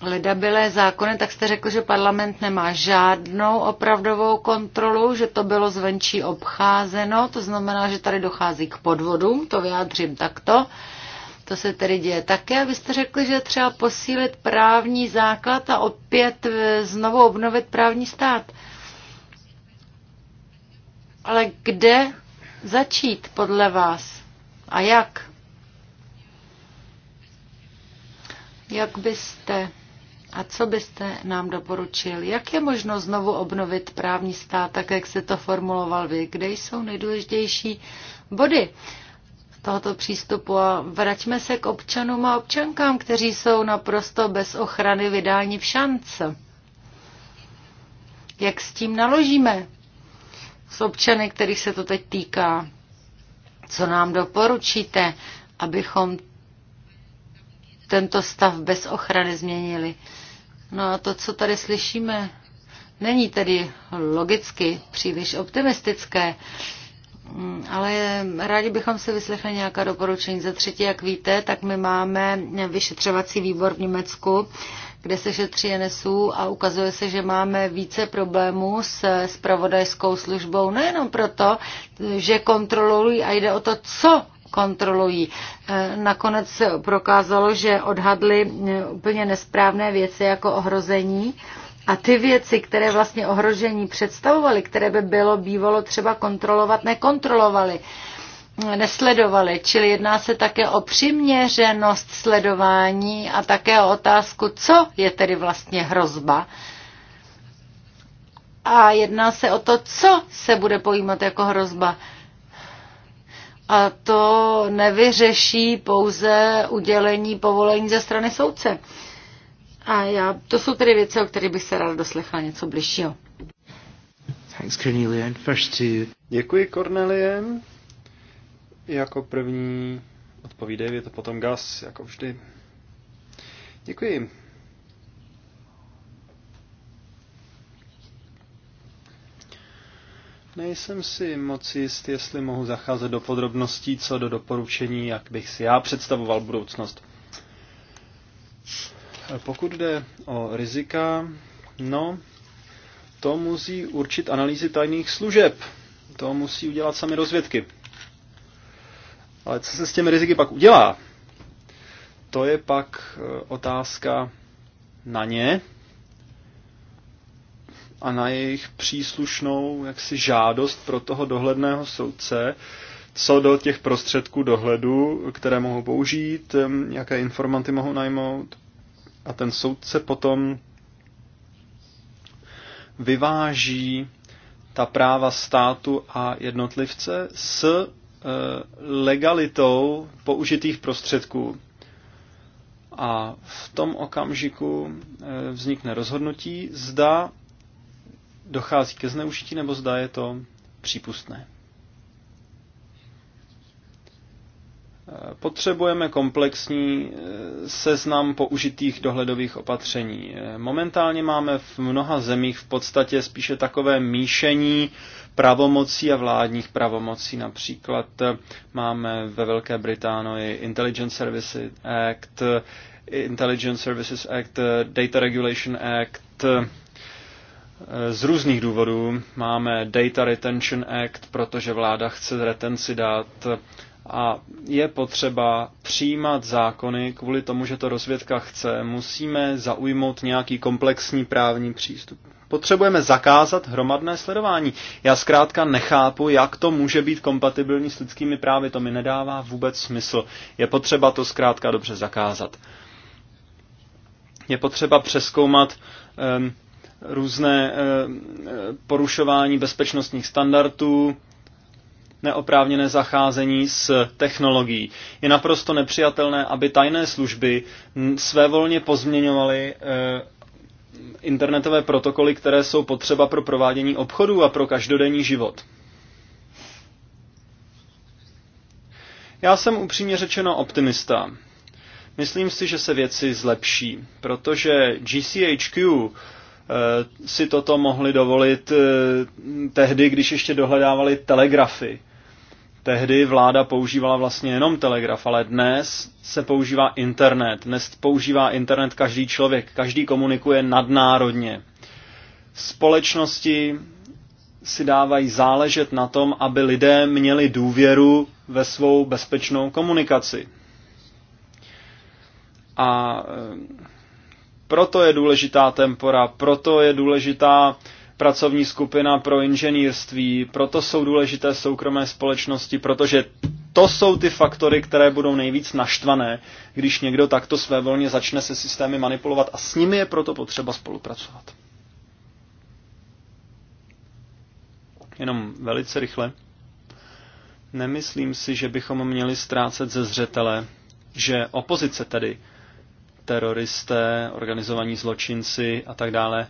ledabilé zákony, tak jste řekl, že parlament nemá žádnou opravdovou kontrolu, že to bylo zvenčí obcházeno, to znamená, že tady dochází k podvodům, to vyjádřím takto. Uh, to se tedy děje také, abyste řekli, že třeba posílit právní základ a opět eh, znovu obnovit právní stát. Ale kde začít podle vás a jak? Jak byste a co byste nám doporučil? Jak je možno znovu obnovit právní stát, tak jak se to formuloval vy? Kde jsou nejdůležitější body? tohoto přístupu a vraťme se k občanům a občankám, kteří jsou naprosto bez ochrany vydání v šance. Jak s tím naložíme? S občany, kterých se to teď týká. Co nám doporučíte, abychom tento stav bez ochrany změnili? No a to, co tady slyšíme, není tedy logicky příliš optimistické. Mm, ale rádi bychom si vyslechli nějaká doporučení. Za třetí, jak víte, tak my máme vyšetřovací výbor v Německu, kde se šetří NSU a ukazuje se, že máme více problémů s spravodajskou službou, nejenom proto, že kontrolují a jde o to, co kontrolují. E, nakonec se prokázalo, že odhadli e, úplně nesprávné věci jako ohrození a ty věci, které vlastně ohrožení představovaly, které by bylo bývalo třeba kontrolovat, nekontrolovaly, nesledovaly. Čili jedná se také o přiměřenost sledování a také o otázku, co je tedy vlastně hrozba. A jedná se o to, co se bude pojímat jako hrozba. A to nevyřeší pouze udělení povolení ze strany soudce. A já, to jsou tedy věci, o kterých bych se rád doslechla něco bližšího. Thanks, Cornelia. first to... Děkuji, Cornelie. Jako první odpovídej, je to potom Gas, jako vždy. Děkuji. Nejsem si moc jist, jestli mohu zacházet do podrobností co do doporučení, jak bych si já představoval budoucnost. Pokud jde o rizika, no, to musí určit analýzy tajných služeb. To musí udělat sami rozvědky. Ale co se s těmi riziky pak udělá? To je pak e, otázka na ně a na jejich příslušnou jaksi žádost pro toho dohledného soudce, co do těch prostředků dohledu, které mohou použít, e, jaké informanty mohou najmout, a ten soudce potom vyváží ta práva státu a jednotlivce s eh, legalitou použitých prostředků. A v tom okamžiku eh, vznikne rozhodnutí, zda dochází ke zneužití nebo zda je to přípustné. Potřebujeme komplexní eh, seznam použitých dohledových opatření. Eh, momentálně máme v mnoha zemích v podstatě spíše takové míšení pravomocí a vládních pravomocí. Například eh, máme ve Velké Británii Intelligence Services Act, Intelligence Services Act, Data Regulation Act, z různých důvodů máme Data Retention Act, protože vláda chce retenci dát a je potřeba přijímat zákony kvůli tomu, že to rozvědka chce. Musíme zaujmout nějaký komplexní právní přístup. Potřebujeme zakázat hromadné sledování. Já zkrátka nechápu, jak to může být kompatibilní s lidskými právy. To mi nedává vůbec smysl. Je potřeba to zkrátka dobře zakázat. Je potřeba přeskoumat um, různé um, porušování bezpečnostních standardů, neoprávněné zacházení s technologií. Je naprosto nepřijatelné, aby tajné služby svévolně pozměňovaly eh, internetové protokoly, které jsou potřeba pro provádění obchodů a pro každodenní život. Já jsem upřímně řečeno optimista. Myslím si, že se věci zlepší, protože GCHQ eh, si toto mohli dovolit eh, tehdy, když ještě dohledávali telegrafy. Tehdy vláda používala vlastně jenom telegraf, ale dnes se používá internet. Dnes používá internet každý člověk, každý komunikuje nadnárodně. Společnosti si dávají záležet na tom, aby lidé měli důvěru ve svou bezpečnou komunikaci. A e, proto je důležitá tempora, proto je důležitá pracovní skupina pro inženýrství, proto jsou důležité soukromé společnosti, protože to jsou ty faktory, které budou nejvíc naštvané, když někdo takto své volně začne se systémy manipulovat a s nimi je proto potřeba spolupracovat. Jenom velice rychle. Nemyslím si, že bychom měli ztrácet ze zřetele, že opozice tedy, teroristé, organizovaní zločinci a tak dále,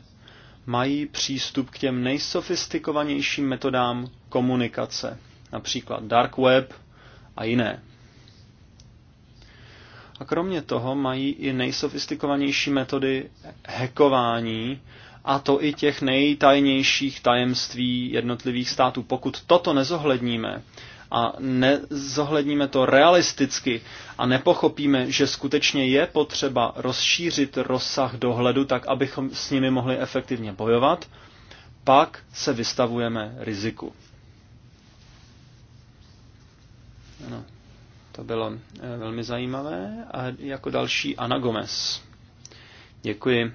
mají přístup k těm nejsofistikovanějším metodám komunikace, například dark web a jiné. A kromě toho mají i nejsofistikovanější metody hackování, a to i těch nejtajnějších tajemství jednotlivých států. Pokud toto nezohledníme, a nezohledníme to realisticky a nepochopíme, že skutečně je potřeba rozšířit rozsah dohledu tak, abychom s nimi mohli efektivně bojovat, pak se vystavujeme riziku. Ano, to bylo eh, velmi zajímavé. A jako další Ana Gomez. Děkuji. Eh,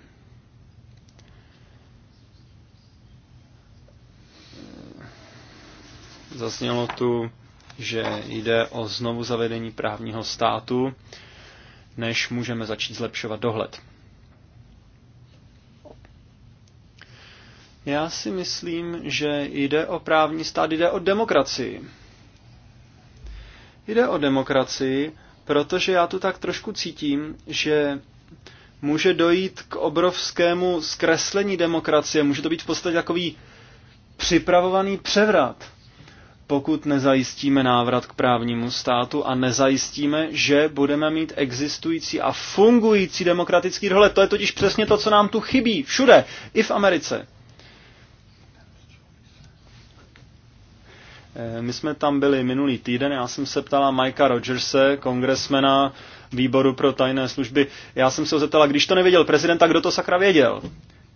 Zasnělo tu že jde o znovu zavedení právního státu, než můžeme začít zlepšovat dohled. Já si myslím, že jde o právní stát, jde o demokracii. Jde o demokracii, protože já tu tak trošku cítím, že může dojít k obrovskému zkreslení demokracie. Může to být v podstatě takový připravovaný převrat pokud nezajistíme návrat k právnímu státu a nezajistíme, že budeme mít existující a fungující demokratický dohled. To je totiž přesně to, co nám tu chybí. Všude. I v Americe. Eh, my jsme tam byli minulý týden, já jsem se ptala Mikea Rogerse, kongresmena výboru pro tajné služby. Já jsem se ho zeptala, když to nevěděl prezident, tak kdo to sakra věděl?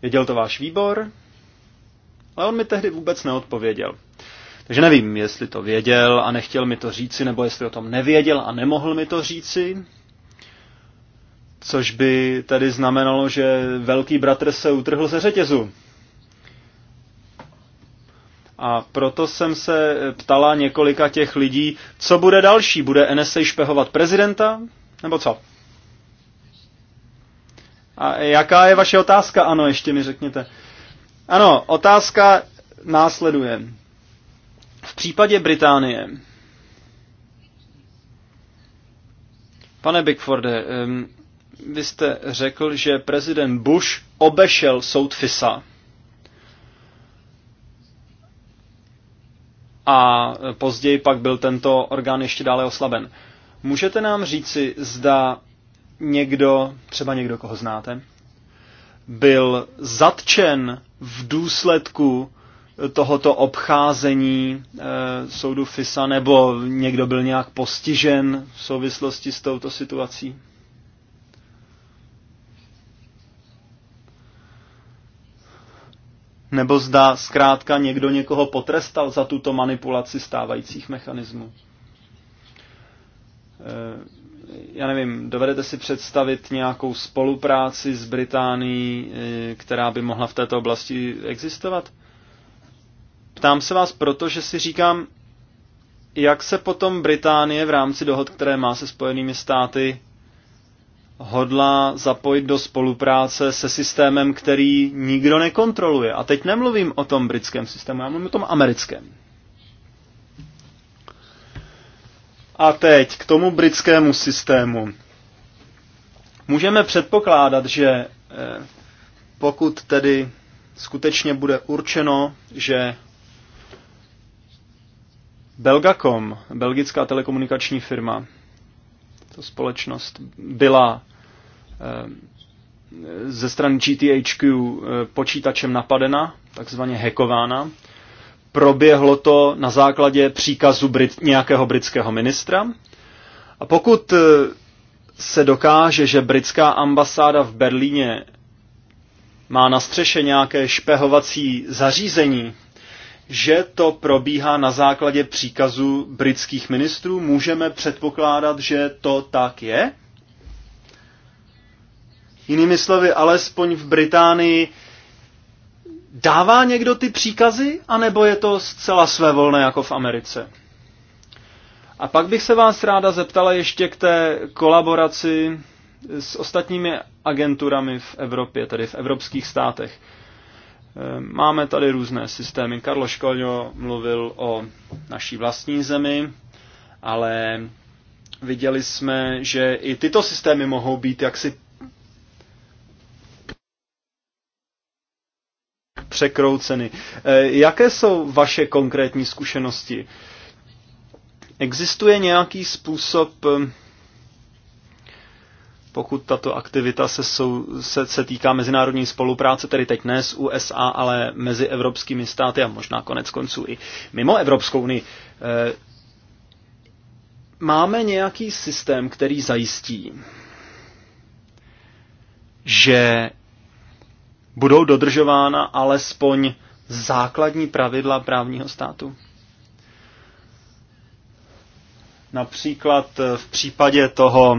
Věděl to váš výbor? Ale on mi tehdy vůbec neodpověděl. Takže nevím, jestli to věděl a nechtěl mi to říci, nebo jestli o tom nevěděl a nemohl mi to říci. Což by tedy znamenalo, že velký bratr se utrhl ze řetězu. A proto jsem se ptala několika těch lidí, co bude další? Bude NSA špehovat prezidenta? Nebo co? A jaká je vaše otázka? Ano, ještě mi řekněte. Ano, otázka následuje. V případě Británie. Pane Bigforde, vy jste řekl, že prezident Bush obešel soud FISA. A později pak byl tento orgán ještě dále oslaben. Můžete nám říci, zda někdo, třeba někdo, koho znáte, byl zatčen v důsledku tohoto obcházení e, soudu FISA, nebo někdo byl nějak postižen v souvislosti s touto situací? Nebo zda zkrátka někdo někoho potrestal za tuto manipulaci stávajících mechanismů? E, já nevím, dovedete si představit nějakou spolupráci s Británií, eh, která by mohla v této oblasti existovat? Ptám se vás proto, že si říkám, jak se potom Británie v rámci dohod, které má se Spojenými státy, hodlá zapojit do spolupráce se systémem, který nikdo nekontroluje. A teď nemluvím o tom britském systému, já mluvím o tom americkém. A teď k tomu britskému systému. Můžeme předpokládat, že eh, pokud tedy skutečně bude určeno, že Belgacom, belgická telekomunikační firma, to společnost, byla eh, ze strany GTHQ eh, počítačem napadena, takzvaně hackována. Proběhlo to na základě příkazu Brit, nějakého britského ministra. A pokud eh, se dokáže, že britská ambasáda v Berlíně má na střeše nějaké špehovací zařízení, že to probíhá na základě příkazu britských ministrů? Můžeme předpokládat, že to tak je? Jinými slovy, alespoň v Británii dává někdo ty příkazy, anebo je to zcela svévolné jako v Americe? A pak bych se vás ráda zeptala ještě k té kolaboraci s ostatními agenturami v Evropě, tedy v evropských státech. Eh, máme tady různé systémy. Karlo Školňo mluvil o naší vlastní zemi, ale viděli jsme, že i tyto systémy mohou být jaksi překrouceny. Eh, jaké jsou vaše konkrétní zkušenosti? Existuje nějaký způsob eh, pokud tato aktivita se, sou, se, se týká mezinárodní spolupráce, tedy teď ne s USA, ale mezi evropskými státy a možná konec konců i mimo Evropskou unii. E, máme nějaký systém, který zajistí, že budou dodržována alespoň základní pravidla právního státu? Například eh, v případě toho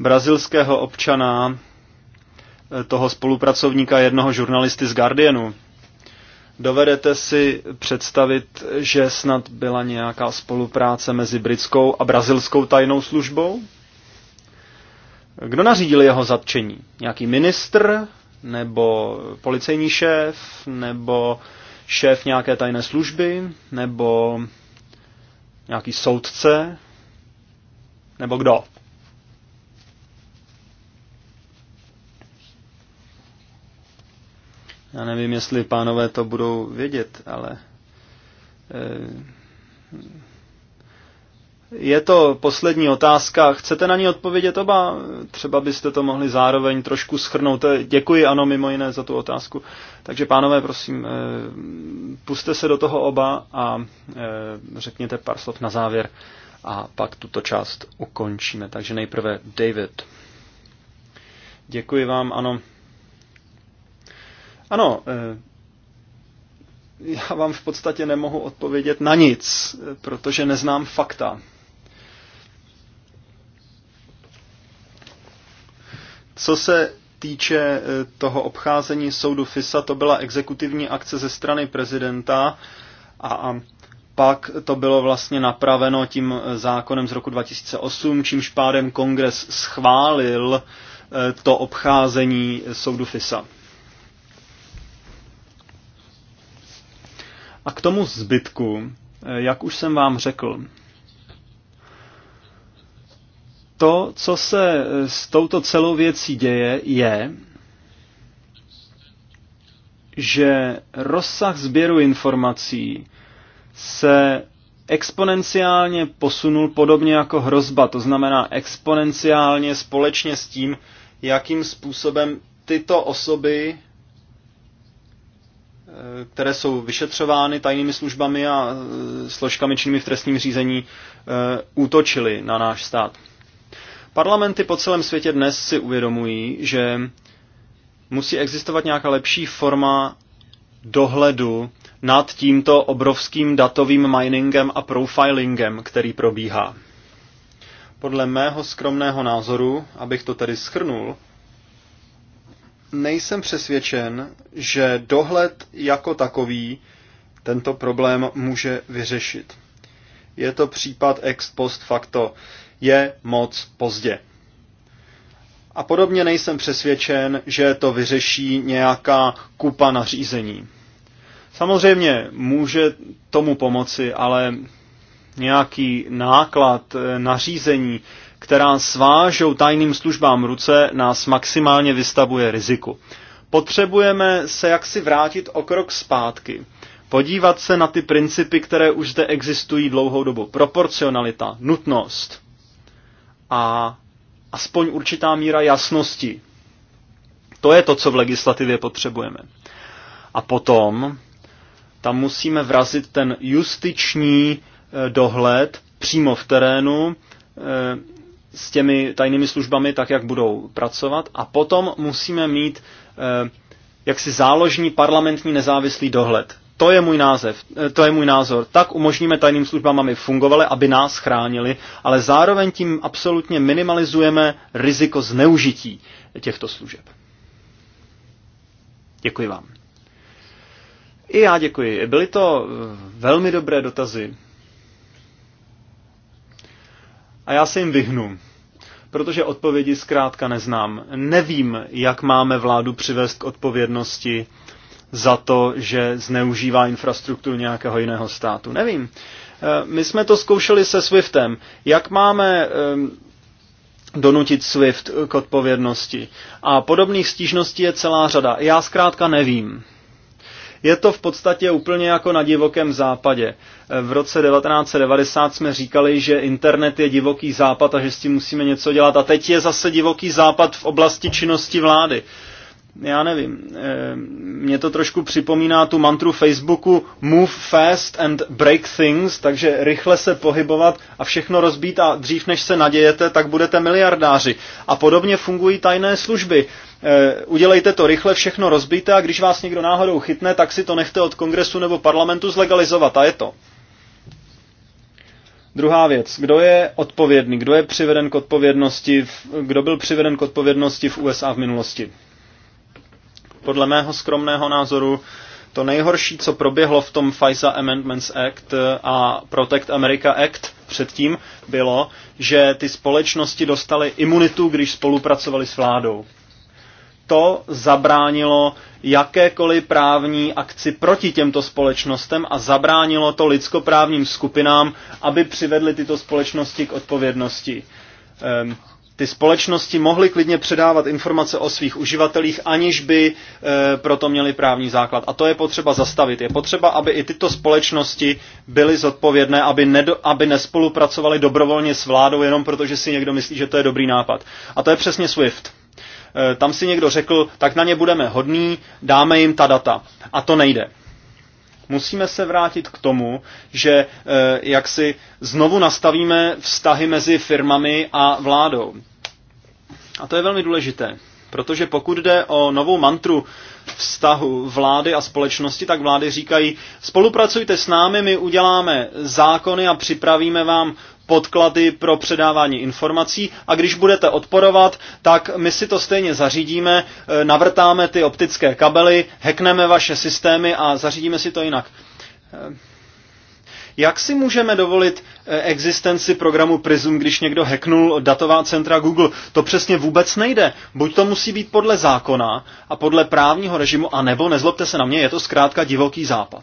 brazilského občana, eh, toho spolupracovníka jednoho žurnalisty z Guardianu. Dovedete si představit, že snad byla nějaká spolupráce mezi britskou a brazilskou tajnou službou? Kdo nařídil jeho zatčení? Nějaký ministr? Nebo policejní šéf? Nebo šéf nějaké tajné služby? Nebo nějaký soudce? Nebo kdo? Já nevím, jestli pánové to budou vědět, ale eh, je to poslední otázka. Chcete na ní odpovědět oba? Třeba byste to mohli zároveň trošku schrnout. Eh, děkuji, ano, mimo jiné, za tu otázku. Takže, pánové, prosím, eh, puste se do toho oba a řekněte pár slov na závěr a pak tuto část ukončíme. Takže nejprve David. Děkuji vám, ano. Ano, eh, já vám v podstatě nemohu odpovědět na nic, eh, protože neznám fakta. Co se týče eh, toho obcházení soudu FISA, to byla exekutivní akce ze strany prezidenta a pak to bylo vlastně napraveno tím zákonem z roku 2008, čímž pádem kongres schválil to obcházení soudu FISA. A k tomu zbytku, eh, jak už jsem vám řekl, to, co se eh, s touto celou věcí děje, je, že rozsah sběru informací se exponenciálně posunul podobně jako hrozba, to znamená exponenciálně společně s tím, jakým způsobem tyto osoby Eh, které jsou vyšetřovány tajnými službami a eh, složkami činnými v trestním řízení, eh, útočily na náš stát. Parlamenty po celém světě dnes si uvědomují, že musí existovat nějaká lepší forma dohledu nad tímto obrovským datovým miningem a profilingem, který probíhá. Podle mého skromného názoru, abych to tedy schrnul, nejsem přesvědčen, že dohled jako takový tento problém může vyřešit. Je to případ ex post facto. Je moc pozdě. A podobně nejsem přesvědčen, že to vyřeší nějaká kupa nařízení. Samozřejmě může tomu pomoci, ale nějaký náklad eh, nařízení která svážou tajným službám ruce, nás maximálně vystavuje riziku. Potřebujeme se jaksi vrátit o krok zpátky, podívat se na ty principy, které už zde existují dlouhou dobu. Proporcionalita, nutnost a aspoň určitá míra jasnosti. To je to, co v legislativě potřebujeme. A potom tam musíme vrazit ten justiční eh, dohled přímo v terénu, eh, s těmi tajnými službami tak, jak budou pracovat. A potom musíme mít eh, jaksi záložní parlamentní nezávislý dohled. To je můj název, eh, to je můj názor. Tak umožníme tajným službám, aby fungovaly, aby nás chránili, ale zároveň tím absolutně minimalizujeme riziko zneužití těchto služeb. Děkuji vám. I já děkuji. Byly to eh, velmi dobré dotazy a já se jim vyhnu, protože odpovědi zkrátka neznám. Nevím, jak máme vládu přivést k odpovědnosti za to, že zneužívá infrastrukturu nějakého jiného státu. Nevím. Eh, my jsme to zkoušeli se SWIFTem. Jak máme eh, donutit SWIFT k odpovědnosti? A podobných stížností je celá řada. Já zkrátka nevím. Je to v podstatě úplně jako na divokém západě. E, v roce 1990 jsme říkali, že internet je divoký západ a že s tím musíme něco dělat. A teď je zase divoký západ v oblasti činnosti vlády já nevím, e, mě to trošku připomíná tu mantru Facebooku move fast and break things, takže rychle se pohybovat a všechno rozbít a dřív než se nadějete, tak budete miliardáři. A podobně fungují tajné služby. Eh, udělejte to rychle, všechno rozbíte a když vás někdo náhodou chytne, tak si to nechte od kongresu nebo parlamentu zlegalizovat a je to. Druhá věc, kdo je odpovědný, kdo je přiveden k odpovědnosti, kdo byl přiveden k odpovědnosti v USA v minulosti? Podle mého skromného názoru to nejhorší, co proběhlo v tom FISA Amendments Act eh, a Protect America Act předtím, bylo, že ty společnosti dostaly imunitu, když spolupracovali s vládou to zabránilo jakékoliv právní akci proti těmto společnostem a zabránilo to lidskoprávním skupinám, aby přivedly tyto společnosti k odpovědnosti. Ehm, ty společnosti mohly klidně předávat informace o svých uživatelích, aniž by e, proto měli právní základ. A to je potřeba zastavit. Je potřeba, aby i tyto společnosti byly zodpovědné, aby, nedo, aby nespolupracovali dobrovolně s vládou jenom protože si někdo myslí, že to je dobrý nápad. A to je přesně SWIFT. Eh, tam si někdo řekl, tak na ně budeme hodný, dáme jim ta data. A to nejde. Musíme se vrátit k tomu, že eh, jak si znovu nastavíme vztahy mezi firmami a vládou. A to je velmi důležité, protože pokud jde o novou mantru vztahu vlády a společnosti, tak vlády říkají, spolupracujte s námi, my uděláme zákony a připravíme vám podklady pro předávání informací a když budete odporovat, tak my si to stejně zařídíme, eh, navrtáme ty optické kabely, hekneme vaše systémy a zařídíme si to jinak. Eh, jak si můžeme dovolit eh, existenci programu Prism, když někdo hacknul datová centra Google? To přesně vůbec nejde. Buď to musí být podle zákona a podle právního režimu, anebo, nezlobte se na mě, je to zkrátka divoký západ.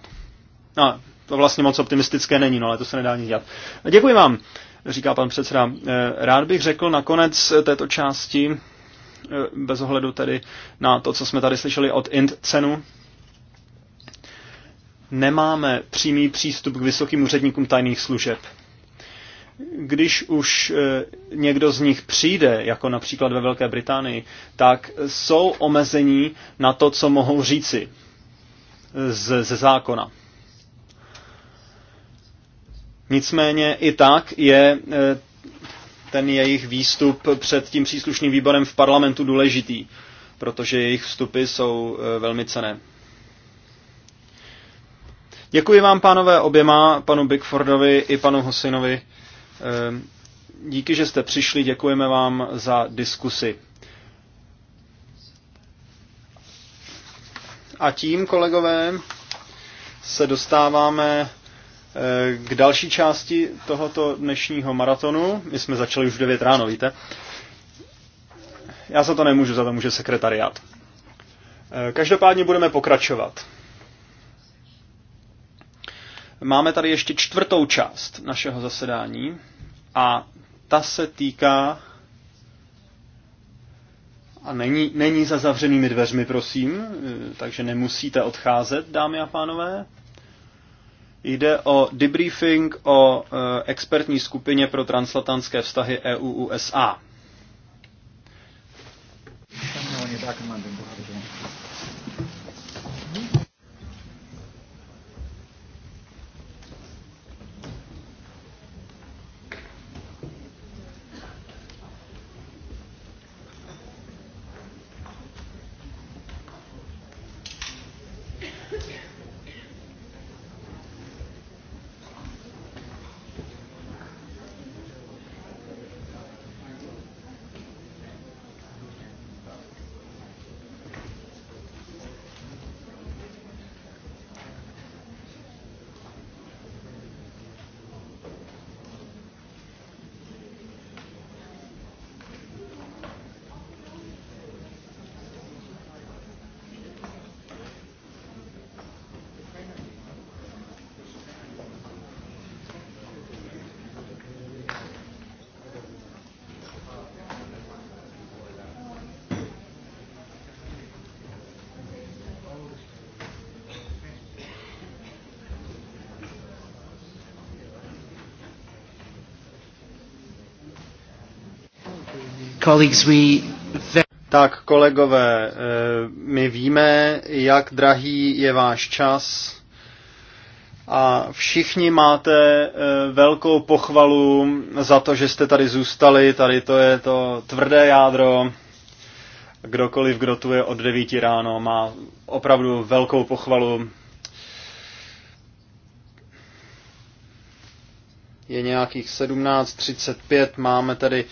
No, to vlastně moc optimistické není, no ale to se nedá nic dělat. Děkuji vám, říká pan předseda. Eh, rád bych řekl nakonec této části, eh, bez ohledu tedy na to, co jsme tady slyšeli od INT cenu, nemáme přímý přístup k vysokým úředníkům tajných služeb. Když už eh, někdo z nich přijde, jako například ve Velké Británii, tak jsou omezení na to, co mohou říci ze zákona. Nicméně i tak je e, ten jejich výstup před tím příslušným výborem v parlamentu důležitý, protože jejich vstupy jsou e, velmi cené. Děkuji vám, pánové, oběma, panu Bigfordovi i panu Hosinovi. E, díky, že jste přišli, děkujeme vám za diskusi. A tím, kolegové, se dostáváme Eh, k další části tohoto dnešního maratonu. My jsme začali už v 9 ráno, víte. Já za to nemůžu, za to může sekretariát. Eh, každopádně budeme pokračovat. Máme tady ještě čtvrtou část našeho zasedání a ta se týká a není, není za zavřenými dveřmi, prosím, eh, takže nemusíte odcházet, dámy a pánové. Jde o debriefing o e, expertní skupině pro transatlantské vztahy EU-USA. Tak, kolegové, eh, my víme, jak drahý je váš čas a všichni máte eh, velkou pochvalu za to, že jste tady zůstali. Tady to je to tvrdé jádro. Kdokoliv, kdo tu je od 9 ráno, má opravdu velkou pochvalu. Je nějakých 17.35, máme tady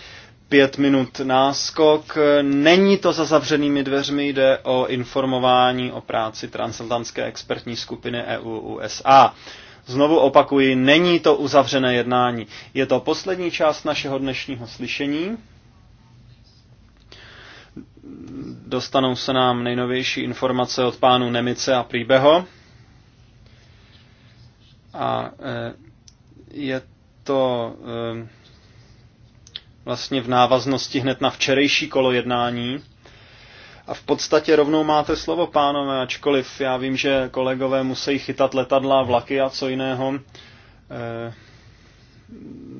pět minut náskok. Není to za zavřenými dveřmi, jde o informování o práci transatlantské expertní skupiny EU-USA. Znovu opakuji, není to uzavřené jednání. Je to poslední část našeho dnešního slyšení. Dostanou se nám nejnovější informace od pánů Nemice a Príbeho. A eh, je to eh, vlastně v návaznosti hned na včerejší kolo jednání. A v podstatě rovnou máte slovo, pánové, ačkoliv já vím, že kolegové musí chytat letadla, vlaky a co jiného. E,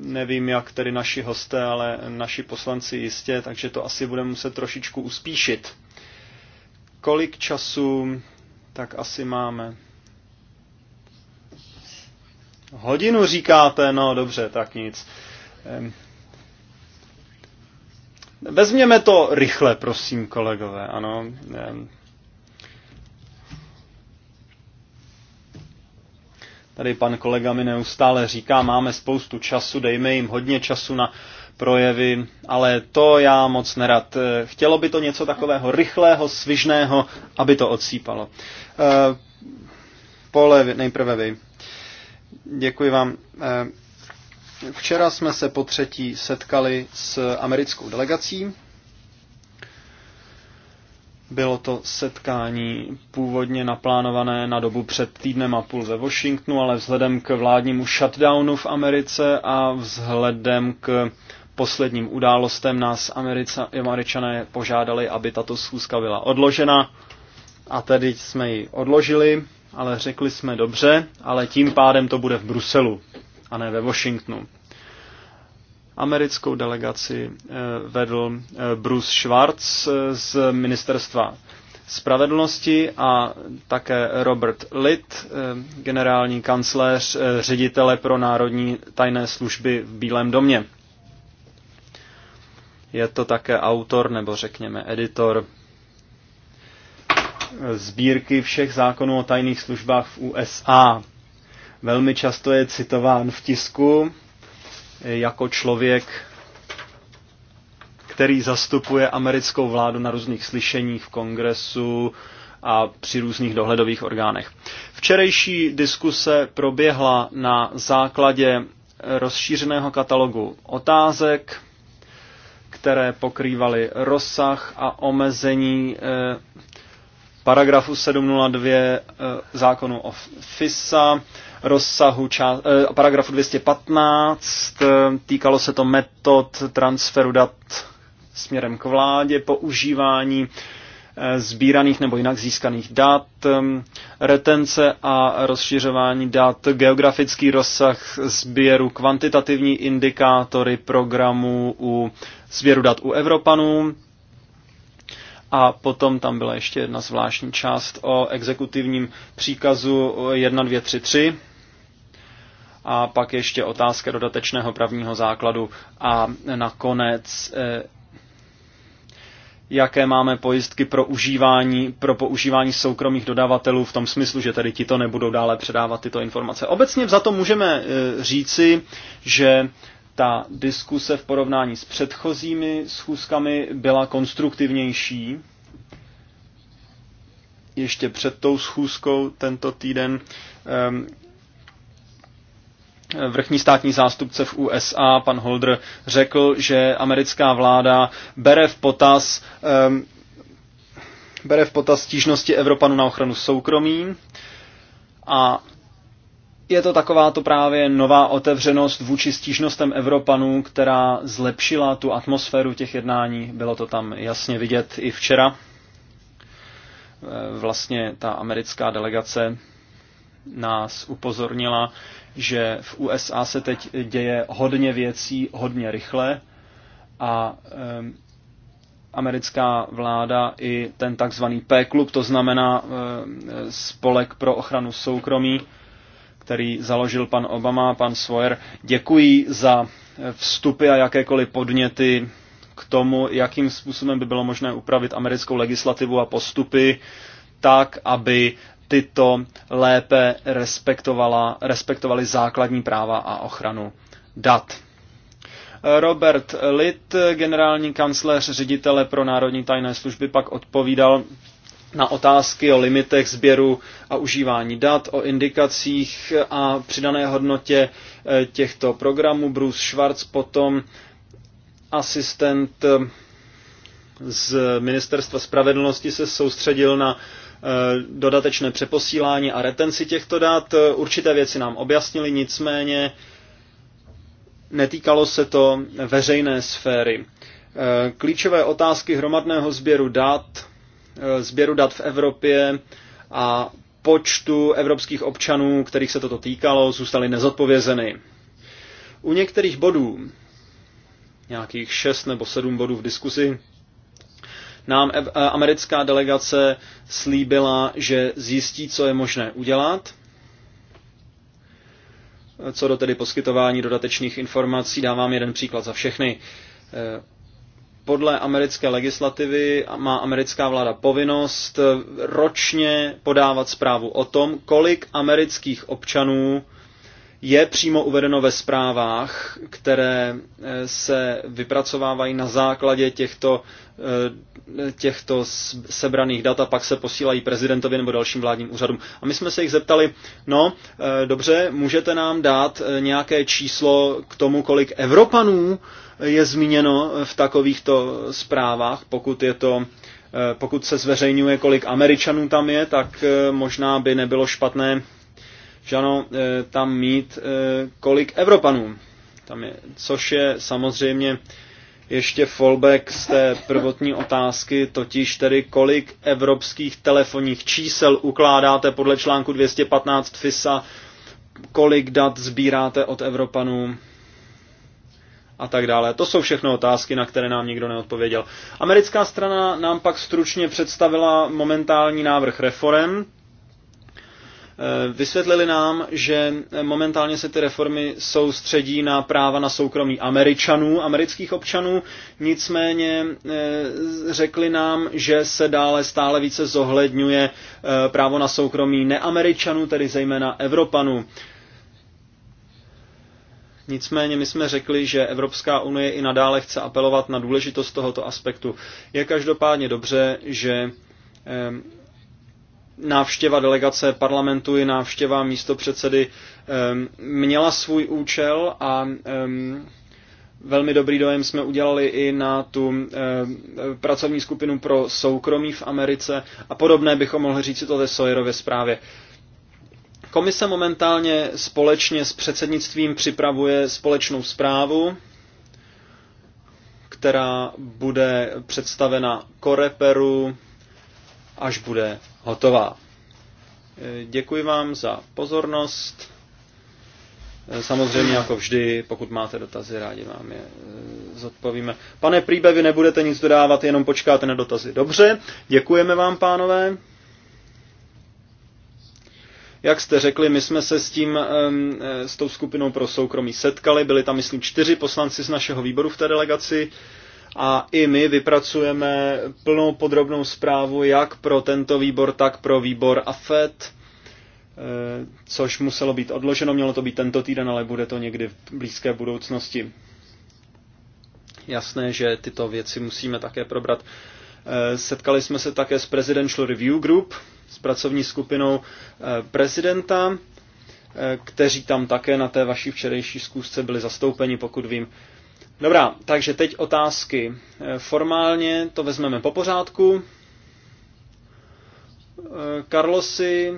nevím, jak tedy naši hosté, ale naši poslanci jistě, takže to asi budeme muset trošičku uspíšit. Kolik času tak asi máme? Hodinu říkáte, no dobře, tak nic. E, Vezměme to rychle, prosím, kolegové, ano. Ehm. Tady pan kolega mi neustále říká, máme spoustu času, dejme jim hodně času na projevy, ale to já moc nerad. Eh, chtělo by to něco takového rychlého, svižného, aby to odsýpalo. Eh, Pole, nejprve vy. Děkuji vám. Eh, Včera jsme se po třetí setkali s americkou delegací. Bylo to setkání původně naplánované na dobu před týdnem a půl ve Washingtonu, ale vzhledem k vládnímu shutdownu v Americe a vzhledem k posledním událostem nás Americe, Američané požádali, aby tato schůzka byla odložena. A tedy jsme ji odložili, ale řekli jsme dobře, ale tím pádem to bude v Bruselu a ne ve Washingtonu. Americkou delegaci eh, vedl eh, Bruce Schwartz eh, z ministerstva spravedlnosti a také Robert Litt, generální kancléř ředitele pro národní tajné služby v Bílém domě. Je to také autor, nebo řekněme editor, sbírky všech zákonů o tajných službách v USA. Velmi často je citován v tisku eh, jako člověk, který zastupuje americkou vládu na různých slyšeních v kongresu a při různých dohledových orgánech. Včerejší diskuse proběhla na základě eh, rozšířeného katalogu otázek, které pokrývaly rozsah a omezení eh, paragrafu 702 eh, zákonu o FISA, rozsahu ča- eh, paragrafu 215, eh, týkalo se to metod transferu dat směrem k vládě, používání sbíraných nebo jinak získaných dat, retence a rozšiřování dat, geografický rozsah sběru, kvantitativní indikátory programů u sběru dat u Evropanů, a potom tam byla ještě jedna zvláštní část o exekutivním příkazu 1233 a pak ještě otázka dodatečného pravního základu a nakonec eh, jaké máme pojistky pro, užívání, pro používání soukromých dodavatelů v tom smyslu, že tedy ti to nebudou dále předávat tyto informace. Obecně za to můžeme eh, říci, že ta diskuse v porovnání s předchozími schůzkami byla konstruktivnější. Ještě před tou schůzkou tento týden ehm, vrchní státní zástupce v USA, pan Holder, řekl, že americká vláda bere v potaz ehm, bere v potaz stížnosti Evropanu na ochranu soukromí a je to taková to právě nová otevřenost vůči stížnostem Evropanů, která zlepšila tu atmosféru těch jednání. Bylo to tam jasně vidět i včera. E, vlastně ta americká delegace nás upozornila, že v USA se teď děje hodně věcí, hodně rychle a e, americká vláda i ten takzvaný P-klub, to znamená e, spolek pro ochranu soukromí, který založil pan Obama a pan Sawyer. Děkuji za vstupy a jakékoliv podněty k tomu, jakým způsobem by bylo možné upravit americkou legislativu a postupy tak, aby tyto lépe respektovala, respektovali základní práva a ochranu dat. Robert Litt, generální kancléř ředitele pro národní tajné služby, pak odpovídal na otázky o limitech sběru a užívání dat, o indikacích a přidané hodnotě eh, těchto programů. Bruce Schwartz potom asistent eh, z Ministerstva spravedlnosti se soustředil na eh, dodatečné přeposílání a retenci těchto dat. Určité věci nám objasnili, nicméně netýkalo se to veřejné sféry. Klíčové otázky hromadného sběru dat Eh, sběru dat v Evropě a počtu evropských občanů, kterých se toto týkalo, zůstaly nezodpovězeny. U některých bodů, nějakých šest nebo sedm bodů v diskusi, nám eh, americká delegace slíbila, že zjistí, co je možné udělat. Co do tedy poskytování dodatečných informací, dávám jeden příklad za všechny. Eh, podle americké legislativy má americká vláda povinnost eh, ročně podávat zprávu o tom, kolik amerických občanů je přímo uvedeno ve zprávách, které eh, se vypracovávají na základě těchto, eh, těchto sebraných dat a pak se posílají prezidentovi nebo dalším vládním úřadům. A my jsme se jich zeptali, no dobře, můžete nám dát nějaké číslo k tomu, kolik Evropanů je zmíněno v takovýchto zprávách, pokud je to eh, pokud se zveřejňuje, kolik Američanů tam je, tak eh, možná by nebylo špatné žano, eh, tam mít kolik Evropanů. Tam je, což je samozřejmě ještě fallback z té prvotní otázky, totiž tedy kolik evropských telefonních čísel ukládáte podle článku 215 FISA, kolik dat sbíráte od Evropanů a tak dále. To jsou všechno otázky, na které nám nikdo neodpověděl. Americká strana nám pak stručně představila momentální návrh reform. Eh, vysvětlili nám, že eh, momentálně se ty reformy soustředí na práva na soukromí američanů, amerických občanů, nicméně eh, řekli nám, že se dále stále více zohledňuje právo na soukromí neameričanů, tedy zejména Evropanů Nicméně my jsme řekli, že Evropská unie i nadále chce apelovat na důležitost tohoto aspektu. Je každopádně dobře, že návštěva delegace parlamentu i návštěva místopředsedy měla svůj účel a velmi dobrý dojem jsme udělali i na tu pracovní skupinu pro soukromí v Americe a podobné bychom mohli říct to té Sojerově zprávě. Komise momentálně společně s předsednictvím připravuje společnou zprávu, která bude představena Koreperu, až bude hotová. Děkuji vám za pozornost. Samozřejmě, jako vždy, pokud máte dotazy, rádi vám je eh, zodpovíme. Pane Príbe, vy nebudete nic dodávat, jenom počkáte na dotazy. Dobře, děkujeme vám, pánové. Jak jste řekli, my jsme se s tím, s tou skupinou pro soukromí setkali, byli tam, myslím, čtyři poslanci z našeho výboru v té delegaci a i my vypracujeme plnou podrobnou zprávu jak pro tento výbor, tak pro výbor AFET, eh, což muselo být odloženo, mělo to být tento týden, ale bude to někdy v blízké budoucnosti. Jasné, že tyto věci musíme také probrat. Eh, setkali jsme se také s Presidential Review Group, s pracovní skupinou eh, prezidenta, eh, kteří tam také na té vaší včerejší zkoušce byli zastoupeni, pokud vím. Dobrá, takže teď otázky. Eh, formálně to vezmeme po pořádku. Karlosi,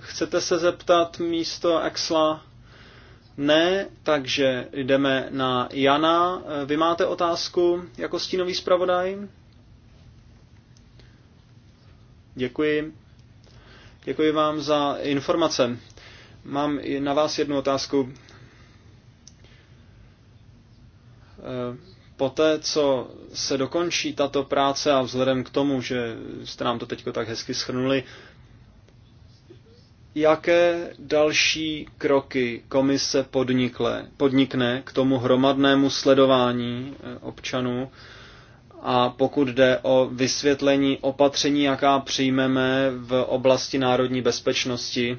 chcete se zeptat místo Exla? Ne, takže jdeme na Jana. Vy máte otázku jako stínový zpravodaj? Děkuji. Děkuji vám za informace. Mám i na vás jednu otázku. Eh, poté, co se dokončí tato práce a vzhledem k tomu, že jste nám to teď tak hezky schrnuli, jaké další kroky komise podnikle, podnikne k tomu hromadnému sledování eh, občanů, a pokud jde o vysvětlení opatření, jaká přijmeme v oblasti národní bezpečnosti,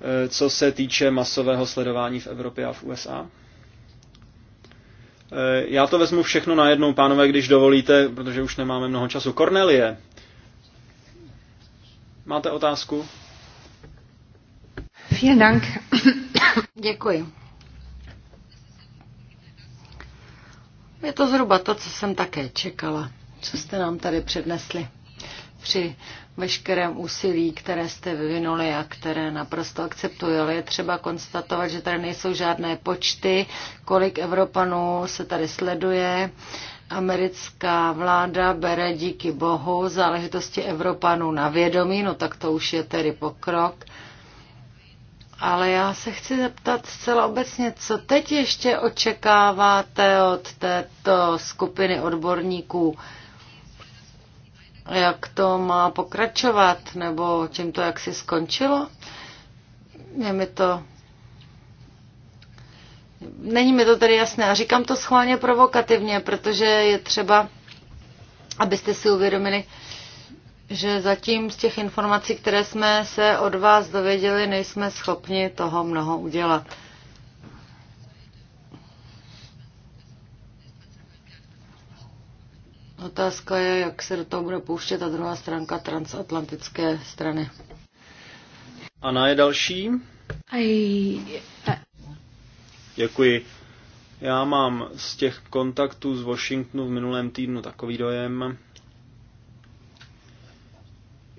eh, co se týče masového sledování v Evropě a v USA? Eh, já to vezmu všechno najednou, pánové, když dovolíte, protože už nemáme mnoho času. Kornelie, máte otázku? Vielen Dank. Děkuji. Je to zhruba to, co jsem také čekala, co jste nám tady přednesli při veškerém úsilí, které jste vyvinuli a které naprosto akceptujeli, ale je třeba konstatovat, že tady nejsou žádné počty, kolik Evropanů se tady sleduje. Americká vláda bere díky bohu záležitosti Evropanů na vědomí, no tak to už je tedy pokrok. Ale já se chci zeptat zcela obecně, co teď ještě očekáváte od této skupiny odborníků? Jak to má pokračovat, nebo čím to jaksi skončilo? Je mi to... Není mi to tedy jasné. A říkám to schválně provokativně, protože je třeba, abyste si uvědomili, že zatím z těch informací, které jsme se od vás dověděli, nejsme schopni toho mnoho udělat. Otázka je, jak se do toho bude pouštět ta druhá stránka transatlantické strany. Ana je další. I... Uh, Děkuji. Já mám z těch kontaktů z Washingtonu v minulém týdnu takový dojem,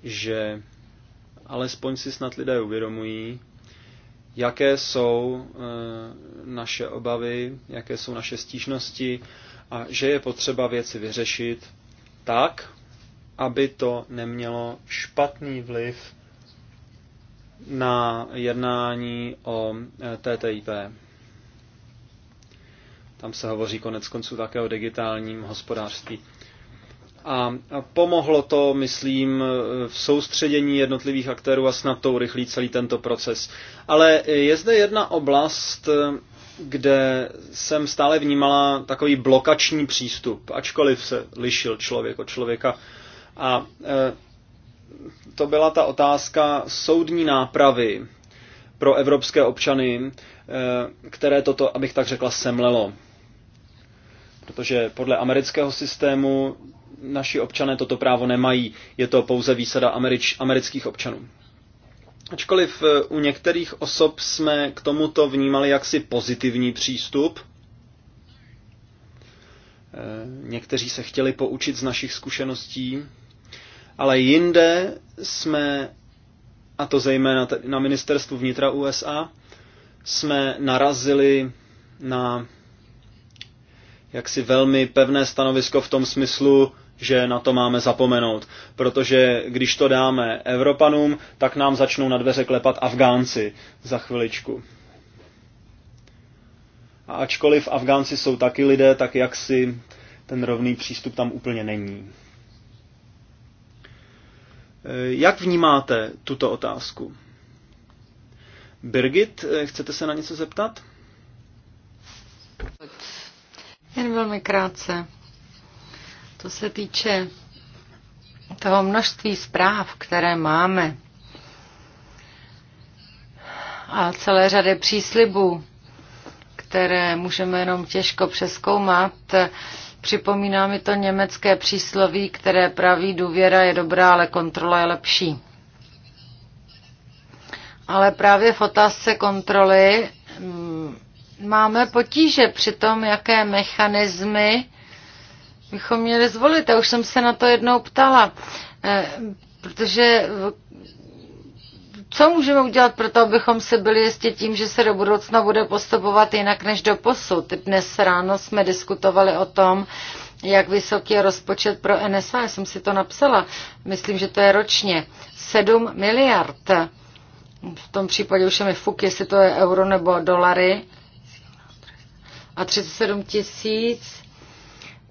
že alespoň si snad lidé uvědomují, jaké jsou eh, naše obavy, jaké jsou naše stížnosti a že je potřeba věci vyřešit tak, aby to nemělo špatný vliv na jednání o eh, TTIP. Tam se hovoří konec konců také o digitálním hospodářství a pomohlo to, myslím, v soustředění jednotlivých aktérů a snad to urychlí celý tento proces. Ale je zde jedna oblast, kde jsem stále vnímala takový blokační přístup, ačkoliv se lišil člověk od člověka. A e, to byla ta otázka soudní nápravy pro evropské občany, e, které toto, abych tak řekla, semlelo. Protože podle amerického systému naši občané toto právo nemají, je to pouze výsada američ, amerických občanů. Ačkoliv eh, u některých osob jsme k tomuto vnímali jaksi pozitivní přístup, eh, někteří se chtěli poučit z našich zkušeností, ale jinde jsme, a to zejména na ministerstvu vnitra USA, jsme narazili na jaksi velmi pevné stanovisko v tom smyslu, že na to máme zapomenout, protože když to dáme Evropanům, tak nám začnou na dveře klepat Afgánci za chviličku. A ačkoliv Afgánci jsou taky lidé, tak jak si ten rovný přístup tam úplně není. Eh, jak vnímáte tuto otázku? Birgit, eh, chcete se na něco zeptat? Jen velmi krátce. To se týče toho množství zpráv, které máme a celé řady příslibů, které můžeme jenom těžko přeskoumat, připomíná mi to německé přísloví, které praví důvěra je dobrá, ale kontrola je lepší. Ale právě v otázce kontroly mm, máme potíže při tom, jaké mechanismy bychom měli zvolit. Já už jsem se na to jednou ptala, eh, protože co můžeme udělat pro to, abychom se byli jistě tím, že se do budoucna bude postupovat jinak než do posud. Dnes ráno jsme diskutovali o tom, jak vysoký je rozpočet pro NSA. Já jsem si to napsala. Myslím, že to je ročně. 7 miliard. V tom případě už je mi fuk, jestli to je euro nebo dolary. A 37 tisíc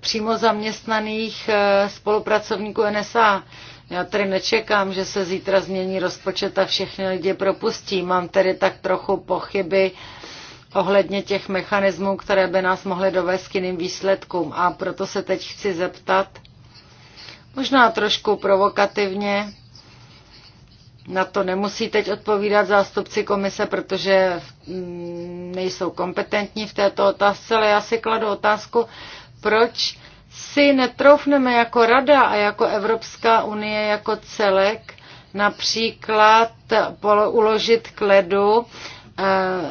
přímo zaměstnaných eh, spolupracovníků NSA. Já tedy nečekám, že se zítra změní rozpočet a všechny lidi propustí. Mám tedy tak trochu pochyby ohledně těch mechanismů, které by nás mohly dovést k jiným výsledkům. A proto se teď chci zeptat, možná trošku provokativně, na to nemusí teď odpovídat zástupci komise, protože mm, nejsou kompetentní v této otázce, ale já si kladu otázku, proč si netroufneme jako Rada a jako Evropská unie jako celek například uložit k ledu eh,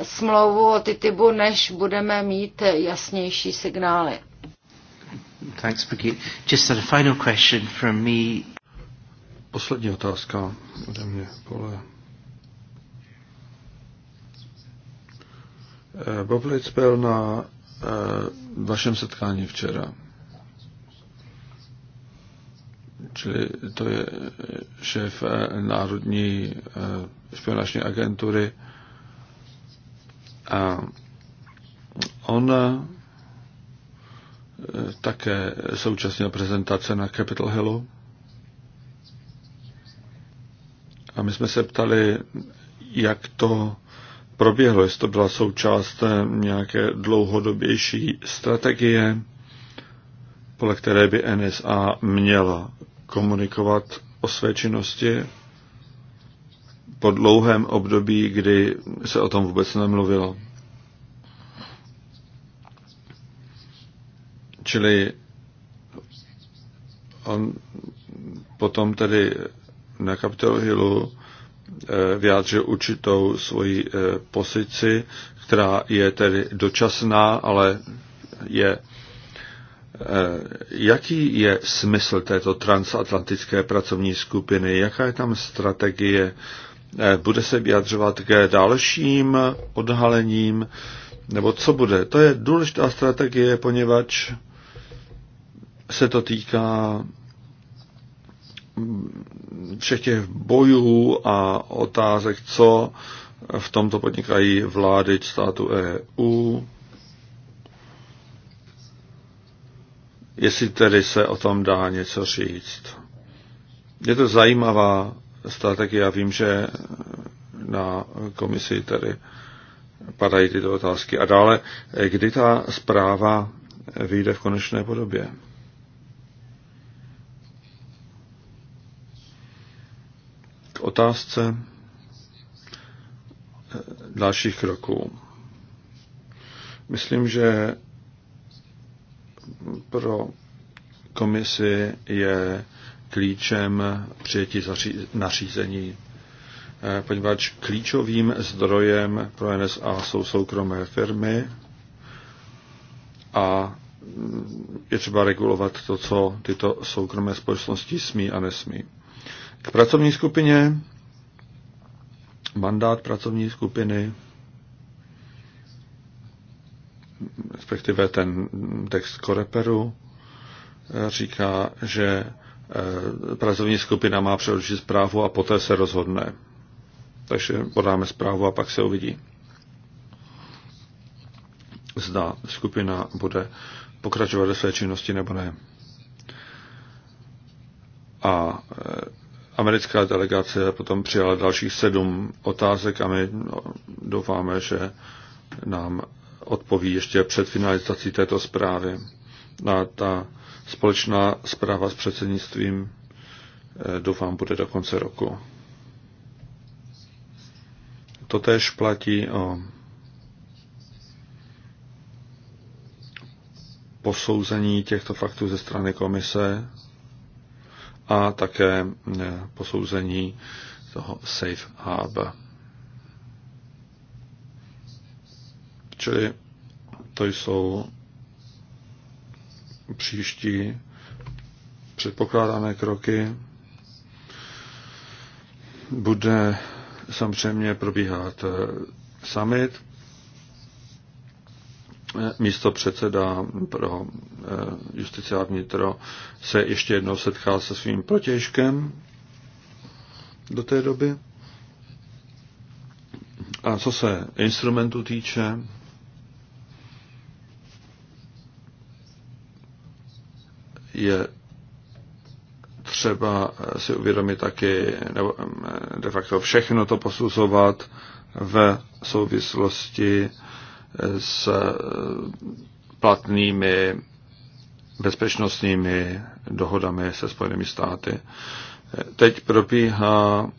smlouvu o TTIPu, než budeme mít jasnější signály. Thanks, Just a final question from me. Poslední otázka ode mě, Pole. Eh, Bob Litz byl na Eh, vašem setkání včera. Čili to je šéf eh, Národní eh, špionážní agentury. A on také současně prezentace na Capitol Hillu. A my jsme se ptali, jak to proběhlo, jestli to byla součást nějaké dlouhodobější strategie, podle které by NSA měla komunikovat o své činnosti po dlouhém období, kdy se o tom vůbec nemluvilo. Čili on potom tedy na Capitol Hillu Eh, vyjádřil určitou svoji eh, pozici, která je tedy dočasná, ale je. Eh, jaký je smysl této transatlantické pracovní skupiny? Jaká je tam strategie? Bude se vyjadřovat k dalším odhalením? Nebo co bude? To je důležitá strategie, poněvadž se to týká všech těch bojů a otázek, co v tomto podnikají vlády státu EU, jestli tedy se o tom dá něco říct. Je to zajímavá strategie. Já vím, že na komisi tedy padají tyto otázky. A dále, kdy ta zpráva vyjde v konečné podobě? otázce dalších kroků. Myslím, že pro komisi je klíčem přijetí nařízení, eh, poněvadž klíčovým zdrojem pro NSA jsou soukromé firmy a mm, je třeba regulovat to, co tyto soukromé společnosti smí a nesmí. K pracovní skupině, mandát pracovní skupiny, respektive ten text koreperu, eh, říká, že eh, pracovní skupina má předložit zprávu a poté se rozhodne. Takže podáme zprávu a pak se uvidí. Zda skupina bude pokračovat ve své činnosti nebo ne. A eh, americká delegace potom přijala dalších sedm otázek a my no, doufáme, že nám odpoví ještě před finalizací této zprávy. A ta společná zpráva s předsednictvím eh, doufám bude do konce roku. Totež platí o posouzení těchto faktů ze strany komise a také eh, posouzení toho Safe Hub. Čili to jsou příští předpokládané kroky. Bude samozřejmě probíhat eh, summit místo předseda pro eh, justici a vnitro se ještě jednou setká se svým protěžkem do té doby. A co se instrumentu týče, je třeba si uvědomit taky, nebo eh, de facto všechno to posuzovat v souvislosti s eh, platnými bezpečnostními dohodami se Spojenými státy. Teď probíhá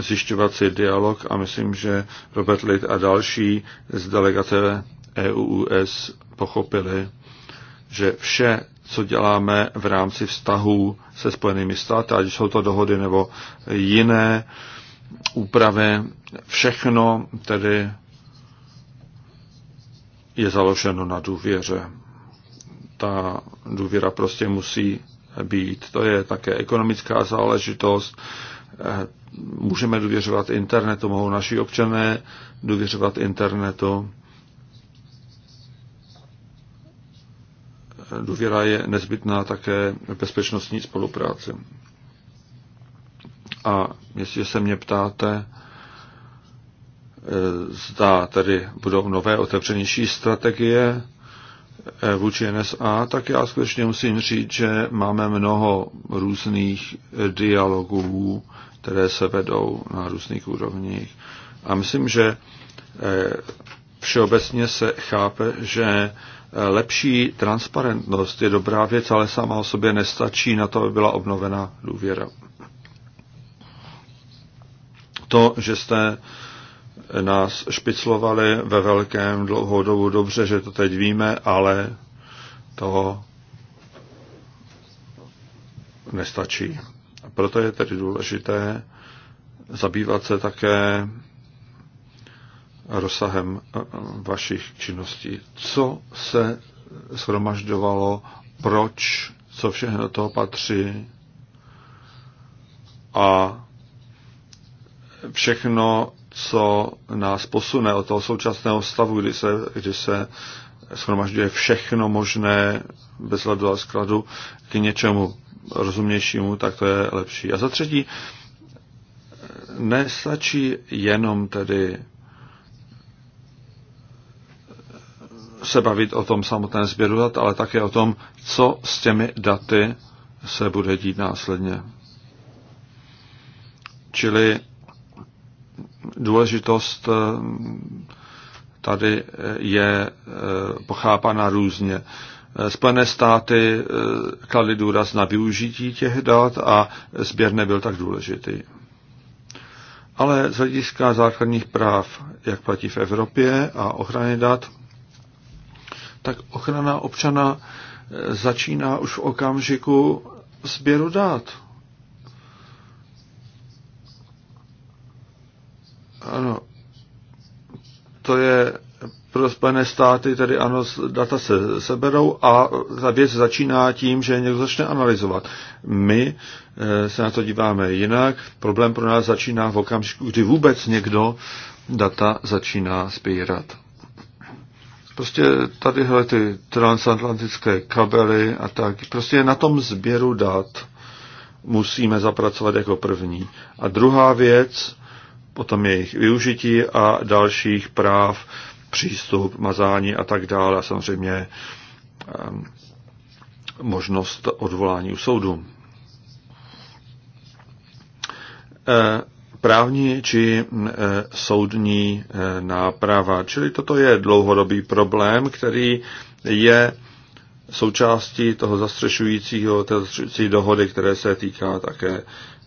zjišťovací dialog a myslím, že Robert Lid a další z delegace EUUS pochopili, že vše, co děláme v rámci vztahů se Spojenými státy, ať jsou to dohody nebo jiné úpravy, všechno tedy je založeno na důvěře. Ta důvěra prostě musí být. To je také ekonomická záležitost. Můžeme důvěřovat internetu, mohou naši občané důvěřovat internetu. Důvěra je nezbytná také bezpečnostní spolupráci. A jestli se mě ptáte, Eh, zda tedy budou nové otevřenější strategie eh, vůči NSA, tak já skutečně musím říct, že máme mnoho různých dialogů, které se vedou na různých úrovních. A myslím, že eh, všeobecně se chápe, že lepší transparentnost je dobrá věc, ale sama o sobě nestačí na to, aby byla obnovena důvěra. To, že jste nás špiclovali ve velkém dlouhou dobu. Dobře, že to teď víme, ale to nestačí. Proto je tedy důležité zabývat se také rozsahem eh, vašich činností. Co se shromažďovalo, proč, co všechno toho patří a všechno co nás posune od toho současného stavu, kdy se, kdy se shromažďuje všechno možné bez hladu a skladu k něčemu rozumnějšímu, tak to je lepší. A za třetí, nestačí jenom tedy se bavit o tom samotném sběru dat, ale také o tom, co s těmi daty se bude dít následně. Čili důležitost eh, tady je eh, pochápána různě. Eh, Splené státy kladly důraz na využití těch dat a sběr nebyl tak důležitý. Ale z hlediska základních práv, jak platí v Evropě a ochrany dat, tak ochrana občana začíná už v okamžiku sběru dat. Ano, to je pro Spojené státy, tedy ano, data se seberou a ta věc začíná tím, že někdo začne analyzovat. My eh, se na to díváme jinak. Problém pro nás začíná v okamžiku, kdy vůbec někdo data začíná sbírat. Prostě tadyhle ty transatlantické kabely a tak, prostě na tom sběru dat musíme zapracovat jako první. A druhá věc, potom jejich využití a dalších práv, přístup, mazání a tak dále a samozřejmě ehm, možnost odvolání u soudu. E, právní či e, soudní e, náprava. Čili toto je dlouhodobý problém, který je součástí toho zastřešujícího, té zastřešující dohody, které se týká také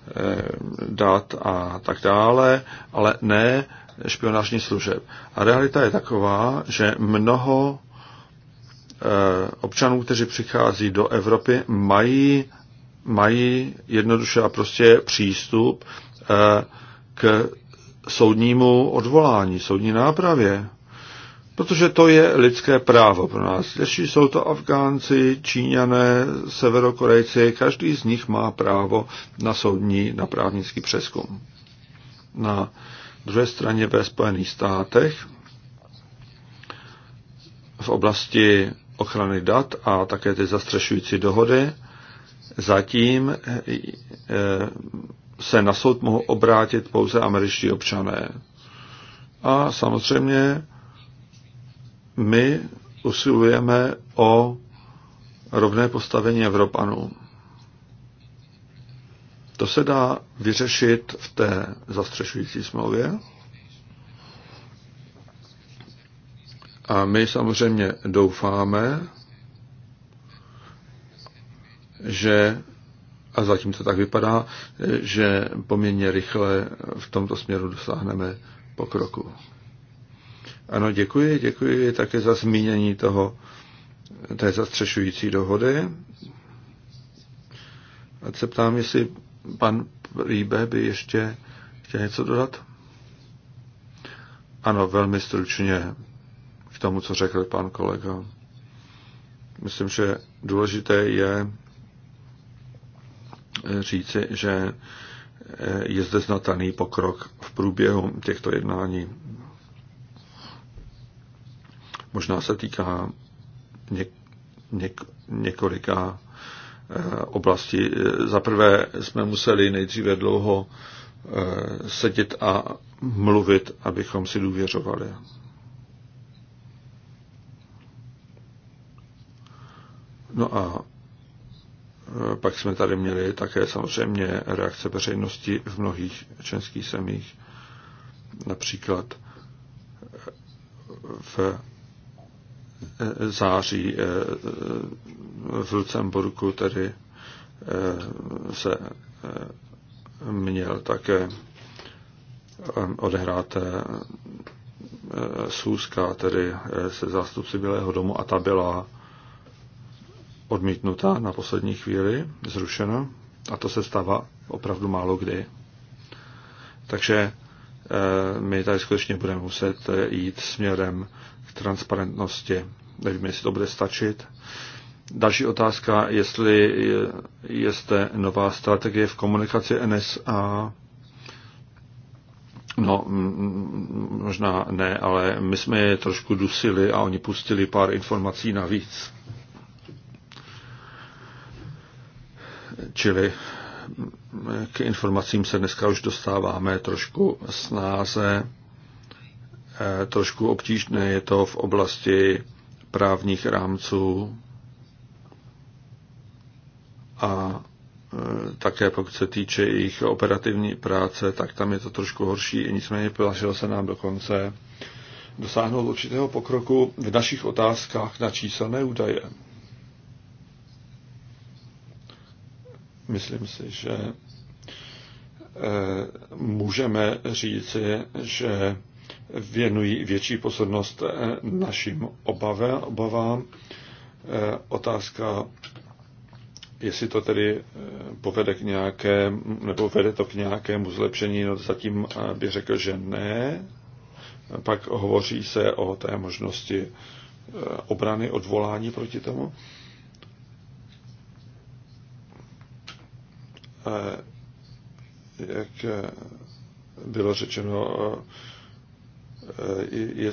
Eh, dat a tak dále, ale ne špionážní služeb. A realita je taková, že mnoho eh, občanů, kteří přichází do Evropy, mají, mají jednoduše a prostě přístup eh, k soudnímu odvolání, soudní nápravě protože to je lidské právo pro nás. Jestli jsou to Afgánci, Číňané, Severokorejci, každý z nich má právo na soudní, na právnický přeskum. Na druhé straně ve Spojených státech v oblasti ochrany dat a také ty zastřešující dohody zatím eh, eh, se na soud mohou obrátit pouze američtí občané. A samozřejmě my usilujeme o rovné postavení Evropanů. To se dá vyřešit v té zastřešující smlouvě. A my samozřejmě doufáme, že, a zatím to tak vypadá, že poměrně rychle v tomto směru dosáhneme pokroku. Ano, děkuji, děkuji také za zmínění toho, té zastřešující dohody. A se ptám, jestli pan Rýbe by ještě chtěl něco dodat? Ano, velmi stručně k tomu, co řekl pan kolega. Myslím, že důležité je eh, říci, že eh, je zde znatelný pokrok v průběhu těchto jednání. Možná se týká něk, něk, několika eh, oblastí. Za prvé jsme museli nejdříve dlouho eh, sedět a mluvit, abychom si důvěřovali. No a eh, pak jsme tady měli také samozřejmě reakce veřejnosti v mnohých členských zemích. Například v září eh, v Lucemburku tedy eh, se eh, měl také odehrát sůzka tedy se zástupci Bílého domu a ta byla odmítnuta na poslední chvíli, zrušena a to se stává opravdu málo kdy. Takže my tady skutečně budeme muset jít směrem transparentnosti. Nevím, jestli to bude stačit. Další otázka, jestli je zde nová strategie v komunikaci NSA. No, možná ne, ale my jsme je trošku dusili a oni pustili pár informací navíc. Čili k informacím se dneska už dostáváme trošku snáze Eh, trošku obtížné je to v oblasti právních rámců a eh, také pokud se týče jejich operativní práce, tak tam je to trošku horší, nicméně podařilo se nám dokonce dosáhnout určitého pokroku v našich otázkách na číselné údaje. Myslím si, že eh, můžeme říci, že věnují větší pozornost eh, našim obave, obavám. Eh, otázka, jestli to tedy eh, povede k nějaké, nebo vede to k nějakému zlepšení, no zatím bych řekl, že ne. Pak hovoří se o té možnosti obrany, odvolání proti tomu. Jak bylo řečeno, Eh, je,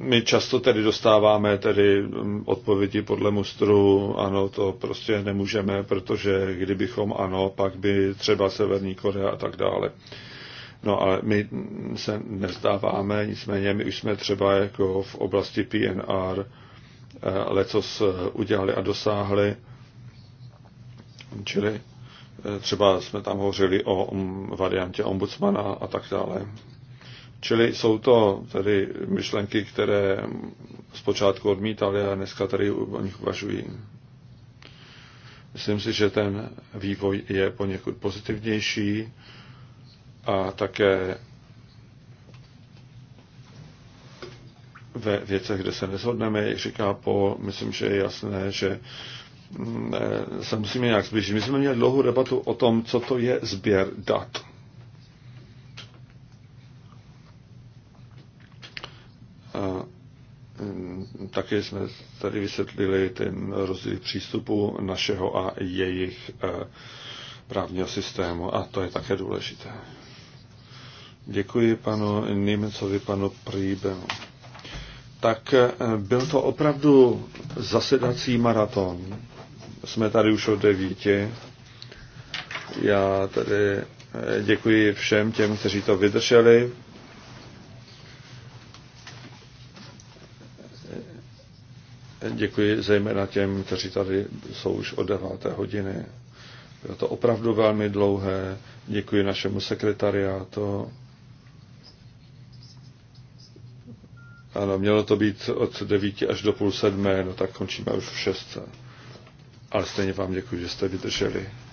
my často tedy dostáváme tedy mm, odpovědi podle mustru, ano, to prostě nemůžeme, protože kdybychom ano, pak by třeba Severní Korea a tak dále. No ale my se nezdáváme, nicméně my už jsme třeba jako v oblasti PNR eh, lecos eh, udělali a dosáhli, čili třeba jsme tam hovořili o mm, variantě ombudsmana a tak dále. Čili jsou to tedy myšlenky, které zpočátku odmítali a dneska tady o nich uvažují. Myslím si, že ten vývoj je poněkud pozitivnější a také ve věcech, kde se nezhodneme, jak říká Paul, myslím, že je jasné, že mm, eh, se musíme nějak zbližit. My jsme měli dlouhou debatu o tom, co to je sběr dat. A mm, také jsme tady vysvětlili ten rozdíl přístupu našeho a jejich e, právního systému a to je také důležité. Děkuji panu Němcovi, panu Príbenu. Tak e, byl to opravdu zasedací maraton. Jsme tady už od devíti. Já tady e, děkuji všem těm, kteří to vydrželi. Děkuji zejména těm, kteří tady jsou už od 9. hodiny. Bylo to opravdu velmi dlouhé. Děkuji našemu sekretariátu. Ano, mělo to být od 9 až do půl sedmé, no tak končíme už v 6. Ale stejně vám děkuji, že jste vydrželi.